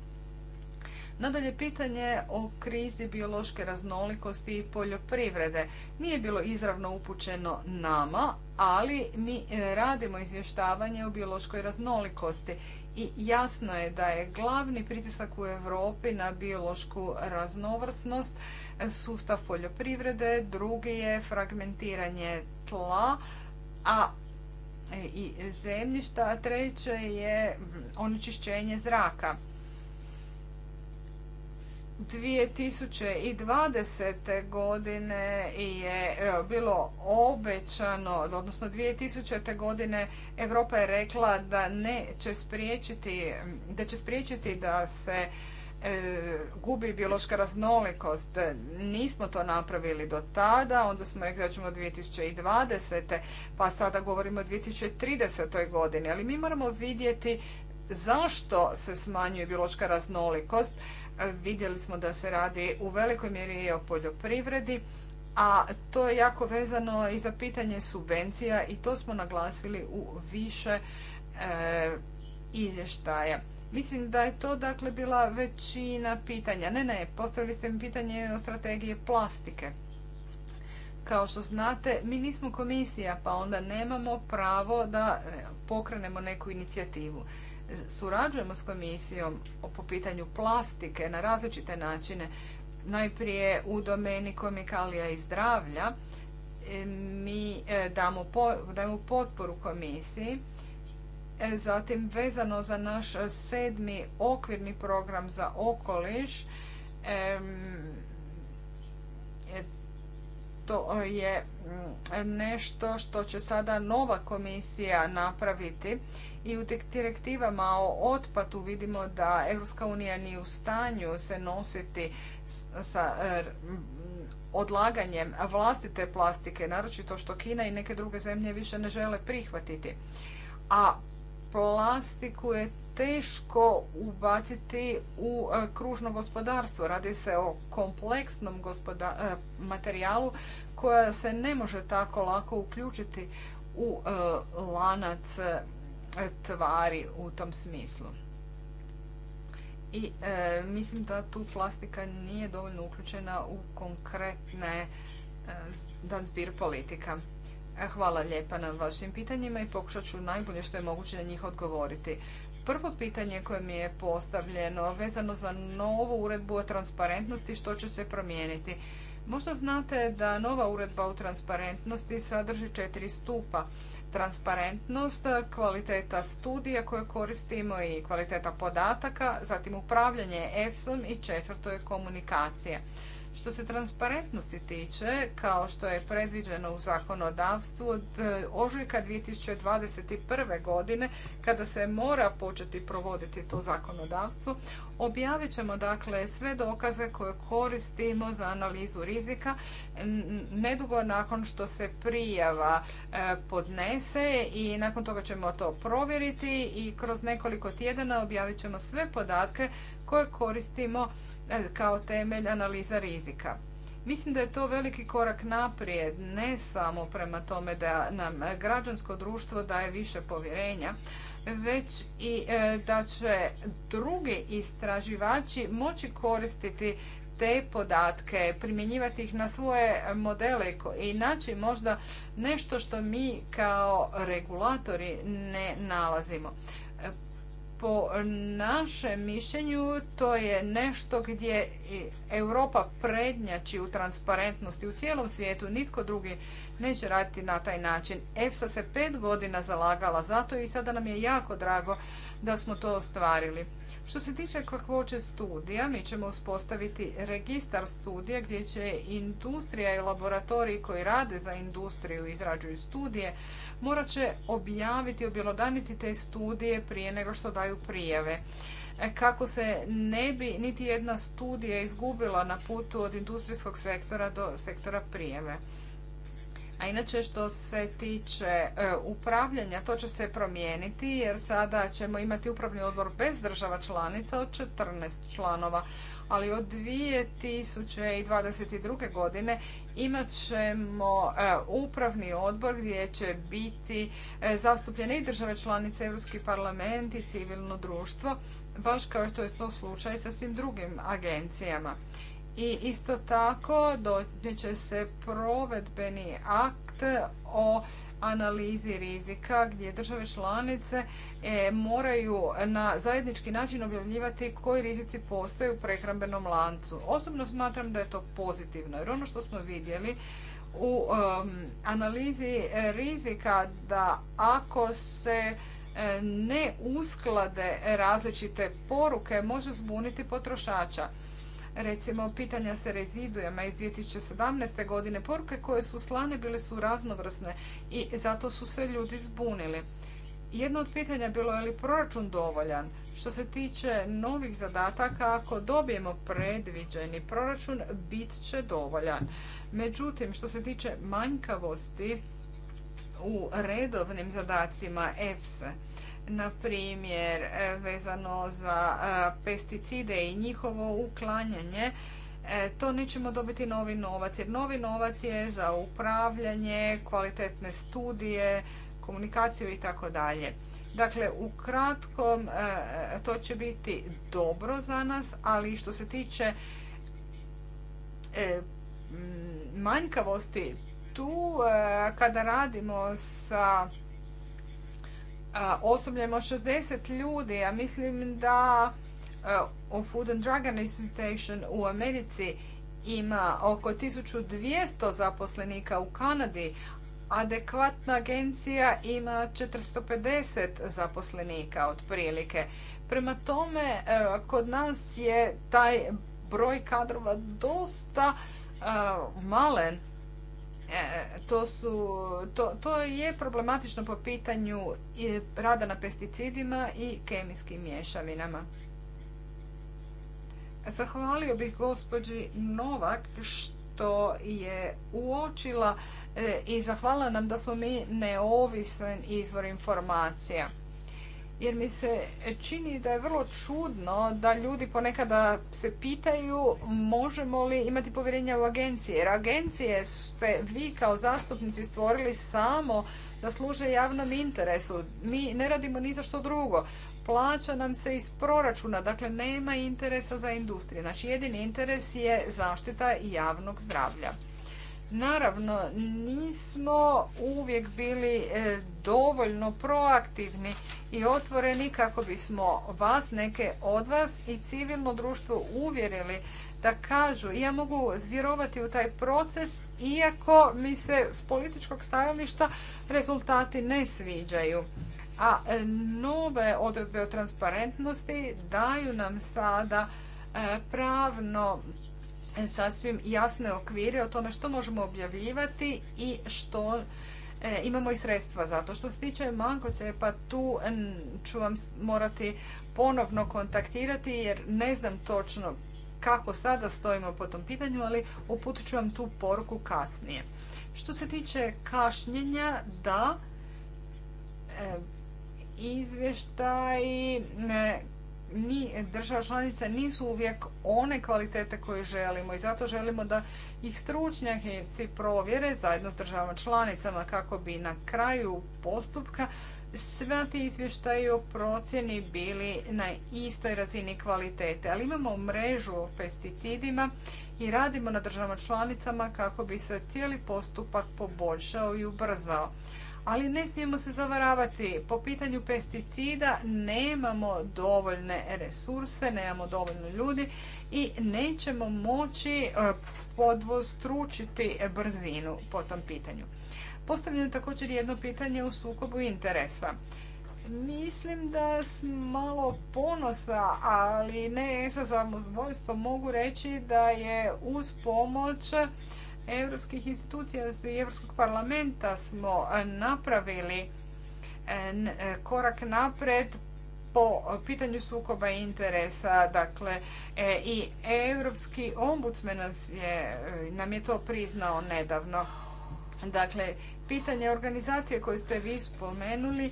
Nadalje, pitanje o krizi biološke raznolikosti i poljoprivrede nije bilo izravno upućeno nama, ali mi e, radimo izvještavanje o biološkoj raznolikosti i jasno je da je glavni pritisak u Europi na biološku raznovrsnost e, sustav poljoprivrede, drugi je fragmentiranje tla, a e, i zemljišta, a treće je onečišćenje zraka. 2020. godine je e, bilo obećano, odnosno 2000. godine Europa je rekla da ne će spriječiti, da će spriječiti da se e, gubi biološka raznolikost. Nismo to napravili do tada, onda smo rekli da ćemo 2020. pa sada govorimo o 2030. godini, ali mi moramo vidjeti zašto se smanjuje biološka raznolikost, Vidjeli smo da se radi u velikoj mjeri i o poljoprivredi, a to je jako vezano i za pitanje subvencija i to smo naglasili u više e, izvještaja. Mislim da je to dakle bila većina pitanja. Ne, ne, postavili ste mi pitanje o strategije plastike. Kao što znate, mi nismo komisija, pa onda nemamo pravo da e, pokrenemo neku inicijativu surađujemo s komisijom po pitanju plastike na različite načine. Najprije u domeni komikalija i zdravlja e, mi e, damo, potporu komisiji. E, zatim vezano za naš sedmi okvirni program za okoliš, to je mm, nešto što će sada nova komisija napraviti i u direktivama o otpadu vidimo da Europska unija nije u stanju se nositi sa mm, odlaganjem vlastite plastike, naročito što Kina i neke druge zemlje više ne žele prihvatiti. A plastiku je teško ubaciti u e, kružno gospodarstvo. Radi se o kompleksnom e, materijalu koja se ne može tako lako uključiti u e, lanac tvari u tom smislu. I mislim da tu plastika nije dovoljno uključena u konkretne e, zbir politika. Hvala lijepa na vašim pitanjima i pokušat ću najbolje što je moguće na njih odgovoriti. Prvo pitanje koje mi je postavljeno vezano za novu uredbu o transparentnosti što će se promijeniti. Možda znate da nova uredba o transparentnosti sadrži četiri stupa. Transparentnost, kvaliteta studija koje koristimo i kvaliteta podataka, zatim upravljanje EFSOM i četvrto je komunikacija. Što se transparentnosti tiče, kao što je predviđeno u zakonodavstvu od e, ožujka 2021. godine, kada se mora početi provoditi to zakonodavstvo, objavit ćemo dakle sve dokaze koje koristimo za analizu rizika nedugo nakon što se prijava e, podnese i nakon toga ćemo to provjeriti i kroz nekoliko tjedana objavit ćemo sve podatke koje koristimo E, kao temelj analiza rizika. Mislim da je to veliki korak naprijed, ne samo prema tome da nam građansko društvo daje više povjerenja, već i e, da će drugi istraživači moći koristiti te podatke, primjenjivati ih na svoje modele i naći možda nešto što mi kao regulatori ne nalazimo. Po našem mišljenju to je nešto gdje Europa prednjači u transparentnosti u cijelom svijetu. Nitko drugi neće raditi na taj način. EFSA se pet godina zalagala za to i sada nam je jako drago da smo to ostvarili. Što se tiče kakvoće studija, mi ćemo uspostaviti registar studija gdje će industrija i laboratoriji koji rade za industriju i izrađuju studije morat će objaviti, objelodaniti te studije prije nego što daju prijave e, kako se ne bi niti jedna studija izgubila na putu od industrijskog sektora do sektora prijeve. A inače što se tiče e, upravljanja, to će se promijeniti jer sada ćemo imati upravni odbor bez država članica od 14 članova, ali od 2022. godine imat ćemo e, upravni odbor gdje će biti e, zastupljene i države članice, Europski parlament i civilno društvo, baš kao što je to slučaj sa svim drugim agencijama i isto tako doći će se provedbeni akt o analizi rizika gdje države članice e, moraju na zajednički način objavljivati koji rizici postoje u prehrambenom lancu. Osobno smatram da je to pozitivno jer ono što smo vidjeli u analizi e, rizika da ako se e, ne usklade različite poruke može zbuniti potrošača recimo pitanja se rezidujama iz 2017. godine, poruke koje su slane bile su raznovrsne i zato su se ljudi zbunili. Jedno od pitanja bilo je li proračun dovoljan? Što se tiče novih zadataka, ako dobijemo predviđeni proračun, bit će dovoljan. Međutim, što se tiče manjkavosti u redovnim zadacima EFSE, na primjer e, vezano za e, pesticide i njihovo uklanjanje, e, to nećemo dobiti novi novac jer novi novac je za upravljanje, kvalitetne studije, komunikaciju i tako dalje. Dakle, u kratkom to će biti dobro za nas, ali što se tiče manjkavosti tu kada radimo sa osobljem od 60 ljudi, a mislim da e, u Food and Drug Administration u Americi ima oko 1200 zaposlenika u Kanadi, adekvatna agencija ima 450 zaposlenika otprilike. Prema tome, e, kod nas je taj broj kadrova dosta e, malen E, to, su, to, to je problematično po pitanju e, rada na pesticidima i kemijskim mješavinama. Zahvalio bih gospođi Novak što je uočila e, i zahvala nam da smo mi neovisan izvor informacija jer mi se čini da je vrlo čudno da ljudi ponekada se pitaju možemo li imati povjerenja u agencije. Jer agencije ste vi kao zastupnici stvorili samo da služe javnom interesu. Mi ne radimo ni za što drugo. Plaća nam se iz proračuna, dakle nema interesa za industriju. Znači jedini interes je zaštita javnog zdravlja. Naravno, nismo uvijek bili e, dovoljno proaktivni i otvoreni kako bismo vas, neke od vas i civilno društvo uvjerili da kažu ja mogu zvjerovati u taj proces iako mi se s političkog stajališta rezultati ne sviđaju. A e, nove odredbe o transparentnosti daju nam sada e, pravno sasvim jasne okvire o tome što možemo objavljivati i što e, imamo i sredstva za to. Što se tiče pa tu ću vam morati ponovno kontaktirati jer ne znam točno kako sada stojimo po tom pitanju, ali uputit ću vam tu poruku kasnije. Što se tiče kašnjenja, da, e, izvještaj, ne, ni država članica nisu uvijek one kvalitete koje želimo i zato želimo da ih stručnjaci provjere zajedno s državama članicama kako bi na kraju postupka sve ti izvještaji o procjeni bili na istoj razini kvalitete. Ali imamo mrežu o pesticidima i radimo na državama članicama kako bi se cijeli postupak poboljšao i ubrzao. Ali ne smijemo se zavaravati. Po pitanju pesticida nemamo dovoljne resurse, nemamo dovoljno ljudi i nećemo moći e, podvostručiti brzinu po tom pitanju. Postavljeno je također jedno pitanje u sukobu interesa. Mislim da sam malo ponosa, ali ne sa samozvojstvom, mogu reći da je uz pomoć europskih institucija i Europskog parlamenta smo eh, napravili eh, eh, korak napred po pitanju sukoba interesa, dakle i europski ombudsman nam je to priznao nedavno. Dakle, pitanje organizacije koju ste vi spomenuli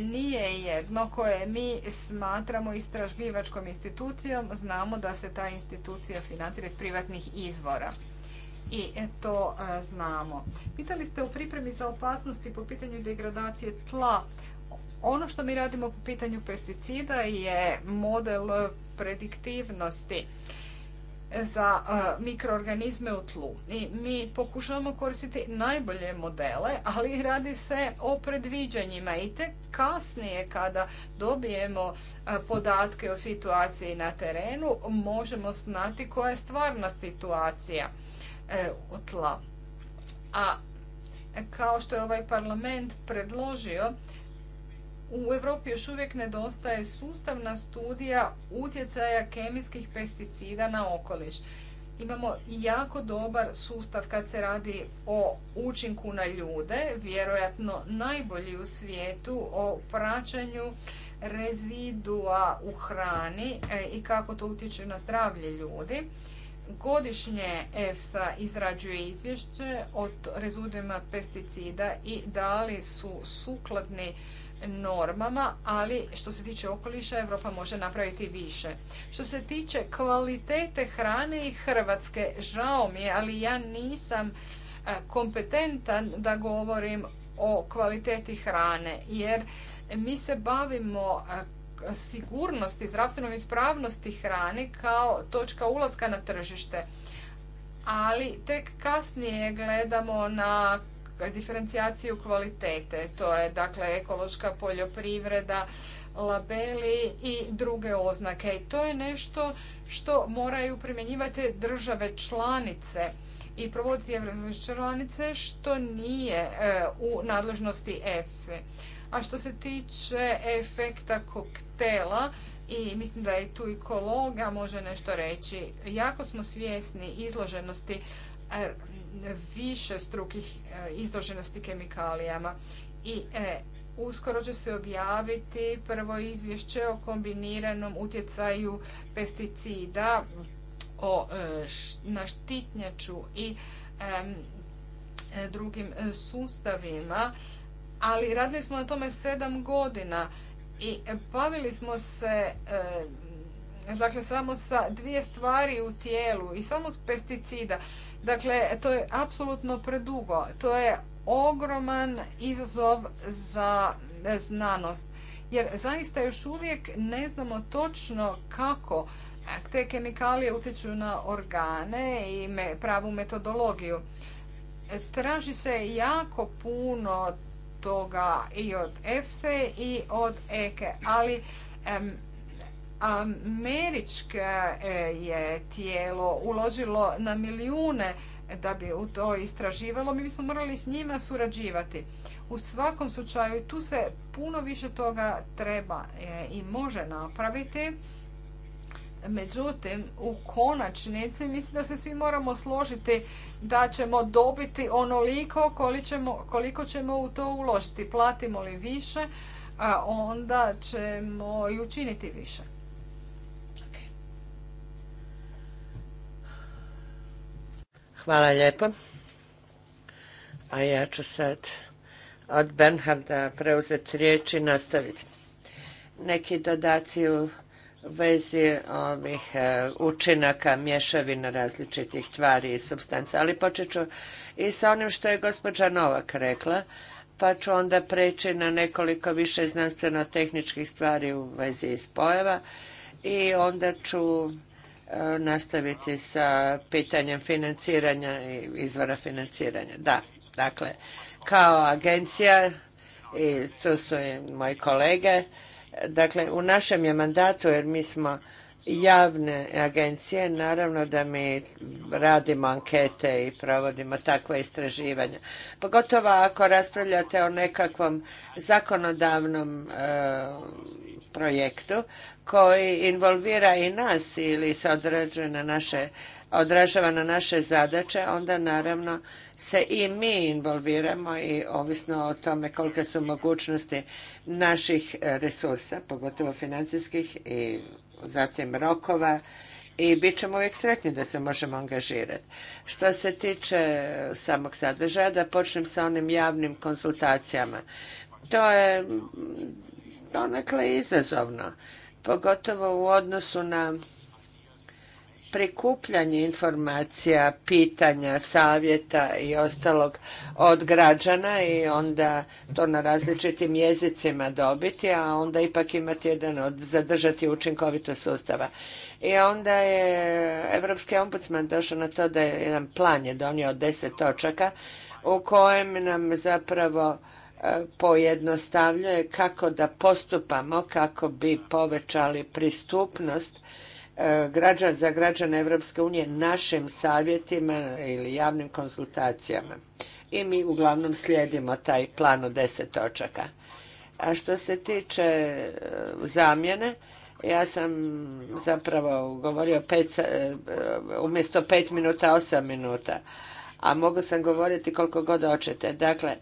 nije jedno koje mi smatramo istražbivačkom institucijom. Znamo da se ta institucija financira iz privatnih izvora i to e, znamo. Pitali ste o pripremi za opasnosti po pitanju degradacije tla. Ono što mi radimo po pitanju pesticida je model prediktivnosti za e, mikroorganizme u tlu. I mi pokušavamo koristiti najbolje modele, ali radi se o predviđanjima i tek kasnije kada dobijemo e, podatke o situaciji na terenu, možemo znati koja je stvarna situacija. E, tla. A kao što je ovaj parlament predložio, u Europi još uvijek nedostaje sustavna studija utjecaja kemijskih pesticida na okoliš. Imamo jako dobar sustav kad se radi o učinku na ljude, vjerojatno najbolji u svijetu o praćanju rezidua u hrani e, i kako to utječe na zdravlje ljudi godišnje EFSA izrađuje izvješće o rezultima pesticida i da li su sukladni normama, ali što se tiče okoliša Europa može napraviti više. Što se tiče kvalitete hrane i Hrvatske, žao mi je, ali ja nisam e, kompetentan da govorim o kvaliteti hrane, jer mi se bavimo e, sigurnosti, zdravstvenoj ispravnosti hrane kao točka ulaska na tržište. Ali tek kasnije gledamo na diferencijaciju kvalitete. To je dakle ekološka poljoprivreda, labeli i druge oznake. I to je nešto što moraju primjenjivati države članice i provoditi članice što nije e, u nadležnosti EFSE. A što se tiče efekta koktela, i mislim da je tu i kologa može nešto reći. Jako smo svjesni izloženosti e, više strukih e, izloženosti kemikalijama i e, uskoro će se objaviti prvo izvješće o kombiniranom utjecaju pesticida o, e, na štitnjaču i drugim sustavima ali radili smo na tome sedam godina i bavili smo se e, dakle samo sa dvije stvari u tijelu i samo s pesticida. Dakle, to je apsolutno predugo. To je ogroman izazov za znanost. Jer zaista još uvijek ne znamo točno kako te kemikalije utječu na organe i pravu metodologiju. Traži se jako puno toga i od EFSE i od EKE, e. ali američke e, je tijelo uložilo na milijune da bi u to istraživalo, mi bismo morali s njima surađivati. U svakom slučaju tu se puno više toga treba e, i može napraviti Međutim, u konačnici mislim da se svi moramo složiti da ćemo dobiti onoliko koliko ćemo, koliko ćemo u to uložiti. Platimo li više, a onda ćemo i učiniti više. Hvala lijepo. A ja ću sad od Bernharda preuzeti riječ i nastaviti. Neki dodaci u vezi ovih e, učinaka mješavina različitih tvari i substanca. Ali počet ću i sa onim što je gospođa Novak rekla, pa ću onda preći na nekoliko više znanstveno-tehničkih stvari u vezi spojeva i onda ću e, nastaviti sa pitanjem financiranja i izvora financiranja. Da, dakle, kao agencija i tu su i moji kolege, Dakle, u našem je mandatu, jer mi smo javne agencije, naravno da mi radimo ankete i provodimo takva istraživanja. Pogotovo ako raspravljate o nekakvom zakonodavnom e, projektu koji involvira i nas ili se na naše, odražava na naše zadaće, onda naravno se i mi involviramo i ovisno o tome kolike su mogućnosti naših e, resursa, pogotovo financijskih i zatim rokova i bit ćemo uvijek sretni da se možemo angažirati. Što se tiče samog sadržaja, da počnem sa onim javnim konsultacijama. To je donekle izazovno, pogotovo u odnosu na prikupljanje informacija, pitanja, savjeta i ostalog od građana i onda to na različitim jezicima dobiti, a onda ipak imati jedan od zadržati učinkovitost sustava. I onda je Evropski ombudsman došao na to da je jedan plan je donio od deset točaka u kojem nam zapravo e, pojednostavljuje kako da postupamo kako bi povećali pristupnost E, građan za građane Europske unije našim savjetima ili javnim konsultacijama. I mi uglavnom slijedimo taj plan od deset točaka. A što se tiče e, zamjene, ja sam zapravo govorio e, umjesto pet minuta, osam minuta. A mogu sam govoriti koliko god hoćete. Dakle,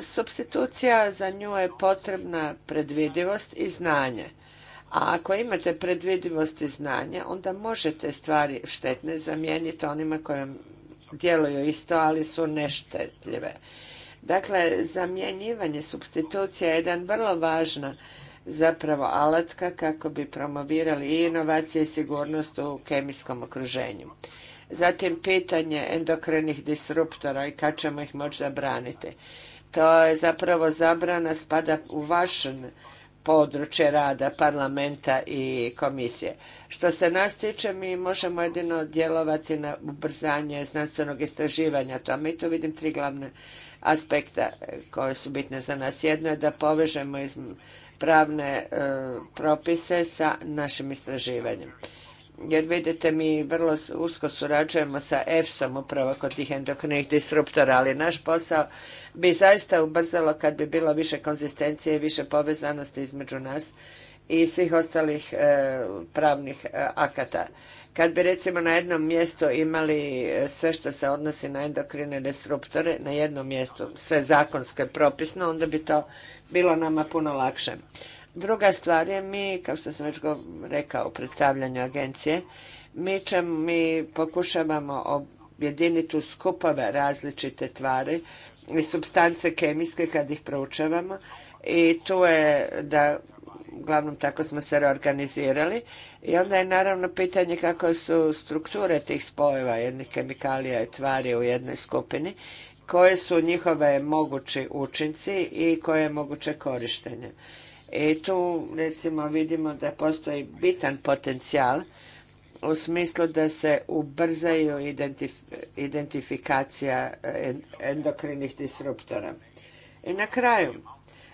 substitucija za nju je potrebna predvidivost i znanje. A ako imate predvidivost i znanje, onda možete stvari štetne zamijeniti onima koje djeluju isto, ali su neštetljive. Dakle, zamjenjivanje substitucija je jedan vrlo važna zapravo alatka kako bi promovirali i inovacije i sigurnost u kemijskom okruženju. Zatim pitanje endokrenih disruptora i kad ćemo ih moći zabraniti. To je zapravo zabrana spada u vašem područje rada parlamenta i komisije. Što se nas tiče, mi možemo jedino djelovati na ubrzanje znanstvenog istraživanja tome i tu vidim tri glavne aspekta koje su bitne za nas. Jedno je da povežemo pravne e, propise sa našim istraživanjem jer vidite mi vrlo usko surađujemo sa EFSA-om upravo kod tih endokrinih disruptora, ali naš posao bi zaista ubrzalo kad bi bilo više konzistencije i više povezanosti između nas i svih ostalih e, pravnih e, akata. Kad bi recimo na jednom mjestu imali e, sve što se odnosi na endokrine disruptore, na jednom mjestu sve zakonske propisno, onda bi to bilo nama puno lakše. Druga stvar je, mi, kao što sam već rekao u predstavljanju agencije, mi, mi pokušavamo objediniti u skupove različite tvari i substance kemijske kad ih proučavamo i tu je da uglavnom tako smo se reorganizirali i onda je naravno pitanje kako su strukture tih spojeva jednih kemikalija i tvari u jednoj skupini koje su njihove mogući učinci i koje je moguće korištenje. I tu recimo vidimo da postoji bitan potencijal u smislu da se ubrzaju identifikacija eh, endokrinih disruptora. I na kraju,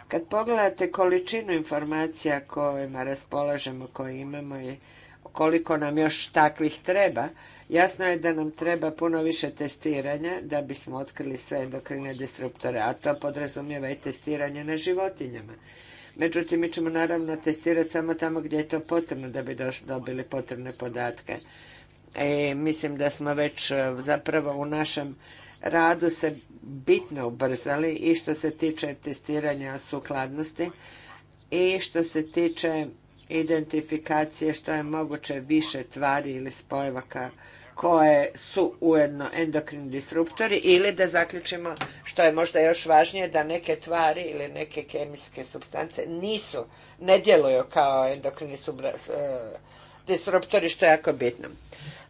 kad pogledate količinu informacija kojima raspolažemo, koje imamo i koliko nam još takvih treba, jasno je da nam treba puno više testiranja da bismo otkrili sve endokrine disruptore, a to podrazumijeva i testiranje na životinjama. Međutim, mi ćemo naravno testirati samo tamo gdje je to potrebno da bi dobili potrebne podatke. E, mislim da smo već e, zapravo u našem radu se bitno ubrzali i što se tiče testiranja sukladnosti i što se tiče identifikacije što je moguće više tvari ili spojevaka koje su ujedno endokrini disruptori ili da zaključimo što je možda još važnije da neke tvari ili neke kemijske substance nisu, ne djeluju kao endokrini e, disruptori što je jako bitno.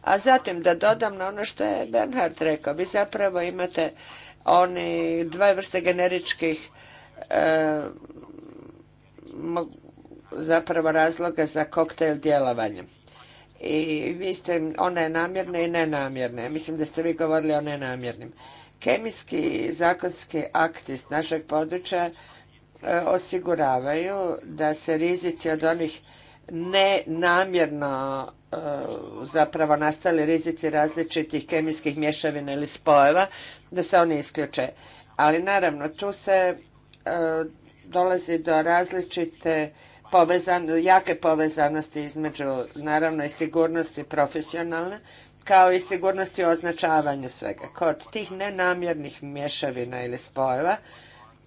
A zatim da dodam na ono što je Bernhard rekao, vi zapravo imate oni dva vrste generičkih e, zapravo razloga za koktel djelovanja i vi ste one namjerne i nenamjerne. Mislim da ste vi govorili o nenamjernim. Kemijski zakonski akti s našeg područja e, osiguravaju da se rizici od onih nenamjerno e, zapravo nastali rizici različitih kemijskih mješavina ili spojeva, da se oni isključe. Ali naravno, tu se e, dolazi do različite povezan, jake povezanosti između naravno i sigurnosti profesionalne kao i sigurnosti označavanja svega. Kod tih nenamjernih mješavina ili spojeva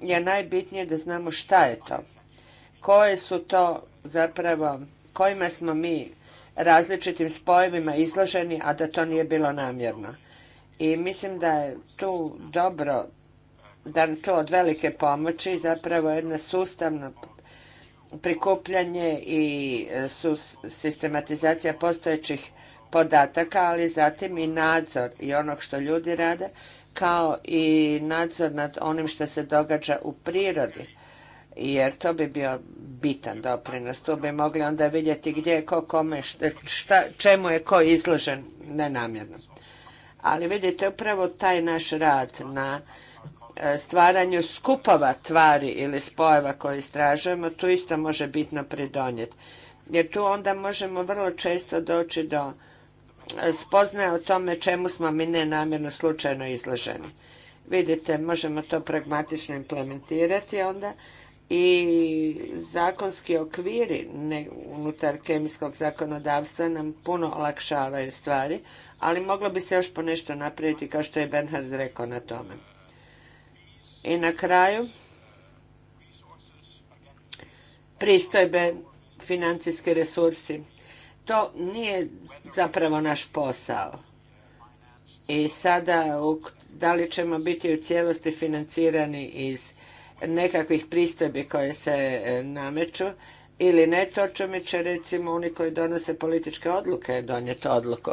je najbitnije da znamo šta je to. Koje su to zapravo, kojima smo mi različitim spojevima izloženi, a da to nije bilo namjerno. I mislim da je tu dobro, da je to od velike pomoći zapravo jedna sustavna prikupljanje i e, sistematizacija postojećih podataka, ali zatim i nadzor i onog što ljudi rade, kao i nadzor nad onim što se događa u prirodi, jer to bi bio bitan doprinos. Tu bi mogli onda vidjeti gdje je ko kome, šta, čemu je ko izložen nenamjerno. Ali vidite, upravo taj naš rad na E, stvaranju skupova tvari ili spojeva koje istražujemo, tu isto može bitno pridonijeti. Jer tu onda možemo vrlo često doći do e, spoznaje o tome čemu smo mi nenamjerno slučajno izloženi. Vidite, možemo to pragmatično implementirati onda i zakonski okviri unutar kemijskog zakonodavstva nam puno olakšavaju stvari, ali moglo bi se još ponešto napraviti kao što je Bernhard rekao na tome. I na kraju, pristojbe, financijski resursi. To nije zapravo naš posao. I sada da li ćemo biti u cijelosti financirani iz nekakvih pristojbi koje se e, nameću ili ne, to mi će recimo oni koji donose političke odluke donijeti odluku.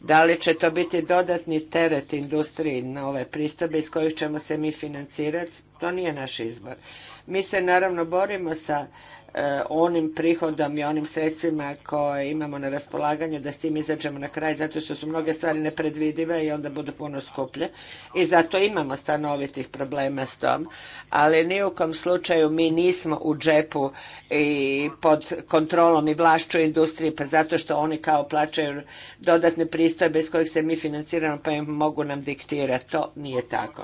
Da li će to biti dodatni teret industriji na ove pristobe iz kojih ćemo se mi financirati, to nije naš izbor. Mi se naravno borimo sa E, onim prihodom i onim sredstvima koje imamo na raspolaganju da s tim izađemo na kraj zato što su mnoge stvari nepredvidive i onda budu puno skuplje i zato imamo stanovitih problema s tom ali ni u kom slučaju mi nismo u džepu i pod kontrolom i vlašću industrije pa zato što oni kao plaćaju dodatne pristojbe bez kojih se mi financiramo pa im mogu nam diktirati to nije tako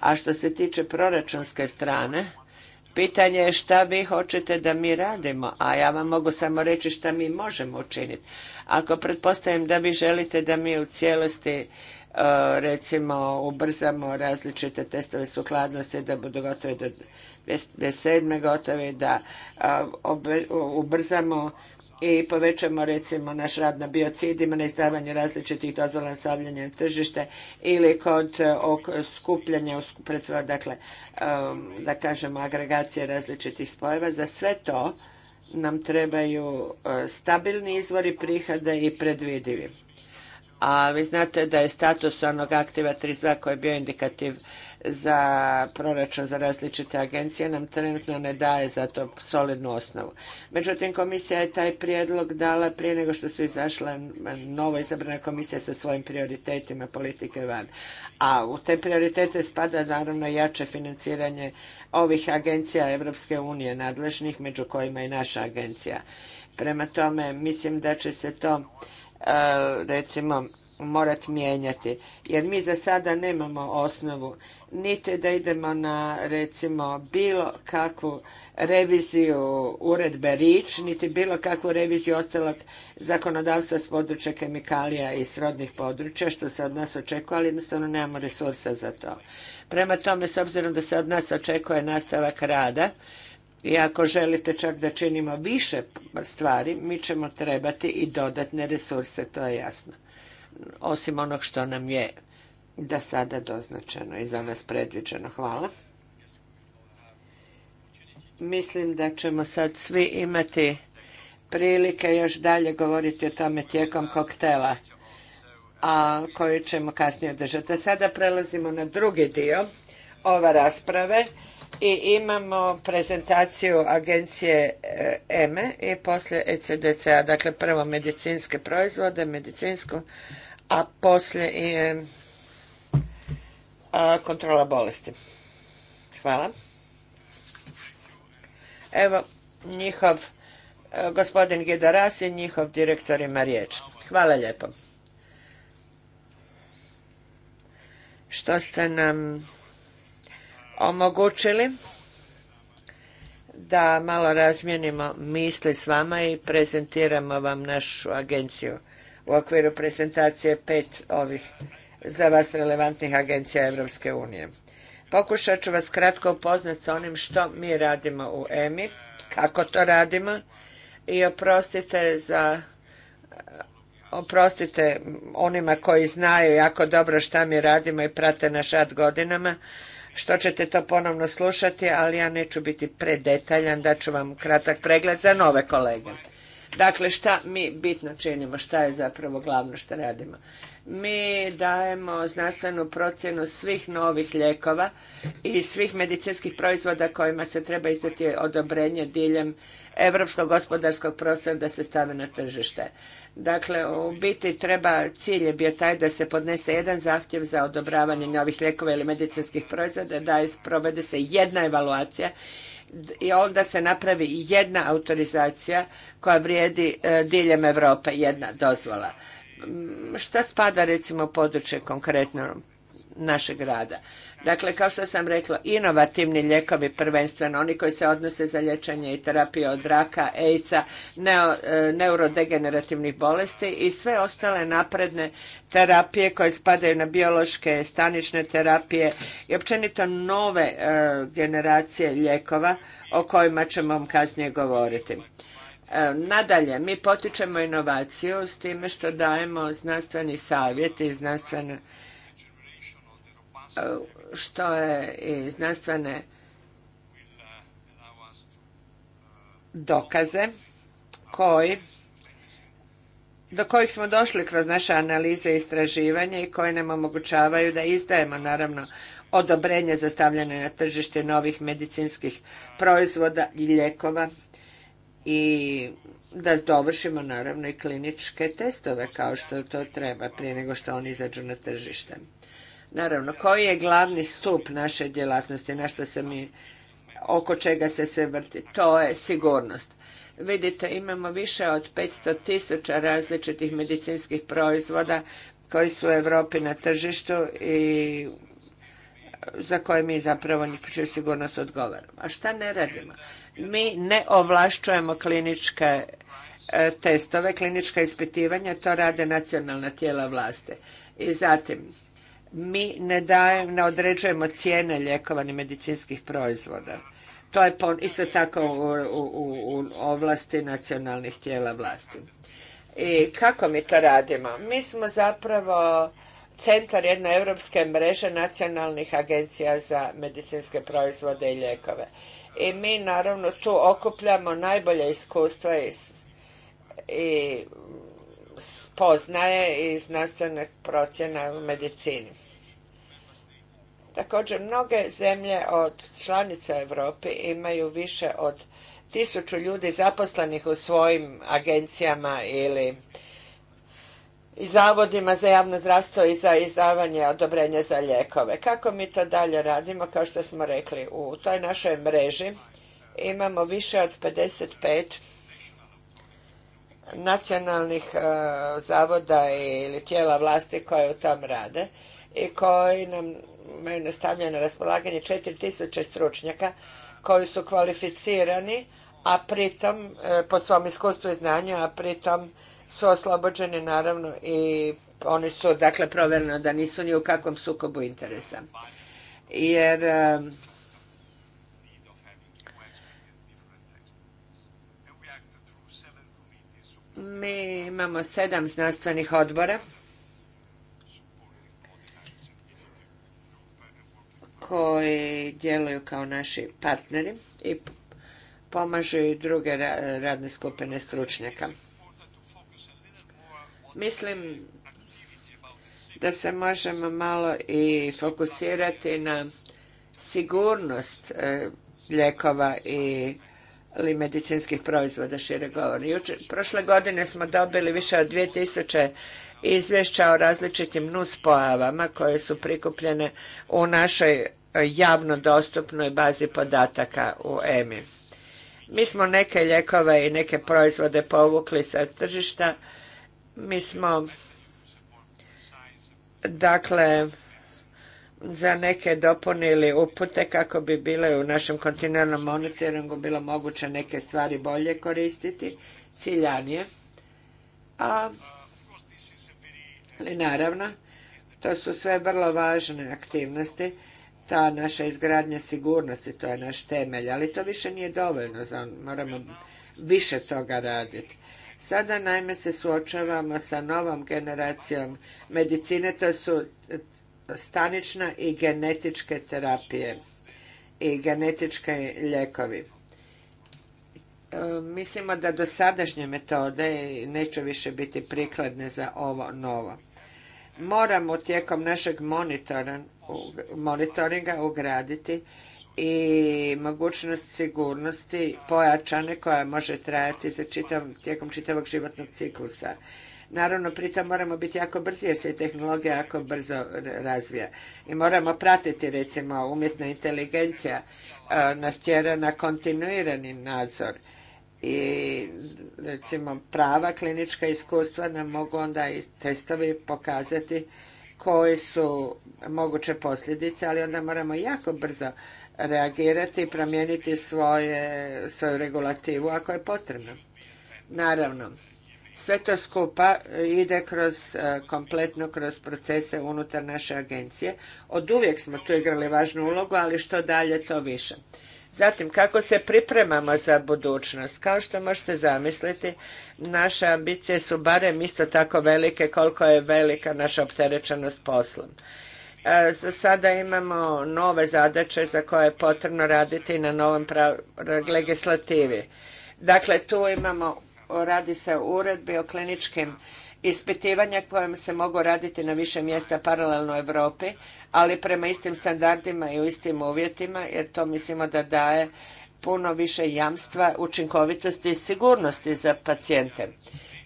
a što se tiče proračunske strane Pitanje je šta vi hoćete da mi radimo, a ja vam mogu samo reći šta mi možemo učiniti. Ako pretpostavim da vi želite da mi u cijelosti e, recimo ubrzamo različite testove sukladnosti da budu gotovi do 27. gotovi da e, ubrzamo i povećamo recimo naš rad na biocidima, na izdavanju različitih dozvola na stavljanje na tržište ili kod e, skupljanja, dakle, um, da kažemo, agregacije različitih spojeva. Za sve to nam trebaju e, stabilni izvori prihoda i predvidivi. A vi znate da je status onog aktiva 32 koji je bio indikativ za proračun za različite agencije nam trenutno ne daje za to solidnu osnovu. Međutim, komisija je taj prijedlog dala prije nego što su izašle novo izabrana komisija sa svojim prioritetima politike van. A u te prioritete spada naravno jače financiranje ovih agencija Europske unije nadležnih, među kojima i naša agencija. Prema tome, mislim da će se to e, recimo morati mijenjati. Jer mi za sada nemamo osnovu niti da idemo na recimo bilo kakvu reviziju uredbe Rič, niti bilo kakvu reviziju ostalog zakonodavstva s područja kemikalija i srodnih područja, što se od nas očekuje, ali jednostavno nemamo resursa za to. Prema tome, s obzirom da se od nas očekuje nastavak rada, i ako želite čak da činimo više stvari, mi ćemo trebati i dodatne resurse, to je jasno osim onog što nam je da sada doznačeno i za nas predviđeno. Hvala. Mislim da ćemo sad svi imati prilike još dalje govoriti o tome tijekom koktela, a koji ćemo kasnije održati. sada prelazimo na drugi dio ova rasprave i imamo prezentaciju agencije EME e e i poslije ECDC-a, dakle prvo medicinske proizvode, medicinsko, a poslije i e, kontrola bolesti. Hvala. Evo, njihov gospodin Gidoras i njihov direktor ima riječ. Hvala lijepo. Što ste nam omogućili da malo razmijenimo misli s vama i prezentiramo vam našu agenciju u okviru prezentacije pet ovih za vas relevantnih agencija Europske unije. Pokušat ću vas kratko upoznat sa onim što mi radimo u EMI, kako to radimo i oprostite za oprostite onima koji znaju jako dobro šta mi radimo i prate naš rad godinama, što ćete to ponovno slušati, ali ja neću biti predetaljan, da ću vam kratak pregled za nove kolege. Dakle, šta mi bitno činimo, šta je zapravo glavno što radimo? Mi dajemo znanstvenu procjenu svih novih lijekova i svih medicinskih proizvoda kojima se treba izdati odobrenje diljem Europskog gospodarskog prostora da se stave na tržište. Dakle, u biti treba, cilj je bio taj da se podnese jedan zahtjev za odobravanje novih lijekova ili medicinskih proizvoda, da provede se jedna evaluacija i onda se napravi jedna autorizacija koja vrijedi e, diljem Europe, jedna dozvola. Šta spada recimo područje konkretno našeg rada? Dakle, kao što sam rekla, inovativni lijekovi prvenstveno, oni koji se odnose za liječenje i terapiju od raka, AIDS-a, e, neurodegenerativnih bolesti i sve ostale napredne terapije koje spadaju na biološke, stanične terapije i općenito nove e, generacije lijekova o kojima ćemo vam kasnije govoriti. E, nadalje, mi potičemo inovaciju s time što dajemo znanstveni savjet i znanstvene što je i znanstvene dokaze koji do kojih smo došli kroz naše analize i istraživanje i koje nam omogućavaju da izdajemo naravno odobrenje za stavljanje na tržište novih medicinskih proizvoda i lijekova i da dovršimo naravno i kliničke testove kao što to treba prije nego što oni izađu na tržište. Naravno, koji je glavni stup naše djelatnosti, na što se mi, oko čega se sve vrti? To je sigurnost. Vidite, imamo više od 500 tisuća različitih medicinskih proizvoda koji su u Europi na tržištu i za koje mi zapravo čiju sigurnost odgovaramo. A šta ne radimo? Mi ne ovlašćujemo kliničke e, testove, klinička ispitivanja, to rade nacionalna tijela vlasti. I zatim, mi ne, određujemo cijene lijekova ni medicinskih proizvoda. To je isto tako u, u, u ovlasti nacionalnih tijela vlasti. I kako mi to radimo? Mi smo zapravo centar jedne europske mreže nacionalnih agencija za medicinske proizvode i lijekove. I mi naravno tu okupljamo najbolje iskustva iz i spoznaje i znanstvene procjena u medicini. Također, mnoge zemlje od članica Europe imaju više od tisuću ljudi zaposlenih u svojim agencijama ili i zavodima za javno zdravstvo i za izdavanje odobrenja za lijekove. Kako mi to dalje radimo? Kao što smo rekli, u toj našoj mreži imamo više od 55 nacionalnih e, zavoda ili tijela vlasti koje u tom rade i koji nam imaju nastavljeno na raspolaganje 4000 stručnjaka koji su kvalificirani, a pritom e, po svom iskustvu i znanju, a pritom su oslobođeni naravno i oni su dakle provjereno da nisu ni u kakvom sukobu interesa. Jer e, Mi imamo sedam znanstvenih odbora koji djeluju kao naši partneri i pomažu i druge radne skupine stručnjaka. Mislim da se možemo malo i fokusirati na sigurnost e, ljekova i ili medicinskih proizvoda, šire govori. prošle godine smo dobili više od 2000 izvješća o različitim nuspojavama koje su prikupljene u našoj javno dostupnoj bazi podataka u EMI. Mi smo neke ljekove i neke proizvode povukli sa tržišta. Mi smo, dakle, za neke dopune ili upute kako bi bile u našem kontinuarnom monitoringu bilo moguće neke stvari bolje koristiti, ciljanije. A, ali naravno, to su sve vrlo važne aktivnosti. Ta naša izgradnja sigurnosti, to je naš temelj, ali to više nije dovoljno, za, moramo više toga raditi. Sada najme se suočavamo sa novom generacijom medicine, to su stanična i genetičke terapije i genetičke ljekovi. E, mislimo da dosadašnje metode neće više biti prikladne za ovo novo. Moramo tijekom našeg monitoringa ugraditi i mogućnost sigurnosti pojačane koja može trajati za tijekom čitavog životnog ciklusa Naravno, pritom moramo biti jako brzi jer se tehnologija jako brzo razvija. I moramo pratiti, recimo, umjetna inteligencija e, nas tjera na kontinuirani nadzor i recimo prava klinička iskustva nam mogu onda i testovi pokazati koje su moguće posljedice, ali onda moramo jako brzo reagirati i promijeniti svoje, svoju regulativu ako je potrebno. Naravno, sve to skupa e, ide kroz, e, kompletno kroz procese unutar naše agencije. Od uvijek smo tu igrali važnu ulogu, ali što dalje to više. Zatim, kako se pripremamo za budućnost? Kao što možete zamisliti, naše ambicije su barem isto tako velike koliko je velika naša opterećenost poslom. E, za sada imamo nove zadaće za koje je potrebno raditi na novom legislativi. Dakle, tu imamo radi se o uredbi o kliničkim ispitivanja kojim se mogu raditi na više mjesta paralelno u Europi, ali prema istim standardima i u istim uvjetima jer to mislimo da daje puno više jamstva učinkovitosti i sigurnosti za pacijente.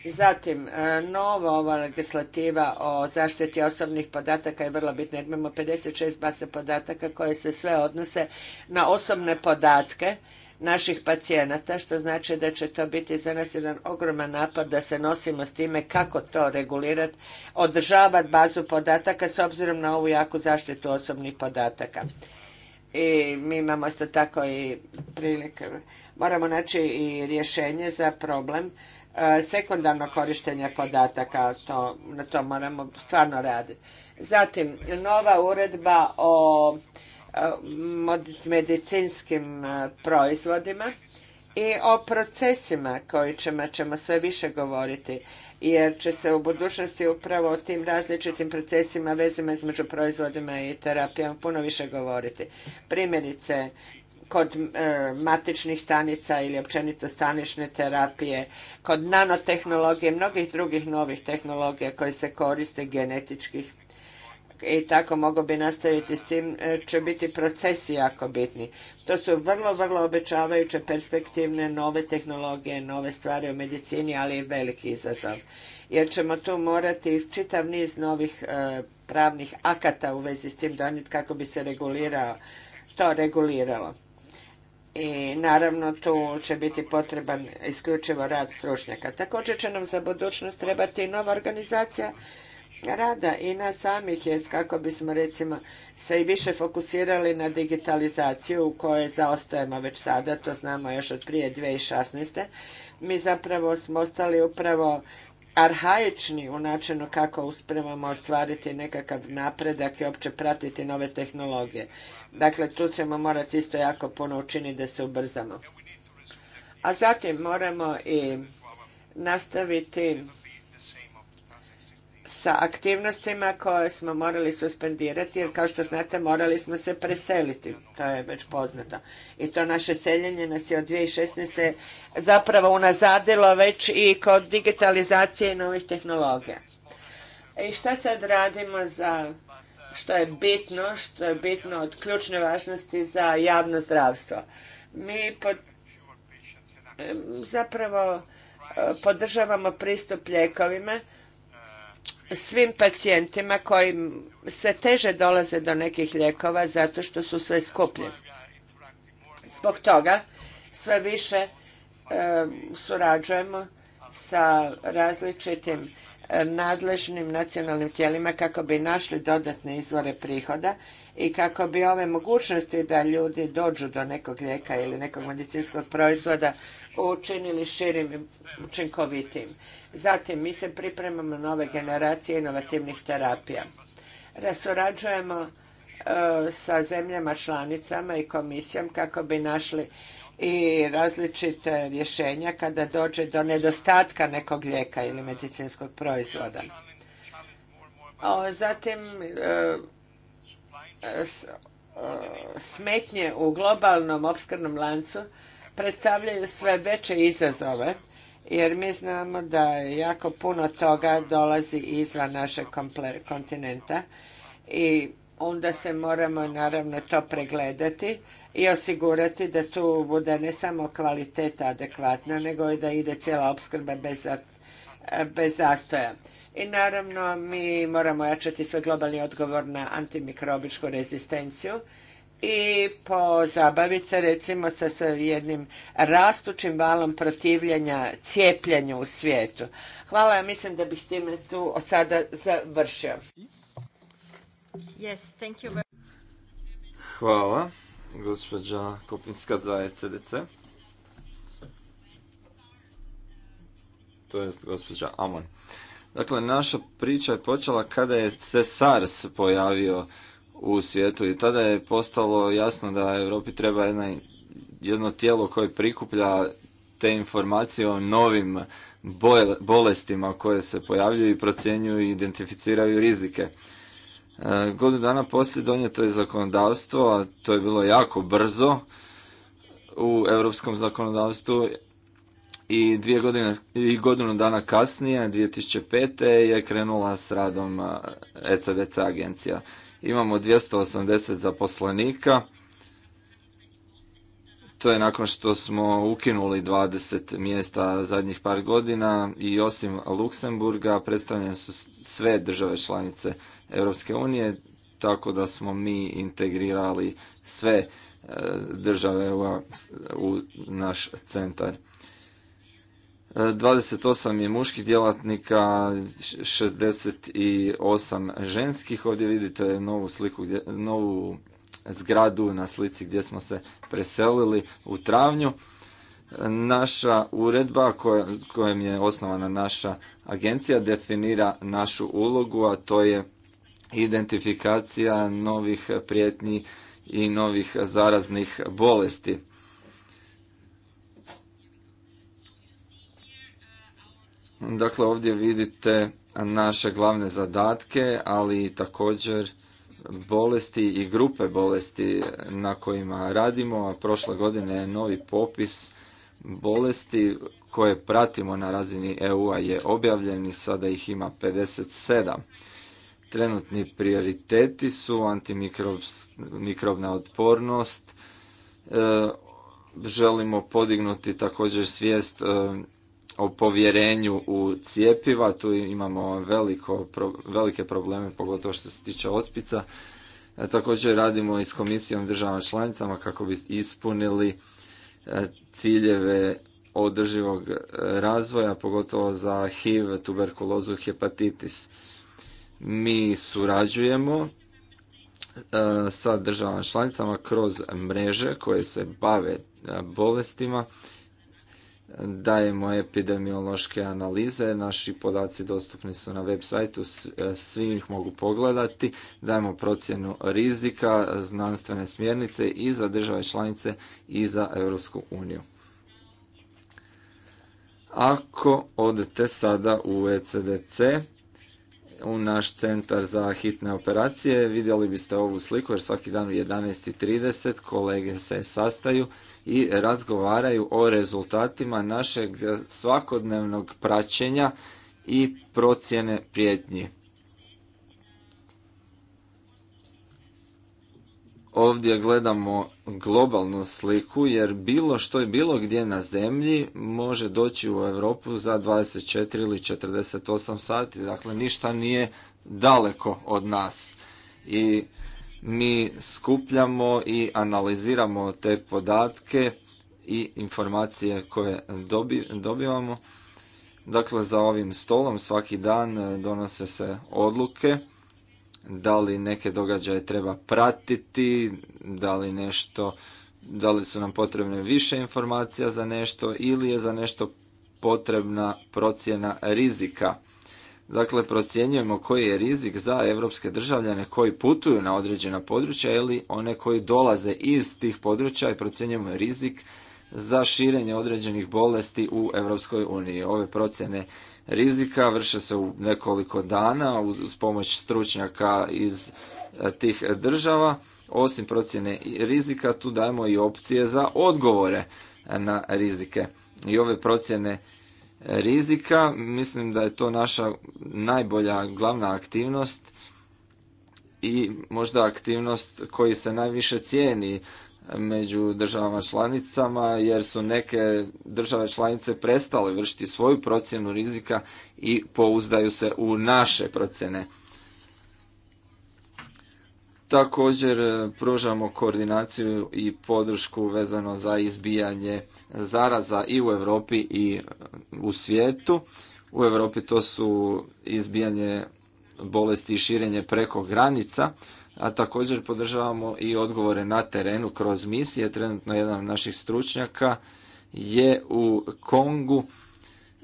Zatim, e, nova ova legislativa o zaštiti osobnih podataka je vrlo bitna. Imamo 56 base podataka koje se sve odnose na osobne podatke naših pacijenata, što znači da će to biti za nas jedan ogroman napad da se nosimo s time kako to regulirati, održavati bazu podataka s obzirom na ovu jaku zaštitu osobnih podataka. I mi imamo isto tako i prilike, moramo naći i rješenje za problem e, sekundarno korištenje podataka, to, na to moramo stvarno raditi. Zatim, nova uredba o Eh, medicinskim eh, proizvodima i o procesima koji ćemo, ćemo sve više govoriti jer će se u budućnosti upravo o tim različitim procesima vezima između proizvodima i terapijama puno više govoriti. Primjerice, kod eh, matičnih stanica ili općenito stanične terapije, kod nanotehnologije, mnogih drugih novih tehnologija koje se koriste genetičkih i tako mogu bi nastaviti s tim, e, će biti procesi jako bitni. To su vrlo, vrlo obećavajuće perspektivne nove tehnologije, nove stvari u medicini, ali i veliki izazov. Jer ćemo tu morati čitav niz novih e, pravnih akata u vezi s tim donijeti kako bi se regulirao, to reguliralo. I naravno tu će biti potreban isključivo rad stručnjaka. Također će nam za budućnost trebati i nova organizacija rada i na samih je kako bismo recimo se i više fokusirali na digitalizaciju u kojoj zaostajemo već sada, to znamo još od prije 2016. Mi zapravo smo ostali upravo arhaični u načinu kako uspremamo ostvariti nekakav napredak i opće pratiti nove tehnologije. Dakle, tu ćemo morati isto jako puno učiniti da se ubrzamo. A zatim moramo i nastaviti sa aktivnostima koje smo morali suspendirati jer kao što znate morali smo se preseliti, to je već poznato. I to naše seljenje nas je od 2016. zapravo unazadilo već i kod digitalizacije i novih tehnologija. I šta sad radimo za što je bitno, što je bitno od ključne važnosti za javno zdravstvo? Mi zapravo e, podržavamo pristup ljekovima svim pacijentima koji sve teže dolaze do nekih lijekova zato što su sve skuplji. Zbog toga sve više e, surađujemo sa različitim e, nadležnim nacionalnim tijelima kako bi našli dodatne izvore prihoda i kako bi ove mogućnosti da ljudi dođu do nekog lijeka ili nekog medicinskog proizvoda učinili širim i učinkovitijim. Zatim, mi se pripremamo nove generacije inovativnih terapija. Surađujemo e, sa zemljama članicama i komisijom kako bi našli i različite rješenja kada dođe do nedostatka nekog lijeka ili medicinskog proizvoda. zatim, e, e, smetnje u globalnom opskrbnom lancu predstavljaju sve veće izazove jer mi znamo da jako puno toga dolazi izvan našeg kontinenta i onda se moramo naravno to pregledati i osigurati da tu bude ne samo kvaliteta adekvatna, nego i da ide cijela opskrba bez, bez zastoja. I naravno mi moramo jačati svoj globalni odgovor na antimikrobičku rezistenciju i pozabaviti se recimo sa jednim rastućim valom protivljenja cijepljenju u svijetu. Hvala, ja mislim da bih s time tu sada završio. Yes, thank you very Hvala, gospođa Kopinska za ECDC. To je gospođa Amon. Dakle, naša priča je počela kada je CESARS SARS pojavio u svijetu i tada je postalo jasno da Europi treba jedno tijelo koje prikuplja te informacije o novim bolestima koje se pojavljuju i procjenjuju i identificiraju rizike. Godinu dana poslije donijeto je zakonodavstvo, a to je bilo jako brzo u europskom zakonodavstvu i dvije godine i godinu dana kasnije 2005. je krenula s radom ECDC agencija. Imamo 280 zaposlenika. To je nakon što smo ukinuli 20 mjesta zadnjih par godina i osim Luksemburga predstavljene su sve države članice Europske unije, tako da smo mi integrirali sve e, države u naš centar. 28 je muških djelatnika, 68 ženskih. Ovdje vidite novu sliku, novu zgradu na slici gdje smo se preselili u travnju. Naša uredba kojem kojom je osnovana naša agencija definira našu ulogu, a to je identifikacija novih prijetnji i novih zaraznih bolesti. Dakle, ovdje vidite naše glavne zadatke, ali također bolesti i grupe bolesti na kojima radimo, a prošle godine je novi popis bolesti koje pratimo na razini EU-a je objavljen i sada ih ima 57. Trenutni prioriteti su antimikrobna otpornost, e, želimo podignuti također svijest e, o povjerenju u cijepiva, tu imamo veliko, velike probleme, pogotovo što se tiče ospica. E, također radimo i s komisijom državama članicama kako bi ispunili e, ciljeve održivog e, razvoja, pogotovo za HIV, tuberkulozu, hepatitis. Mi surađujemo sa državama članicama kroz mreže koje se bave bolestima dajemo epidemiološke analize, naši podaci dostupni su na web sajtu, e, svi ih mogu pogledati, dajemo procjenu rizika, znanstvene smjernice i za države članice i za Europsku uniju. Ako odete sada u ECDC, u naš centar za hitne operacije, vidjeli biste ovu sliku jer svaki dan u 11.30 kolege se sastaju i razgovaraju o rezultatima našeg svakodnevnog praćenja i procjene prijetnji. Ovdje gledamo globalnu sliku jer bilo što je bilo gdje na zemlji može doći u Europu za 24 ili 48 sati, dakle ništa nije daleko od nas. I mi skupljamo i analiziramo te podatke i informacije koje dobivamo. Dakle, za ovim stolom svaki dan e, donose se odluke da li neke događaje treba pratiti, da li nešto, da li su nam potrebne više informacija za nešto ili je za nešto potrebna procjena rizika. Dakle, procjenjujemo koji je rizik za evropske državljane koji putuju na određena područja ili one koji dolaze iz tih područja i procjenjujemo rizik za širenje određenih bolesti u Europskoj uniji. Ove procjene rizika vrše se u nekoliko dana uz pomoć stručnjaka iz e, tih država. Osim procjene rizika tu dajemo i opcije za odgovore na rizike. I ove procjene rizika. Mislim da je to naša najbolja glavna aktivnost i možda aktivnost koji se najviše cijeni među državama članicama jer su neke države članice prestale vršiti svoju procjenu rizika i pouzdaju se u naše procjene Također e, pružamo koordinaciju i podršku vezano za izbijanje zaraza i u Europi i e, u svijetu. U Europi to su izbijanje bolesti i širenje preko granica, a također podržavamo i odgovore na terenu kroz misije. Trenutno jedan od naših stručnjaka je u Kongu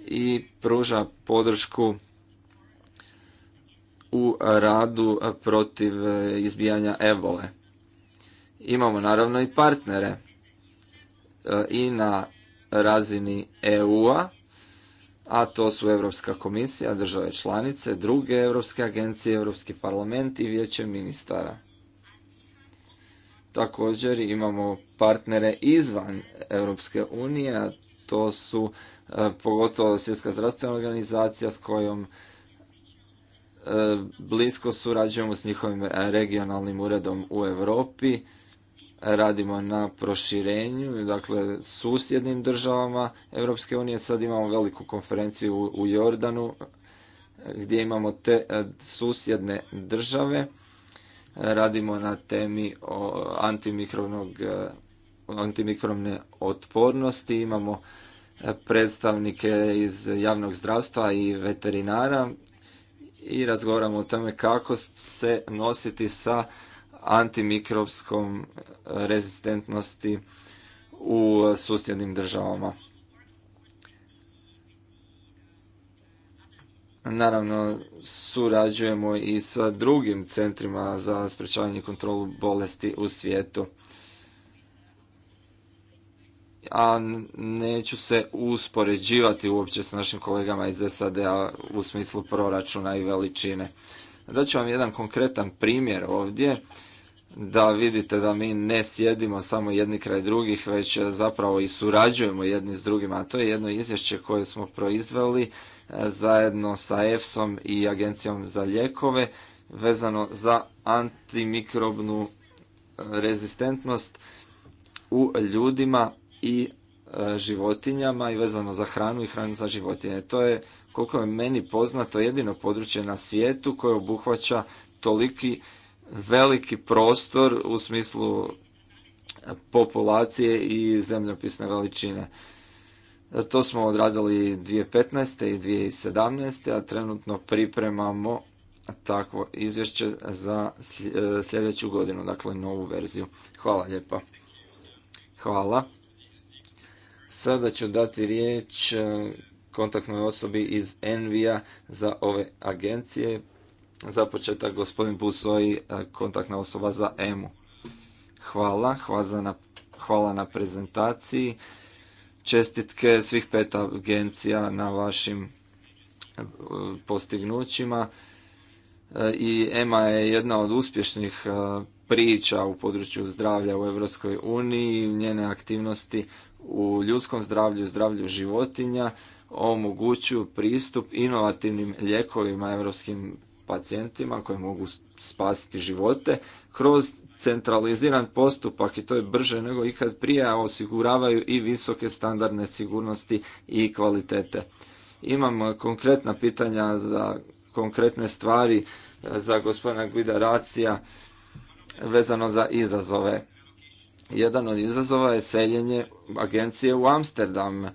i pruža podršku u radu protiv e, izbijanja ebole. Imamo naravno i partnere e, i na razini EU-a, a to su Europska komisija, države članice, druge europske agencije, Europski parlament i vijeće ministara. Također imamo partnere izvan Europske unije, a to su e, pogotovo Svjetska zdravstvena organizacija s kojom blisko surađujemo s njihovim e, regionalnim uredom u Europi, radimo na proširenju, dakle susjednim državama Europske unije. Sad imamo veliku konferenciju u Jordanu e, gdje imamo te e, susjedne države. Radimo na temi antimikrovne otpornosti. Imamo predstavnike iz javnog zdravstva i veterinara i razgovaramo o tome kako se nositi sa antimikropskom e, rezistentnosti u susjednim državama. Naravno, surađujemo i sa drugim centrima za sprečavanje i kontrolu bolesti u svijetu a neću se uspoređivati uopće s našim kolegama iz SAD-a u smislu proračuna i veličine. Daću vam jedan konkretan primjer ovdje da vidite da mi ne sjedimo samo jedni kraj drugih, već zapravo i surađujemo jedni s drugima. A to je jedno izvješće koje smo proizveli e, zajedno sa EFSom i Agencijom za lijekove vezano za antimikrobnu e, rezistentnost u ljudima i e, životinjama i vezano za hranu i hranu za životinje. To je, koliko je meni poznato, jedino područje na svijetu koje obuhvaća toliki veliki prostor u smislu populacije i zemljopisne veličine. To smo odradili 2015. i 2017. a trenutno pripremamo takvo izvješće za sljedeću godinu, dakle novu verziju. Hvala lijepa. Hvala. Sada ću dati riječ e, kontaktnoj osobi iz Envija za ove agencije. Za početak gospodin Busoji, e, kontaktna osoba za EMU. Hvala, hvala na, prezentaciji. Čestitke svih pet agencija na vašim e, postignućima. I EMA je jedna od uspješnih priča u području zdravlja u Europskoj uniji. Njene aktivnosti u ljudskom zdravlju i zdravlju životinja omogućuju pristup inovativnim lijekovima europskim pacijentima koji mogu spasiti živote kroz centraliziran postupak i to je brže nego ikad prije, a osiguravaju i visoke standardne sigurnosti i kvalitete. Imam konkretna pitanja za konkretne stvari za gospodina Guida vezano za izazove. Jedan od izazova je seljenje agencije u Amsterdam.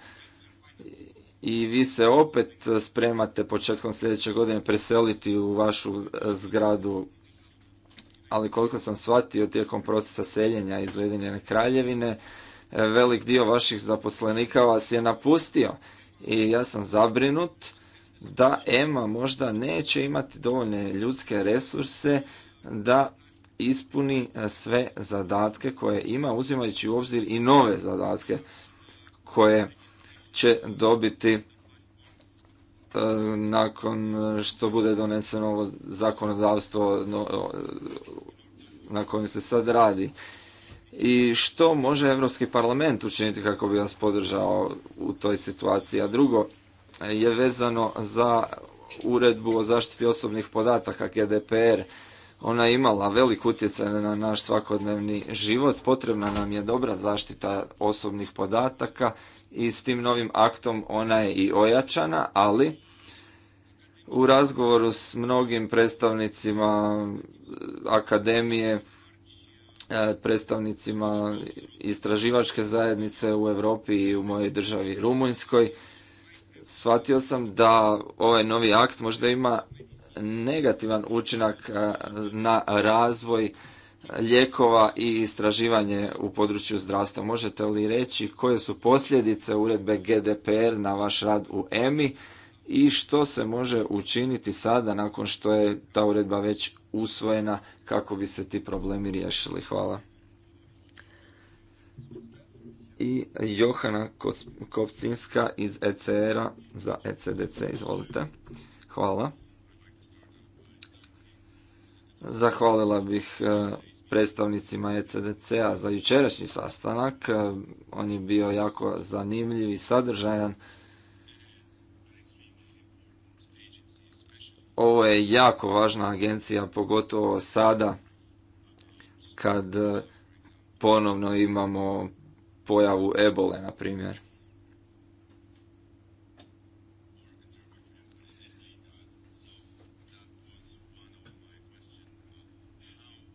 I vi se opet spremate početkom sljedeće godine preseliti u vašu e, zgradu ali koliko sam shvatio tijekom procesa seljenja iz Ujedinjene kraljevine, e, velik dio vaših zaposlenika vas je napustio i ja sam zabrinut da EMA možda neće imati dovoljne ljudske resurse da ispuni e, sve zadatke koje ima, uzimajući u obzir i nove zadatke koje će dobiti e, nakon što bude doneseno ovo zakonodavstvo na kojem se sad radi. I što može Europski parlament učiniti kako bi vas podržao u toj situaciji? A drugo je vezano za uredbu o zaštiti osobnih podataka GDPR ona je imala velik utjecaj na naš svakodnevni život, potrebna nam je dobra zaštita osobnih podataka i s tim novim aktom ona je i ojačana, ali u razgovoru s mnogim predstavnicima eh, akademije, eh, predstavnicima istraživačke zajednice u Europi i u mojoj državi Rumunjskoj, shvatio sam da ovaj novi akt možda ima negativan učinak e, na razvoj lijekova i istraživanje u području zdravstva. Možete li reći koje su posljedice uredbe GDPR na vaš rad u EMI i što se može učiniti sada nakon što je ta uredba već usvojena kako bi se ti problemi riješili? Hvala. I Johana Kopcinska iz ECR-a za ECDC. Izvolite. Hvala. Zahvalila bih e, predstavnicima ECDC-a za jučerašnji sastanak. E, on je bio jako zanimljiv i sadržajan. Ovo je jako važna agencija, pogotovo sada kad e, ponovno imamo pojavu ebole, na primjer.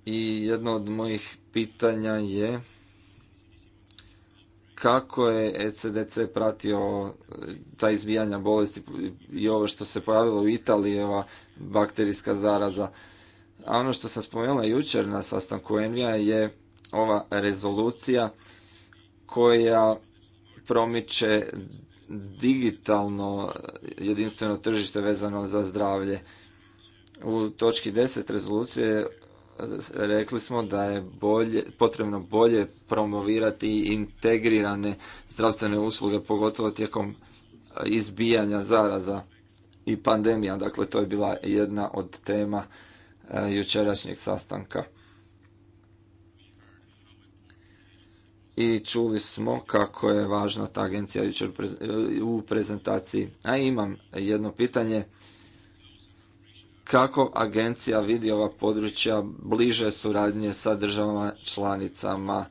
I jedno od mojih pitanja je kako je ECDC pratio eh, ta izbijanja bolesti i ovo što se pojavilo u Italiji, ova bakterijska zaraza. A ono što sam spomenula jučer na sastanku Envija je ova rezolucija koja promiče digitalno eh, jedinstveno tržište vezano za zdravlje. U točki 10 rezolucije rekli smo da je bolje, potrebno bolje promovirati integrirane zdravstvene usluge, pogotovo tijekom e, izbijanja zaraza i pandemija. Dakle, to je bila jedna od tema e, jučerašnjeg sastanka. I čuli smo kako je važna ta agencija e, u prezentaciji. A imam jedno pitanje kako agencija vidi ova područja bliže suradnje sa državama članicama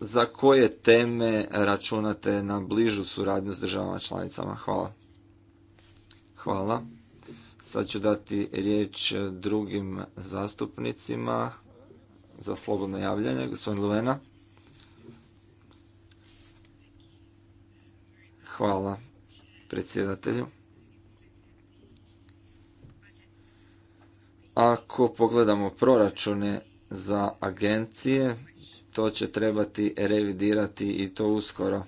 za koje teme računate na bližu suradnju s državama članicama? Hvala. Hvala. Sad ću dati riječ drugim zastupnicima za slobodno javljanje. Gospodin Luvena. Hvala predsjedatelju. Ako pogledamo proračune za agencije, to će trebati revidirati i to uskoro.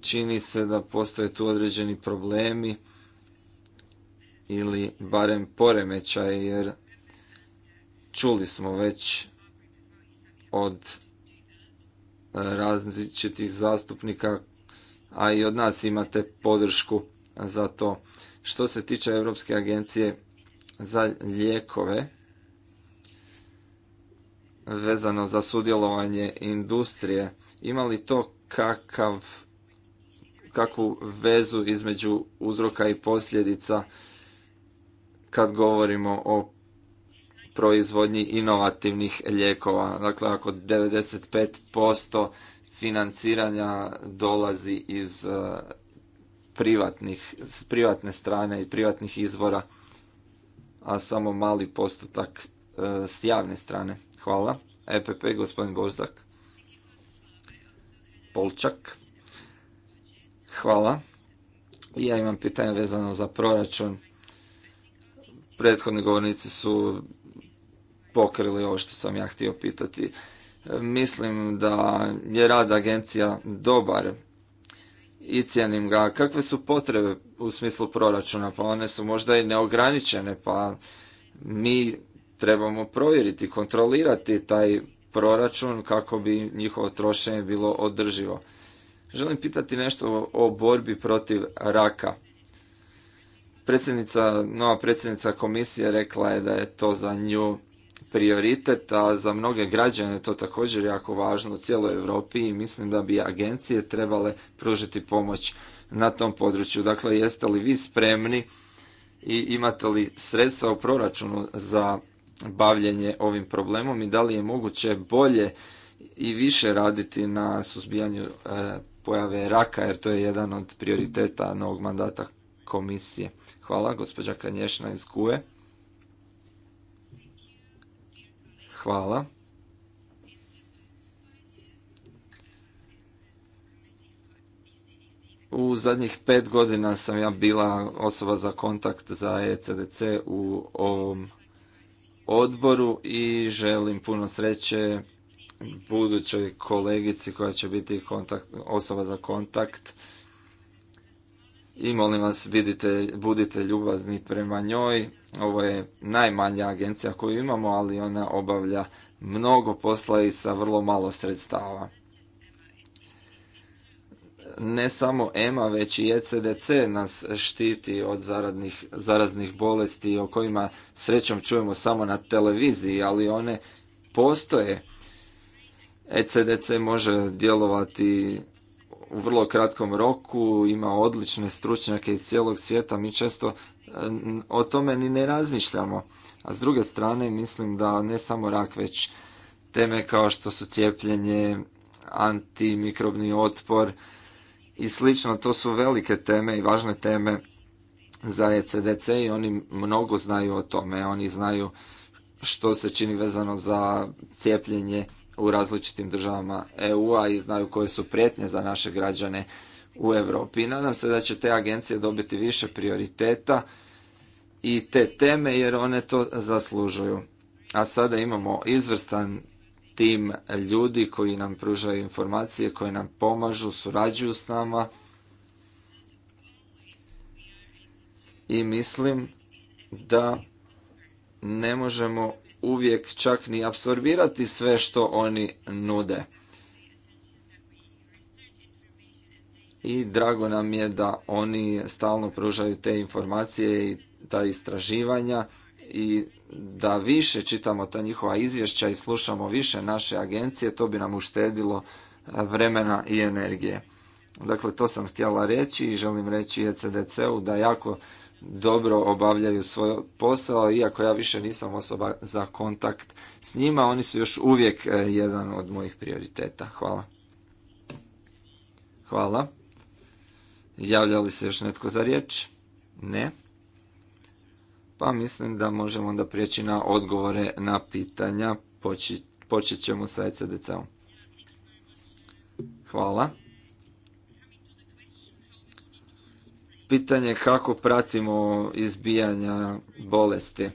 Čini se da postoje tu određeni problemi ili barem poremećaj jer čuli smo već od E, različitih zastupnika, a i od nas imate podršku za to. Što se tiče Europske agencije za lijekove, vezano za sudjelovanje industrije, ima li to kakav, kakvu vezu između uzroka i posljedica kad govorimo o proizvodnji inovativnih lijekova. Dakle, ako 95% financiranja dolazi iz e, privatnih, s privatne strane i privatnih izvora, a samo mali postotak e, s javne strane. Hvala. EPP, gospodin Borzak. Polčak. Hvala. Ja imam pitanje vezano za proračun. Prethodni govornici su pokrili ovo što sam ja htio pitati. E, mislim da je rad agencija dobar i cijenim ga. Kakve su potrebe u smislu proračuna? Pa one su možda i neograničene, pa mi trebamo provjeriti, kontrolirati taj proračun kako bi njihovo trošenje bilo održivo. Želim pitati nešto o borbi protiv raka. Predsjednica, nova predsjednica komisije rekla je da je to za nju prioritet, a za mnoge građane je to također jako važno u cijeloj Europi i mislim da bi agencije trebale pružiti pomoć na tom području. Dakle, jeste li vi spremni i imate li sredstva u proračunu za bavljenje ovim problemom i da li je moguće bolje i više raditi na suzbijanju e, pojave raka, jer to je jedan od prioriteta novog mandata komisije. Hvala, gospođa Kanješna iz Kue. Hvala. U zadnjih pet godina sam ja bila osoba za kontakt za ECDC u ovom odboru i želim puno sreće budućoj kolegici koja će biti osoba za kontakt i molim vas vidite, budite ljubazni prema njoj. Ovo je najmanja agencija koju imamo, ali ona obavlja mnogo posla i sa vrlo malo sredstava. Ne samo EMA, već i ECDC nas štiti od zaradnih, zaraznih bolesti o kojima srećom čujemo samo na televiziji, ali one postoje. ECDC može djelovati u vrlo kratkom roku, ima odlične stručnjake iz cijelog svijeta, mi često e, o tome ni ne razmišljamo. A s druge strane mislim da ne samo rak, već teme kao što su cijepljenje, antimikrobni otpor i slično, to su velike teme i važne teme za ECDC i oni mnogo znaju o tome, oni znaju što se čini vezano za cijepljenje u različitim državama EU-a i znaju koje su prijetnje za naše građane u Europi. I nadam se da će te agencije dobiti više prioriteta i te teme jer one to zaslužuju. A sada imamo izvrstan tim ljudi koji nam pružaju informacije, koji nam pomažu, surađuju s nama. I mislim da ne možemo uvijek čak ni apsorbirati sve što oni nude. I drago nam je da oni stalno pružaju te informacije i ta istraživanja i da više čitamo ta njihova izvješća i slušamo više naše agencije, to bi nam uštedilo vremena i energije. Dakle, to sam htjela reći i želim reći ECDC-u da jako dobro obavljaju svoj posao, iako ja više nisam osoba za kontakt s njima, oni su još uvijek e, jedan od mojih prioriteta. Hvala. Hvala. Javlja li se još netko za riječ? Ne. Pa mislim da možemo onda prijeći na odgovore na pitanja. Počet ćemo sa ECDC-om. Hvala. pitanje kako pratimo izbijanja bolesti.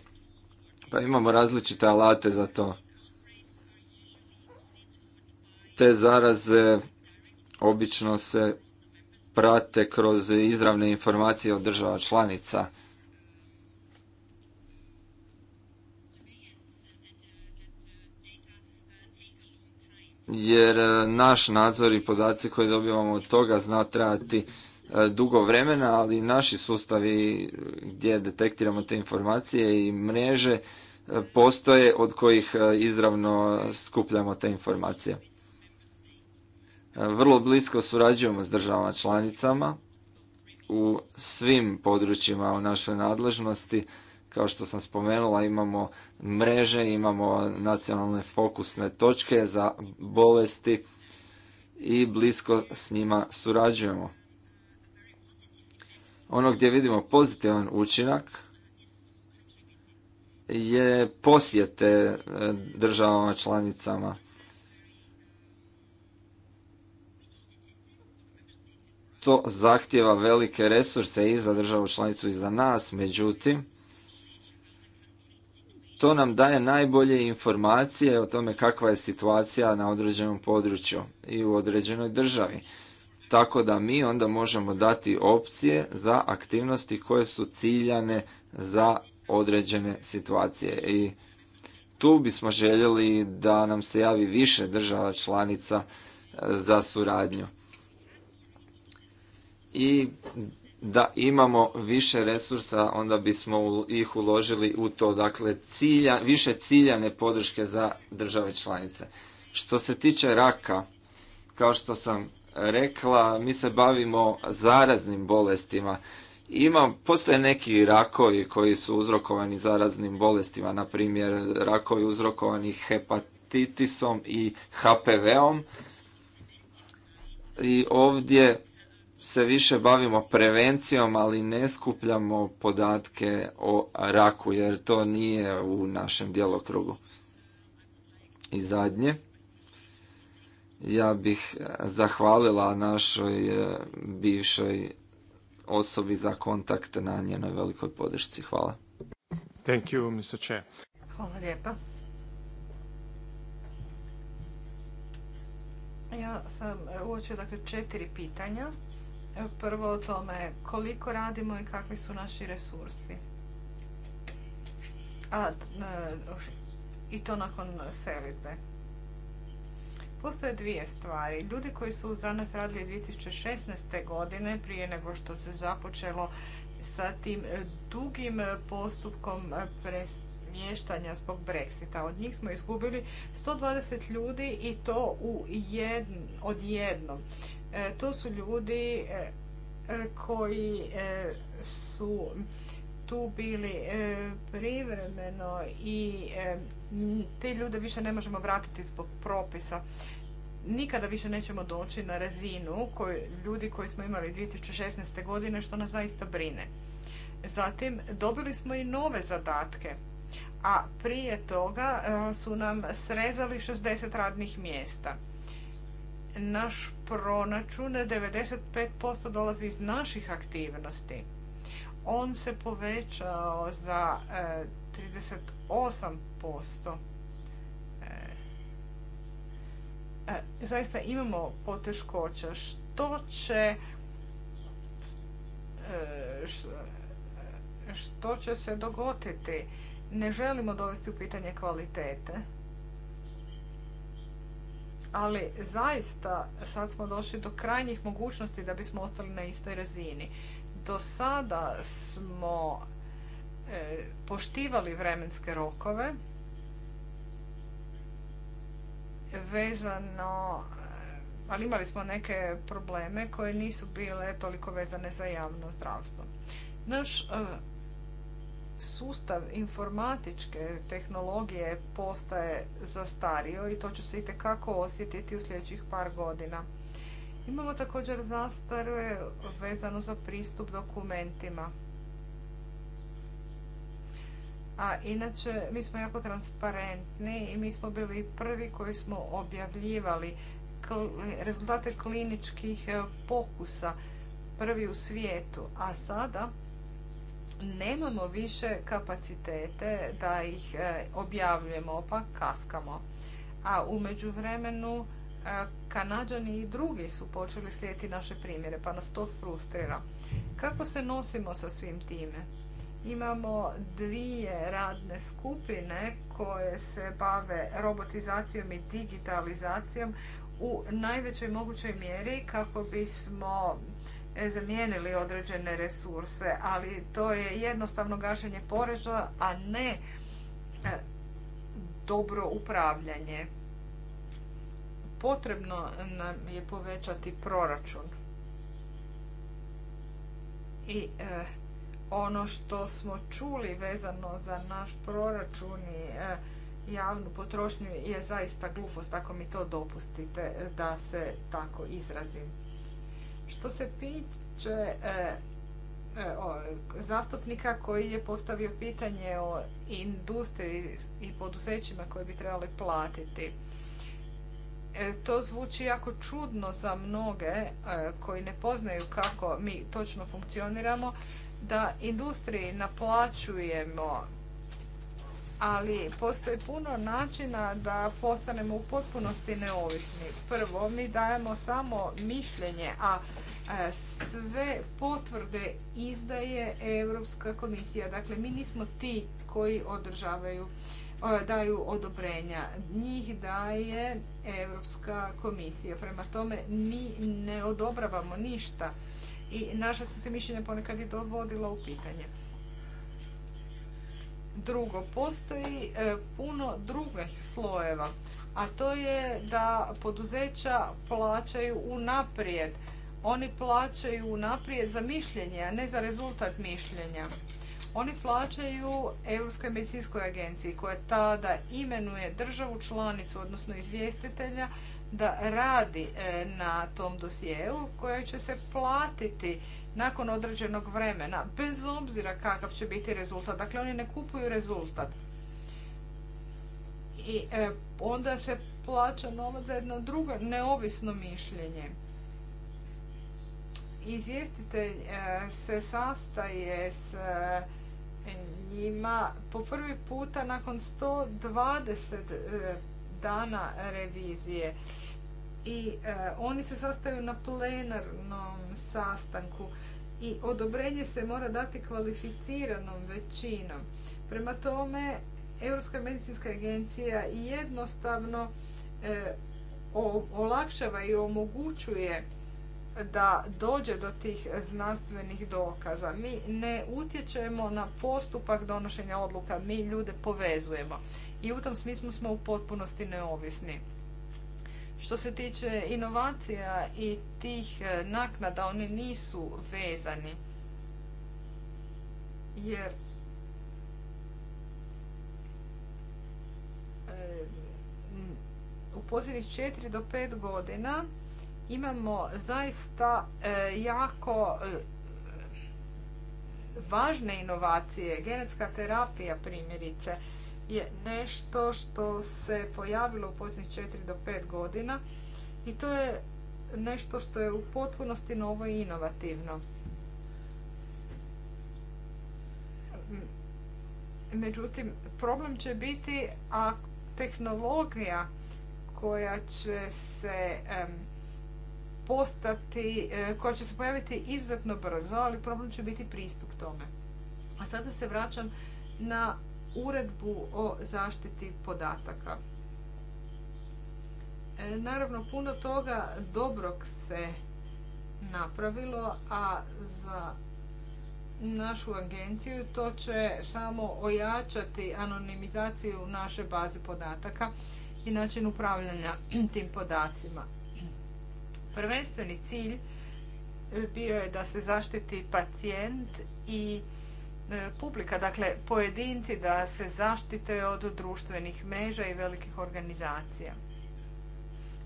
Pa imamo različite alate za to. Te zaraze obično se prate kroz izravne informacije od država članica. Jer eh, naš nadzor i podaci koje dobivamo od toga zna trajati E, dugo vremena, ali naši sustavi e, gdje detektiramo te informacije i mreže e, postoje od kojih izravno skupljamo te informacije. Vrlo blisko surađujemo s državama članicama u svim područjima u našoj nadležnosti. Kao što sam spomenula, imamo mreže, imamo nacionalne fokusne točke za bolesti i blisko s njima surađujemo ono gdje vidimo pozitivan učinak je posjete e, državama članicama. To zahtjeva velike resurse i za državu članicu i za nas, međutim, to nam daje najbolje informacije o tome kakva je situacija na određenom području i u određenoj državi tako da mi onda možemo dati opcije za aktivnosti koje su ciljane za određene situacije. I tu bismo željeli da nam se javi više država članica e, za suradnju. I da imamo više resursa, onda bismo ih uložili u to. Dakle, cilja, više ciljane podrške za države članice. Što se tiče raka, kao što sam rekla, mi se bavimo zaraznim bolestima. Ima, postoje neki rakovi koji su uzrokovani zaraznim bolestima, na primjer rakovi uzrokovani hepatitisom i HPV-om. I ovdje se više bavimo prevencijom, ali ne skupljamo podatke o raku, jer to nije u našem djelokrugu. I zadnje. Ja bih zahvalila našoj e, bivšoj osobi za kontakt na njenoj velikoj podršci. Hvala. Thank you, Mr. Chair. Hvala lijepa. Ja sam e, uočio dakle, četiri pitanja. E, prvo o tome koliko radimo i kakvi su naši resursi. A, I to nakon selitbe. Postoje dvije stvari. Ljudi koji su za nas radili 2016. godine prije nego što se započelo sa tim e, dugim e, postupkom e, premještanja zbog Brexita. Od njih smo izgubili 120 ljudi i to u jedn, to su ljudi koji su tu bili privremeno i te ljude više ne možemo vratiti zbog propisa. Nikada više nećemo doći na razinu koji, ljudi koji smo imali 2016. godine, što nas zaista brine. Zatim, dobili smo i nove zadatke, a prije toga e, su nam srezali 60 radnih mjesta. Naš pronačun, 95% dolazi iz naših aktivnosti on se povećao za e, 38%. E, e, zaista imamo poteškoća. Što će e, e, što će se dogoditi? Ne želimo dovesti u pitanje kvalitete. Ali zaista sad smo došli do krajnjih mogućnosti da bismo ostali na istoj razini. Do sada smo E, poštivali vremenske rokove vezano e, ali imali smo neke probleme koje nisu bile toliko vezane za javno zdravstvo. Naš e, sustav informatičke tehnologije postaje zastario i to će se i osjetiti u sljedećih par godina. Imamo također zastare vezano za pristup dokumentima. A inače, mi smo jako transparentni i mi smo bili prvi koji smo objavljivali rezultate kliničkih e, pokusa, prvi u svijetu. A sada nemamo više kapacitete da ih e, objavljujemo, pa kaskamo. A u međuvremenu e, Kanađani i drugi su počeli slijediti naše primjere, pa nas to frustrira. Kako se nosimo sa svim time? Imamo dvije radne skupine koje se bave robotizacijom i digitalizacijom u najvećoj mogućoj mjeri kako bismo e, zamijenili određene resurse, ali to je jednostavno gašenje poreza, a ne e, dobro upravljanje. Potrebno nam je povećati proračun. I e, ono što smo čuli vezano za naš proračun i e, javnu potrošnju je zaista glupost ako mi to dopustite e, da se tako izrazim. Što se tiče e, zastupnika koji je postavio pitanje o industriji i poduzećima koje bi trebali platiti. To zvuči jako čudno za mnoge koji ne poznaju kako mi točno funkcioniramo, da industriji naplaćujemo, ali postoji puno načina da postanemo u potpunosti neovisni. Prvo, mi dajemo samo mišljenje, a e, sve potvrde izdaje Europska komisija. Dakle, mi nismo ti koji održavaju e, daju odobrenja. Njih daje Europska komisija. Prema tome mi ne odobravamo ništa i naša su se mišljenja ponekad i dovodila u pitanje. Drugo, postoji e, puno drugih slojeva, a to je da poduzeća plaćaju unaprijed. Oni plaćaju unaprijed za mišljenje, a ne za rezultat mišljenja. Oni plaćaju Europskoj medicinskoj agenciji koja tada imenuje državu članicu, odnosno izvjestitelja, da radi e, na tom dosjeu koje će se platiti nakon određenog vremena, bez obzira kakav će biti rezultat. Dakle, oni ne kupuju rezultat. I e, onda se plaća novac za jedno drugo neovisno mišljenje. Izvjestitelj e, se sastaje s njima po prvi puta nakon 120 dana revizije i e, oni se sastaju na plenarnom sastanku i odobrenje se mora dati kvalificiranom većinom. Prema tome, Europska medicinska agencija jednostavno e, olakšava i omogućuje da dođe do tih znanstvenih dokaza. Mi ne utječemo na postupak donošenja odluka, mi ljude povezujemo i u tom smislu smo u potpunosti neovisni. Što se tiče inovacija i tih e, naknada, oni nisu vezani. Jer e, u posljednjih 4 do 5 godina imamo zaista e, jako važne inovacije, genetska terapija primjerice, je nešto što se pojavilo u posljednjih 4 do 5 godina i to je nešto što je u potpunosti novo i inovativno. Međutim, problem će biti a tehnologija koja će se postati, e, koja će se pojaviti izuzetno brzo, ali problem će biti pristup tome. A sada se vraćam na uredbu o zaštiti podataka. E, naravno, puno toga dobrog se napravilo, a za našu agenciju to će samo ojačati anonimizaciju naše baze podataka i način upravljanja tim podacima. Prvenstveni cilj e, bio je da se zaštiti pacijent i E, publika, dakle pojedinci da se zaštite od društvenih mreža i velikih organizacija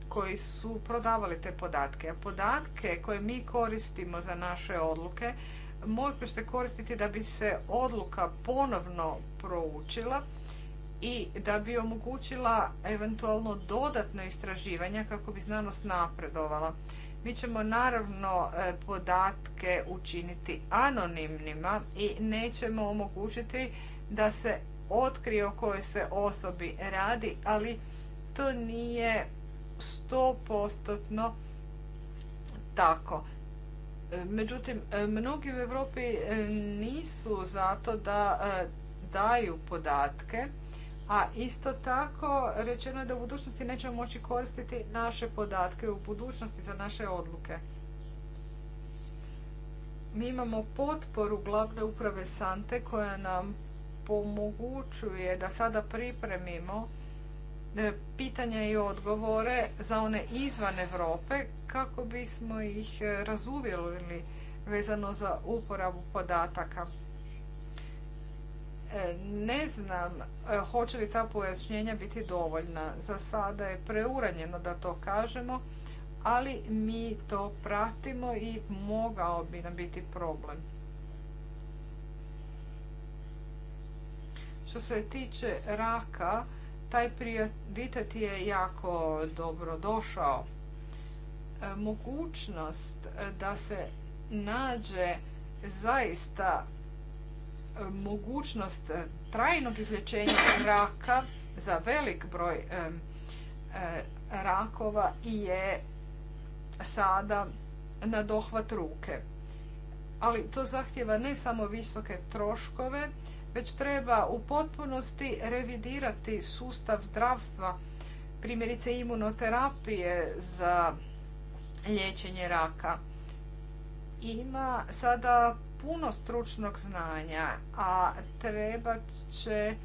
koji su prodavali te podatke. A podatke koje mi koristimo za naše odluke možete se koristiti da bi se odluka ponovno proučila i da bi omogućila eventualno dodatno istraživanja kako bi znanost napredovala. Mi ćemo naravno e, podatke učiniti anonimnima i nećemo omogućiti da se otkrije o kojoj se osobi radi, ali to nije stopostotno tako. E, međutim, e, mnogi u Europi nisu zato da daju podatke a isto tako rečeno je da u budućnosti nećemo moći koristiti naše podatke u budućnosti za naše odluke. Mi imamo potporu glavne uprave Sante koja nam pomogućuje da sada pripremimo e, pitanja i odgovore za one izvan Europe kako bismo ih e, razuvjerili vezano za uporabu podataka. E, ne znam e, hoće li ta pojašnjenja biti dovoljna. Za sada je preuranjeno da to kažemo, ali mi to pratimo i mogao bi nam biti problem. Što se tiče raka, taj prioritet je jako dobro došao. E, mogućnost da se nađe zaista mogućnost e, trajnog izlječenja raka za velik broj e, e, rakova je sada na dohvat ruke. Ali to zahtjeva ne samo visoke troškove, već treba u potpunosti revidirati sustav zdravstva, primjerice imunoterapije za liječenje raka. Ima sada puno stručnog znanja, a trebat će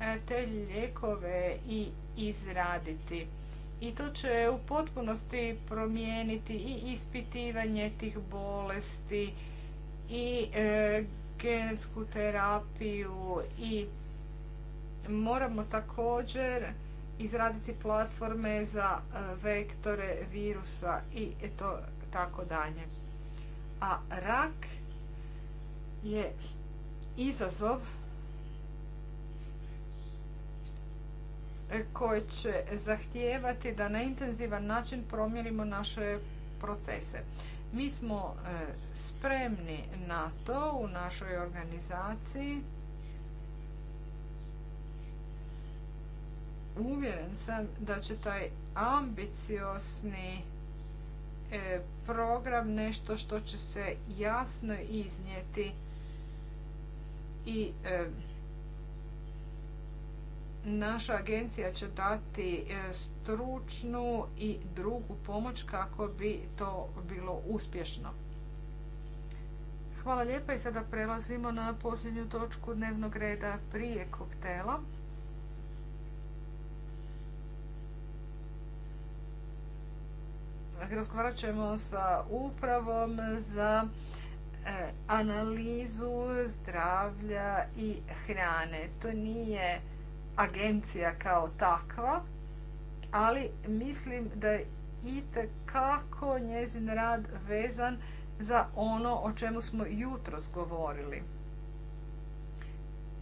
e, te lijekove i izraditi. I to će u potpunosti promijeniti i ispitivanje tih bolesti i e, genetsku terapiju i moramo također izraditi platforme za e, vektore virusa i to tako dalje. A rak je izazov koji će zahtijevati da na intenzivan način promijenimo naše procese. Mi smo e, spremni na to u našoj organizaciji. Uvjeren sam da će taj ambiciosni e, program nešto što će se jasno iznijeti i e, naša agencija će dati e, stručnu i drugu pomoć kako bi to bilo uspješno. Hvala lijepa i sada prelazimo na posljednju točku dnevnog reda prije koktela. Razgovarat ćemo sa upravom za E, analizu zdravlja i hrane. To nije agencija kao takva, ali mislim da je i kako njezin rad vezan za ono o čemu smo jutros govorili.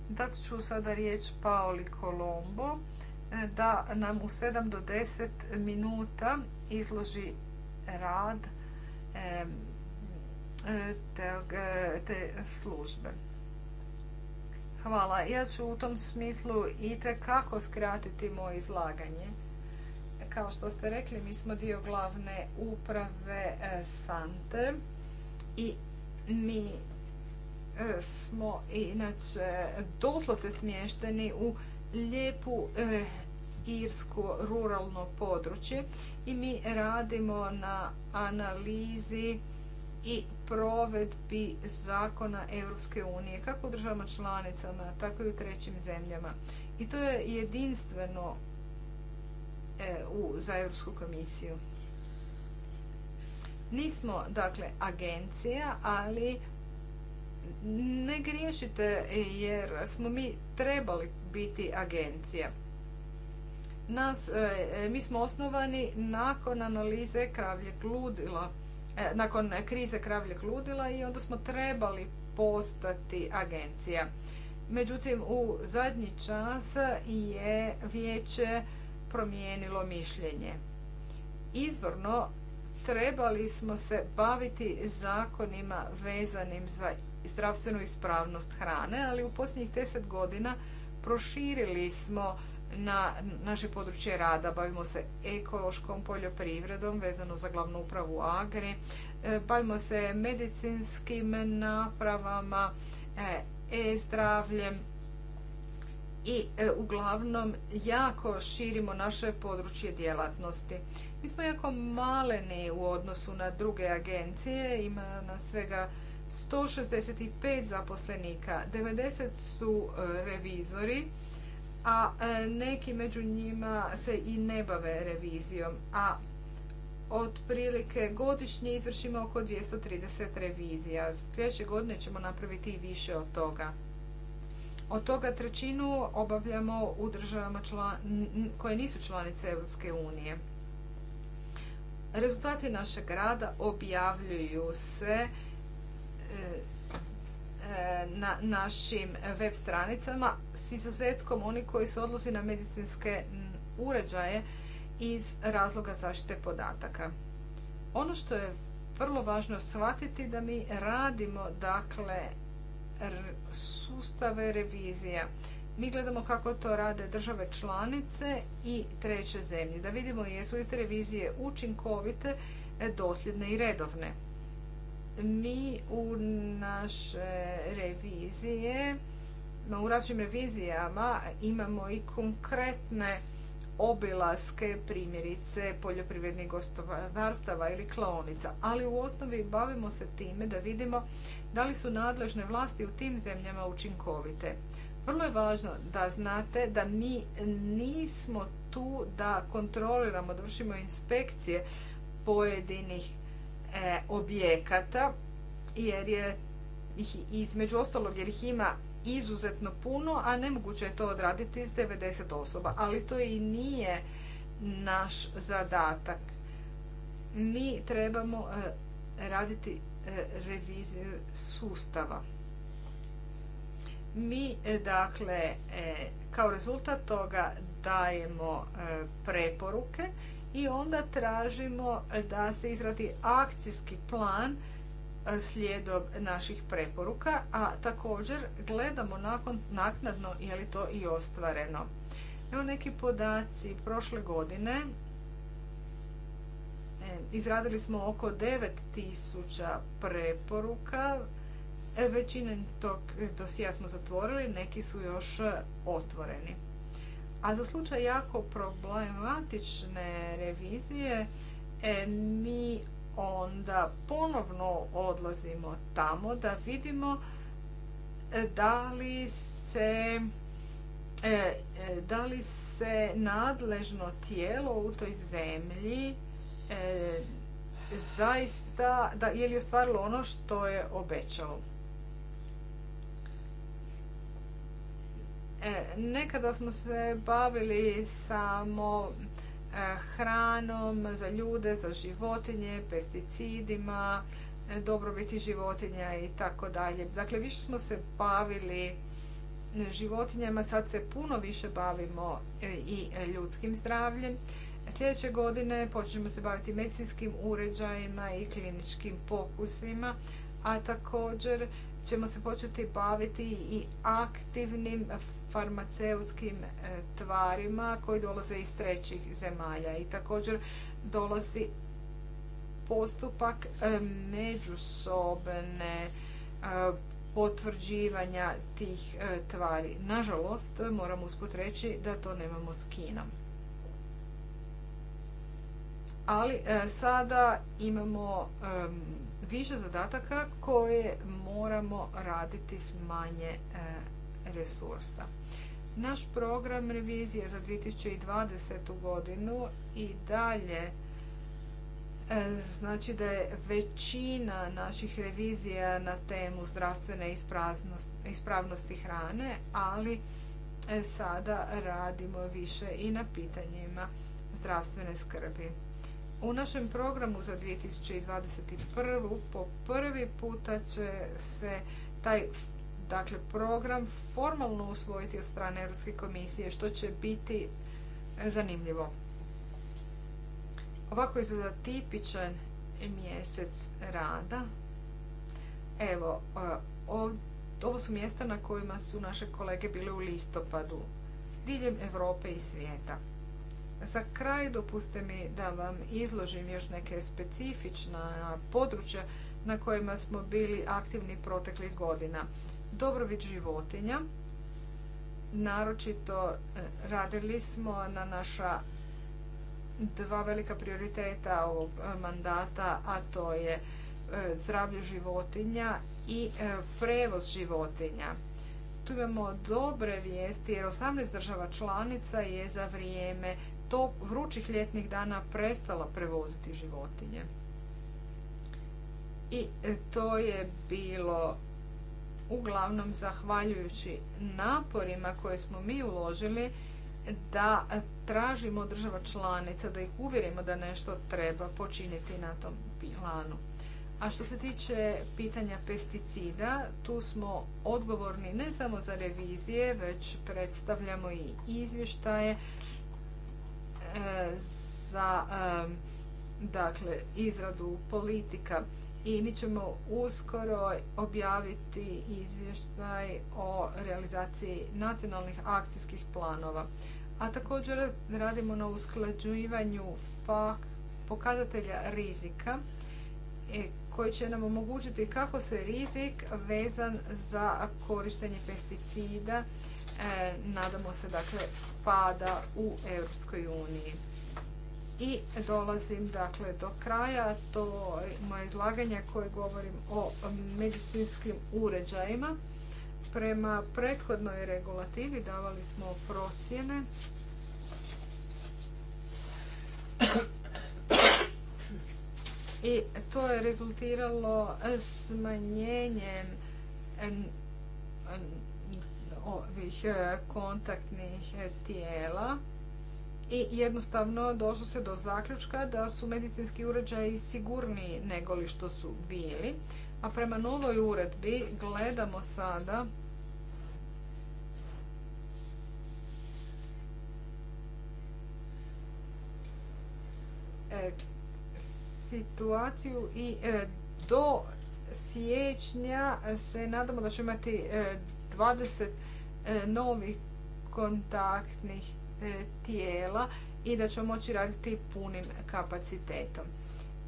Dat ću sada riječ Paoli Kolombo e, da nam u 7 do 10 minuta izloži rad e, E, e, te službe. Hvala. Ja ću u tom smislu i kako skratiti moje izlaganje. Kao što ste rekli, mi smo dio glavne uprave e, Sante i mi smo inače doslovce smješteni u lijepu irsko ruralno područje i mi radimo na analizi i provedbi zakona Europske unije, kako u državama članicama, tako i u trećim zemljama. I to je jedinstveno e, za Europsku komisiju. Nismo, dakle, agencija, ali ne griješite jer smo mi trebali biti agencija. Nas, e, mi smo osnovani nakon analize kravlje ludila E, nakon krize kravljeg ludila i onda smo trebali postati agencija. Međutim, u zadnji čas je vijeće promijenilo mišljenje. Izvorno trebali smo se baviti zakonima vezanim za zdravstvenu ispravnost hrane, ali u posljednjih deset godina proširili smo na naše područje rada. Bavimo se ekološkom poljoprivredom vezano za glavnu upravu Agri. E, bavimo se medicinskim napravama, e, e-zdravljem i e, uglavnom jako širimo naše područje djelatnosti. Mi smo jako maleni u odnosu na druge agencije, ima na svega 165 zaposlenika, 90 su revizori, a e, neki među njima se i ne bave revizijom, a otprilike godišnje izvršimo oko 230 revizija. Sljedeće godine ćemo napraviti i više od toga. Od toga trećinu obavljamo u državama koje nisu članice Europske unije. Rezultati našeg rada objavljuju se e, E, na našim web stranicama s izuzetkom oni koji se odlazi na medicinske uređaje iz razloga zaštite podataka. Ono što je vrlo važno shvatiti da mi radimo dakle sustave revizija. Mi gledamo kako to rade države članice i treće zemlje. Da vidimo jesu li te revizije učinkovite, e, dosljedne i redovne mi u naše revizije, u našim revizijama imamo i konkretne obilaske primjerice poljoprivrednih gospodarstava ili klonica, ali u osnovi bavimo se time da vidimo da li su nadležne vlasti u tim zemljama učinkovite. Vrlo je važno da znate da mi nismo tu da kontroliramo, da vršimo inspekcije pojedinih E, objekata jer je između ostalog jer ih ima izuzetno puno, a nemoguće je to odraditi iz 90 osoba. Ali to i nije naš zadatak. Mi trebamo e, raditi e, reviziju sustava. Mi, dakle, kao rezultat toga dajemo preporuke i onda tražimo da se izradi akcijski plan e, slijedom naših preporuka, a također gledamo nakon, naknadno je li to i ostvareno. Evo neki podaci prošle godine e, izradili smo oko 9000 preporuka. E, Većinu tog dosija smo zatvorili, neki su još otvoreni. A za slučaj jako problematične revizije e, mi onda ponovno odlazimo tamo da vidimo e, da li se e, da li se nadležno tijelo u toj zemlji zaista da je li ostvarilo ono što je obećalo. E, nekada smo se bavili samo e, hranom za ljude, za životinje, pesticidima, e, dobrobiti životinja i tako dalje. Dakle, više smo se bavili životinjama, sad se puno više bavimo i ljudskim zdravljem. Sljedeće godine počnemo se baviti medicinskim uređajima i kliničkim pokusima, a također ćemo se početi baviti i aktivnim farmaceutskim e, tvarima koji dolaze iz trećih zemalja i također dolazi postupak e, međusobne e, potvrđivanja tih tvari. Nažalost, moram usput reći da to nemamo s Kinom. Ali sada imamo više zadataka koje moramo raditi s manje e, resursa. Naš program revizije za 2020. godinu i dalje e, znači da je većina naših revizija na temu zdravstvene ispravnosti hrane, ali e, sada radimo više i na pitanjima zdravstvene skrbi. U našem programu za 2021. po prvi puta će se taj dakle, program formalno usvojiti od strane Europske komisije, što će biti zanimljivo. Ovako izgleda tipičan mjesec rada. Evo, e, ovo su mjesta na kojima su naše kolege bile u listopadu, diljem Europe i svijeta. Za kraj dopuste mi da vam izložim još neke specifična područja na kojima smo bili aktivni proteklih godina. Dobrobit životinja, naročito e, radili smo na naša dva velika prioriteta ovog e, mandata, a to je e, zdravlje životinja i prevoz životinja. Tu imamo dobre vijesti jer 18 država članica je za vrijeme to vrućih ljetnih dana prestala prevoziti životinje. I e, to je bilo uglavnom zahvaljujući naporima koje smo mi uložili da tražimo država članica da ih uvjerimo da nešto treba počiniti na tom planu. A što se tiče pitanja pesticida, tu smo odgovorni ne samo za revizije, već predstavljamo i izvještaje E, za e, dakle, izradu politika i mi ćemo uskoro objaviti izvještaj o realizaciji nacionalnih akcijskih planova. A također radimo na usklađivanju pokazatelja rizika e, koji će nam omogućiti kako se rizik vezan za korištenje pesticida E, nadamo se dakle pada u Europskoj uniji. I dolazim dakle do kraja, to moje izlaganje koje govorim o medicinskim uređajima. Prema prethodnoj regulativi davali smo procjene i to je rezultiralo smanjenjem ovih e, kontaktnih e, tijela i jednostavno došlo se do zaključka da su medicinski uređaji sigurniji nego li što su bili. A prema novoj uredbi gledamo sada situaciju i e, do siječnja se nadamo da će imati 20 E, novih kontaktnih e, tijela i da ćemo moći raditi punim kapacitetom.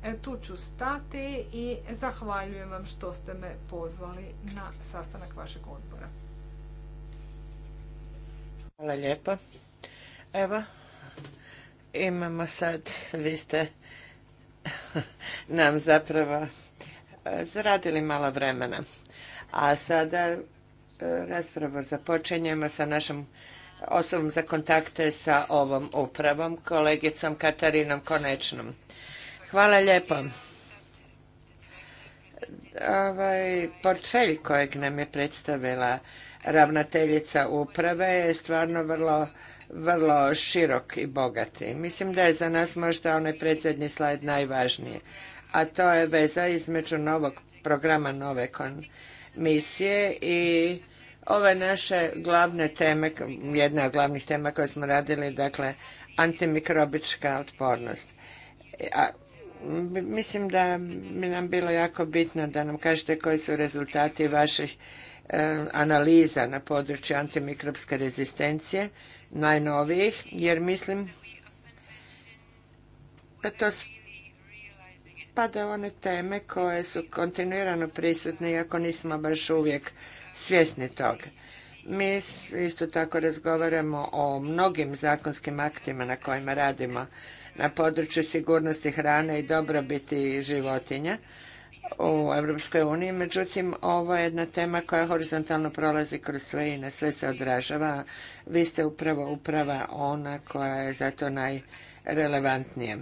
E, tu ću stati i zahvaljujem vam što ste me pozvali na sastanak vašeg odbora. Hvala lijepa. Evo, imamo sad, vi ste nam zapravo zaradili malo vremena. A sada raspravu započinjemo sa našom osobom za kontakte sa ovom upravom, kolegicom Katarinom Konečnom. Hvala lijepo. Ovaj portfelj kojeg nam je predstavila ravnateljica uprave je stvarno vrlo vrlo širok i bogati. Mislim da je za nas možda onaj predzadnji slajd najvažniji, a to je veza između novog programa nove komisije i ove naše glavne teme, jedna od glavnih tema koje smo radili, dakle, antimikrobička otpornost. A, mislim da bi nam bilo jako bitno da nam kažete koji su rezultati vaših e, analiza na području antimikrobske rezistencije, najnovijih, jer mislim da to spada one teme koje su kontinuirano prisutne, iako nismo baš uvijek svjesni toga. Mi isto tako razgovaramo o mnogim zakonskim aktima na kojima radimo na području sigurnosti hrane i dobrobiti životinja u Europskoj uniji, međutim ovo je jedna tema koja horizontalno prolazi kroz sve i na sve se odražava. Vi ste upravo uprava ona koja je zato najrelevantnija.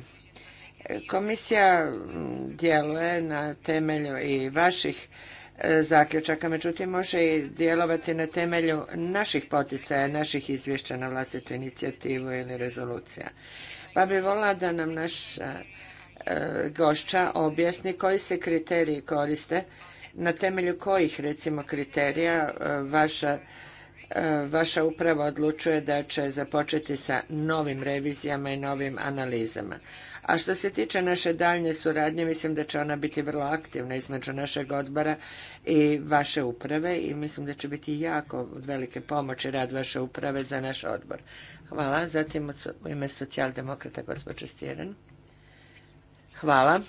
Komisija mm, djeluje na temelju i vaših E, zaključaka, međutim može i djelovati na temelju naših poticaja, naših izvješća na vlastitu inicijativu ili rezolucija. Pa bi volila da nam naš e, gošća objasni koji se kriteriji koriste, na temelju kojih recimo kriterija e, vaša vaša uprava odlučuje da će započeti sa novim revizijama i novim analizama. A što se tiče naše daljnje suradnje, mislim da će ona biti vrlo aktivna između našeg odbora i vaše uprave i mislim da će biti jako velike pomoći rad vaše uprave za naš odbor. Hvala. Zatim u ime socijaldemokrata gospođa Stjeren. Hvala.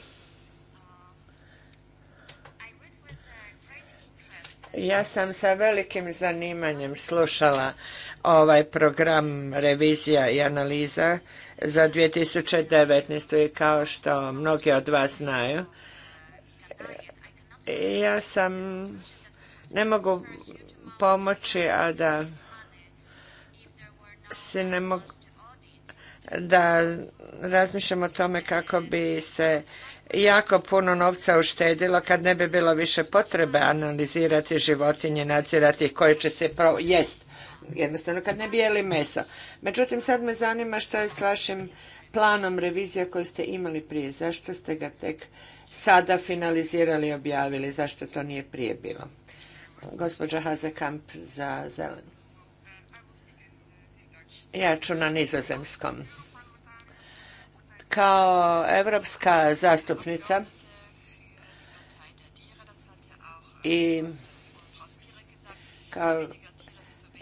Ja sam sa velikim zanimanjem slušala ovaj program revizija i analiza za 2019. i kao što mnogi od vas znaju, e, ja sam, ne mogu pomoći, a da se ne mogu, da razmišljam o tome kako bi se jako puno novca uštedilo kad ne bi bilo više potrebe analizirati životinje, nadzirati koje će se pro, jest jednostavno kad ne bijeli meso. Međutim, sad me zanima što je s vašim planom revizija koju ste imali prije. Zašto ste ga tek sada finalizirali i objavili? Zašto to nije prije bilo? Gospođa Hazekamp za zelenu. Ja ću na nizozemskom. Kao evropska zastupnica i kao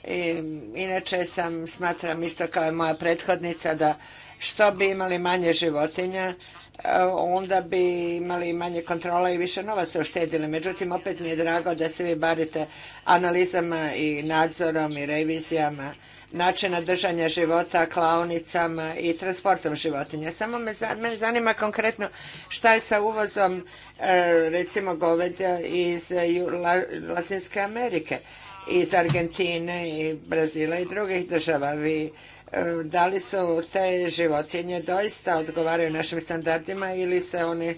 i, inače sam, smatram isto kao i moja prethodnica, da što bi imali manje životinja, onda bi imali manje kontrola i više novaca uštedili. Međutim, opet mi je drago da se vi barite analizama i nadzorom i revizijama načina držanja života, klaunicama i transportom životinja. Samo me, zanima konkretno šta je sa uvozom e, recimo goveda iz Latinske Amerike iz Argentine i Brazila i drugih država. Vi, e, da li su te životinje doista odgovaraju našim standardima ili se one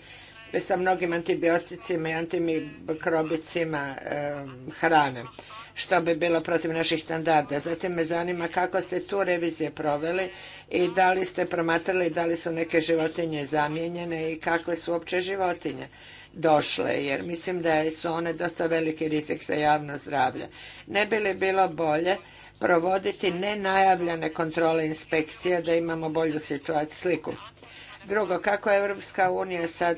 sa mnogim antibioticima i antimikrobicima e, hrane, što bi bilo protiv naših standarda. Zatim me zanima kako ste tu revizije proveli i da li ste promatrali da li su neke životinje zamijenjene i kakve su uopće životinje došle, jer mislim da su one dosta veliki rizik za javno zdravlje. Ne bi li bilo bolje provoditi nenajavljene kontrole inspekcije da imamo bolju situaciju sliku? Drugo, kako Evropska unija sad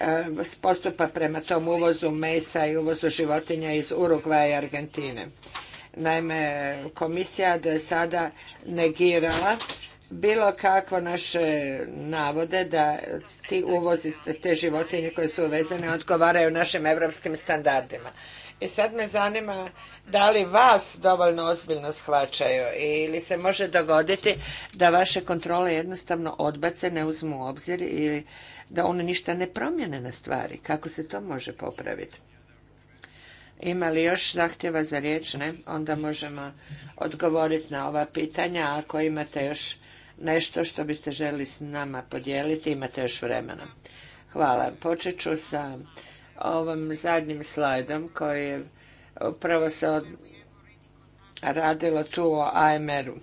eh, postupa prema tom uvozu mesa i uvozu životinja iz Urugvaja i Argentine? Naime, komisija do sada negirala bilo kakvo naše navode da ti uvozi, te životinje koje su uvezene odgovaraju našim evropskim standardima. I sad me zanima da li vas dovoljno ozbiljno shvaćaju ili se može dogoditi da vaše kontrole jednostavno odbace, ne uzmu u obzir ili da one ništa ne promjene na stvari. Kako se to može popraviti? Ima li još zahtjeva za riječ? Ne? Onda možemo odgovoriti na ova pitanja. Ako imate još nešto što biste želi s nama podijeliti, imate još vremena. Hvala. Počet ću sa ovom zadnjim slajdom koji je upravo se radilo tu o AMR-u.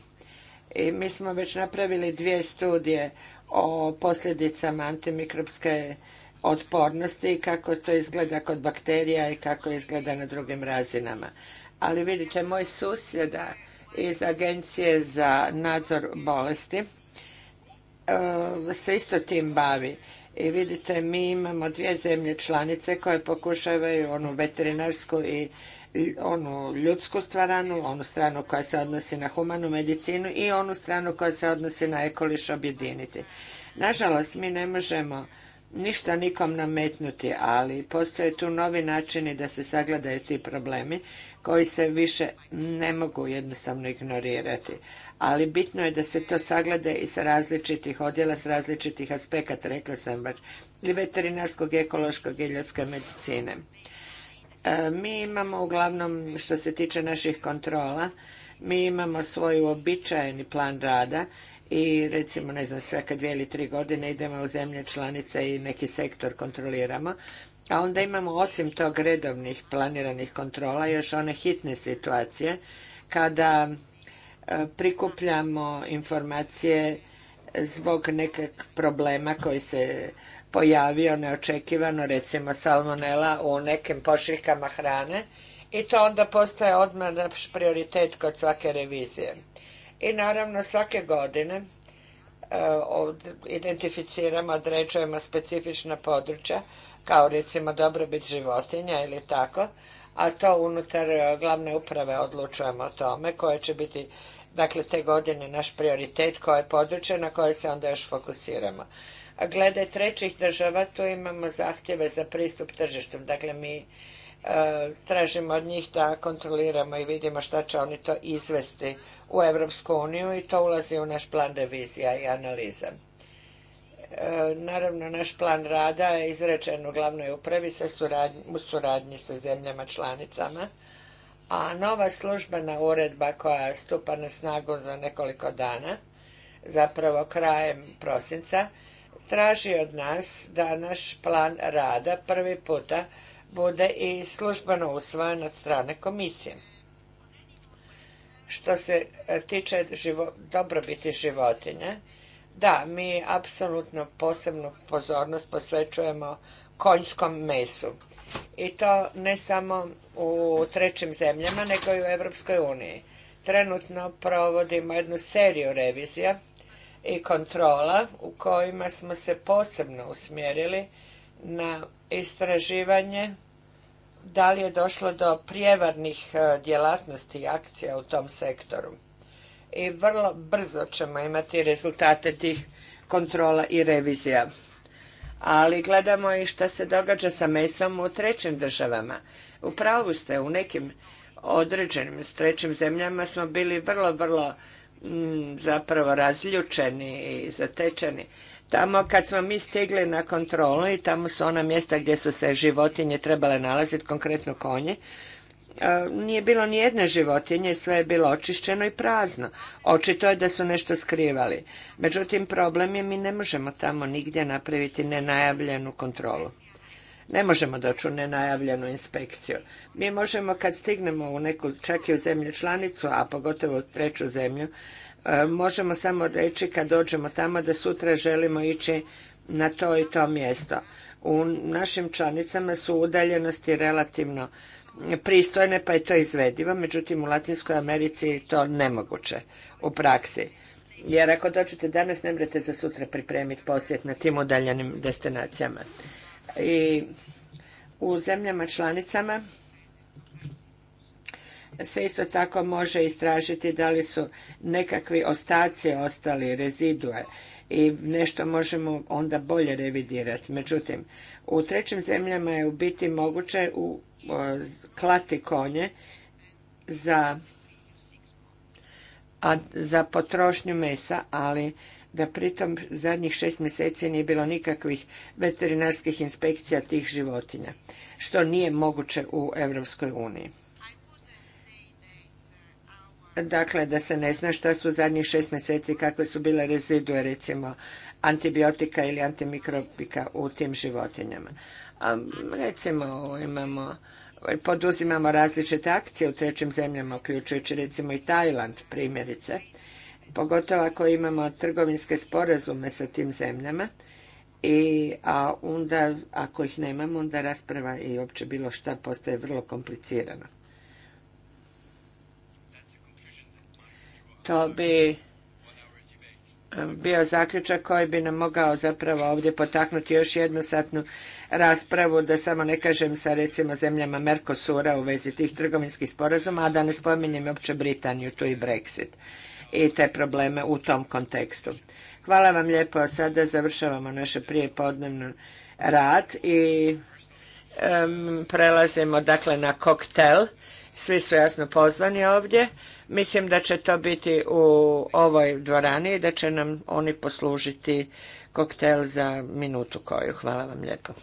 I mi smo već napravili dvije studije o posljedicama antimikropske otpornosti i kako to izgleda kod bakterija i kako izgleda na drugim razinama. Ali vidite, moj susjeda iz Agencije za nadzor bolesti e, se isto tim bavi. I vidite, mi imamo dvije zemlje članice koje pokušavaju onu veterinarsku i onu ljudsku stvaranu, onu stranu koja se odnosi na humanu medicinu i onu stranu koja se odnosi na ekoliš objediniti. Nažalost, mi ne možemo ništa nikom nametnuti, ali postoje tu novi načini da se sagledaju ti problemi koji se više ne mogu jednostavno ignorirati. Ali bitno je da se to saglede i sa različitih odjela, s različitih aspekata, rekla sam baš, i veterinarskog, ekološkog i ljudske medicine. E, mi imamo uglavnom, što se tiče naših kontrola, mi imamo svoj uobičajeni plan rada i recimo ne znam svake dvije ili tri godine idemo u zemlje članice i neki sektor kontroliramo a onda imamo osim tog redovnih planiranih kontrola još one hitne situacije kada e, prikupljamo informacije zbog nekog problema koji se pojavio neočekivano, recimo salmonela u nekim pošiljkama hrane i to onda postaje odmah naš prioritet kod svake revizije. I naravno svake godine e, identificiramo, određujemo specifična područja kao recimo dobrobit životinja ili tako, a to unutar e, glavne uprave odlučujemo o tome koje će biti dakle te godine naš prioritet, koje područje na koje se onda još fokusiramo. glede trećih država tu imamo zahtjeve za pristup tržištu. Dakle, mi E, tražimo od njih da kontroliramo i vidimo šta će oni to izvesti u Europsku uniju i to ulazi u naš plan revizija i analiza. E, naravno, naš plan rada je izrečen u glavnoj upravi u suradnji sa zemljama članicama, a nova službena uredba koja stupa na snagu za nekoliko dana, zapravo krajem prosinca, traži od nas da naš plan rada prvi puta bude i službeno usvojen od strane komisije. Što se e, tiče dobrobiti životinja, da, mi apsolutno posebnu pozornost posvećujemo konjskom mesu. I to ne samo u trećim zemljama, nego i u Europskoj uniji. Trenutno provodimo jednu seriju revizija i kontrola u kojima smo se posebno usmjerili na istraživanje da li je došlo do prijevarnih e, djelatnosti i akcija u tom sektoru. I vrlo brzo ćemo imati rezultate tih kontrola i revizija. Ali gledamo i što se događa sa mesom u trećim državama. U pravu ste, u nekim određenim trećim zemljama smo bili vrlo, vrlo zapravo razljučeni i zatečeni. Tamo kad smo mi stigli na kontrolu i tamo su ona mjesta gdje su se životinje trebale nalaziti, konkretno konje, nije bilo ni jedne životinje, sve je bilo očišćeno i prazno. Očito je da su nešto skrivali. Međutim, problem je mi ne možemo tamo nigdje napraviti nenajavljenu kontrolu. Ne možemo doći u nenajavljenu inspekciju. Mi možemo kad stignemo u neku, čak i u zemlju članicu, a pogotovo u treću zemlju, možemo samo reći kad dođemo tamo da sutra želimo ići na to i to mjesto. U našim članicama su udaljenosti relativno pristojne pa je to izvedivo, međutim u Latinskoj Americi je to nemoguće u praksi. Jer ako dođete danas ne morate za sutra pripremiti posjet na tim udaljenim destinacijama. I u zemljama članicama se isto tako može istražiti da li su nekakvi ostaci ostali, rezidue i nešto možemo onda bolje revidirati. Međutim, u trećim zemljama je u biti moguće u klati konje za, potrošnju mesa, ali da pritom zadnjih šest mjeseci nije bilo nikakvih veterinarskih inspekcija tih životinja, što nije moguće u Europskoj uniji. Dakle, da se ne zna šta su zadnjih šest mjeseci, kakve su bile rezidue, recimo, antibiotika ili antimikrobika u tim životinjama. A, recimo, imamo, poduzimamo različite akcije u trećim zemljama, uključujući recimo i Tajland, primjerice, pogotovo ako imamo trgovinske sporazume sa tim zemljama, i, a onda, ako ih nemamo, onda rasprava i uopće bilo šta postaje vrlo komplicirana. To bi e, bio zaključak koji bi nam mogao zapravo ovdje potaknuti još satnu raspravu, da samo ne kažem sa recimo zemljama Mercosura u vezi tih trgovinskih sporazuma, a da ne spominjem uopće Britaniju, tu i Brexit i te probleme u tom kontekstu. Hvala vam lijepo, sada završavamo naše podnevno rad i prelazimo dakle na koktel. Svi su jasno pozvani ovdje. Mislim da će to biti u ovoj dvorani i da će nam oni poslužiti koktel za minutu koju. Hvala vam lijepo.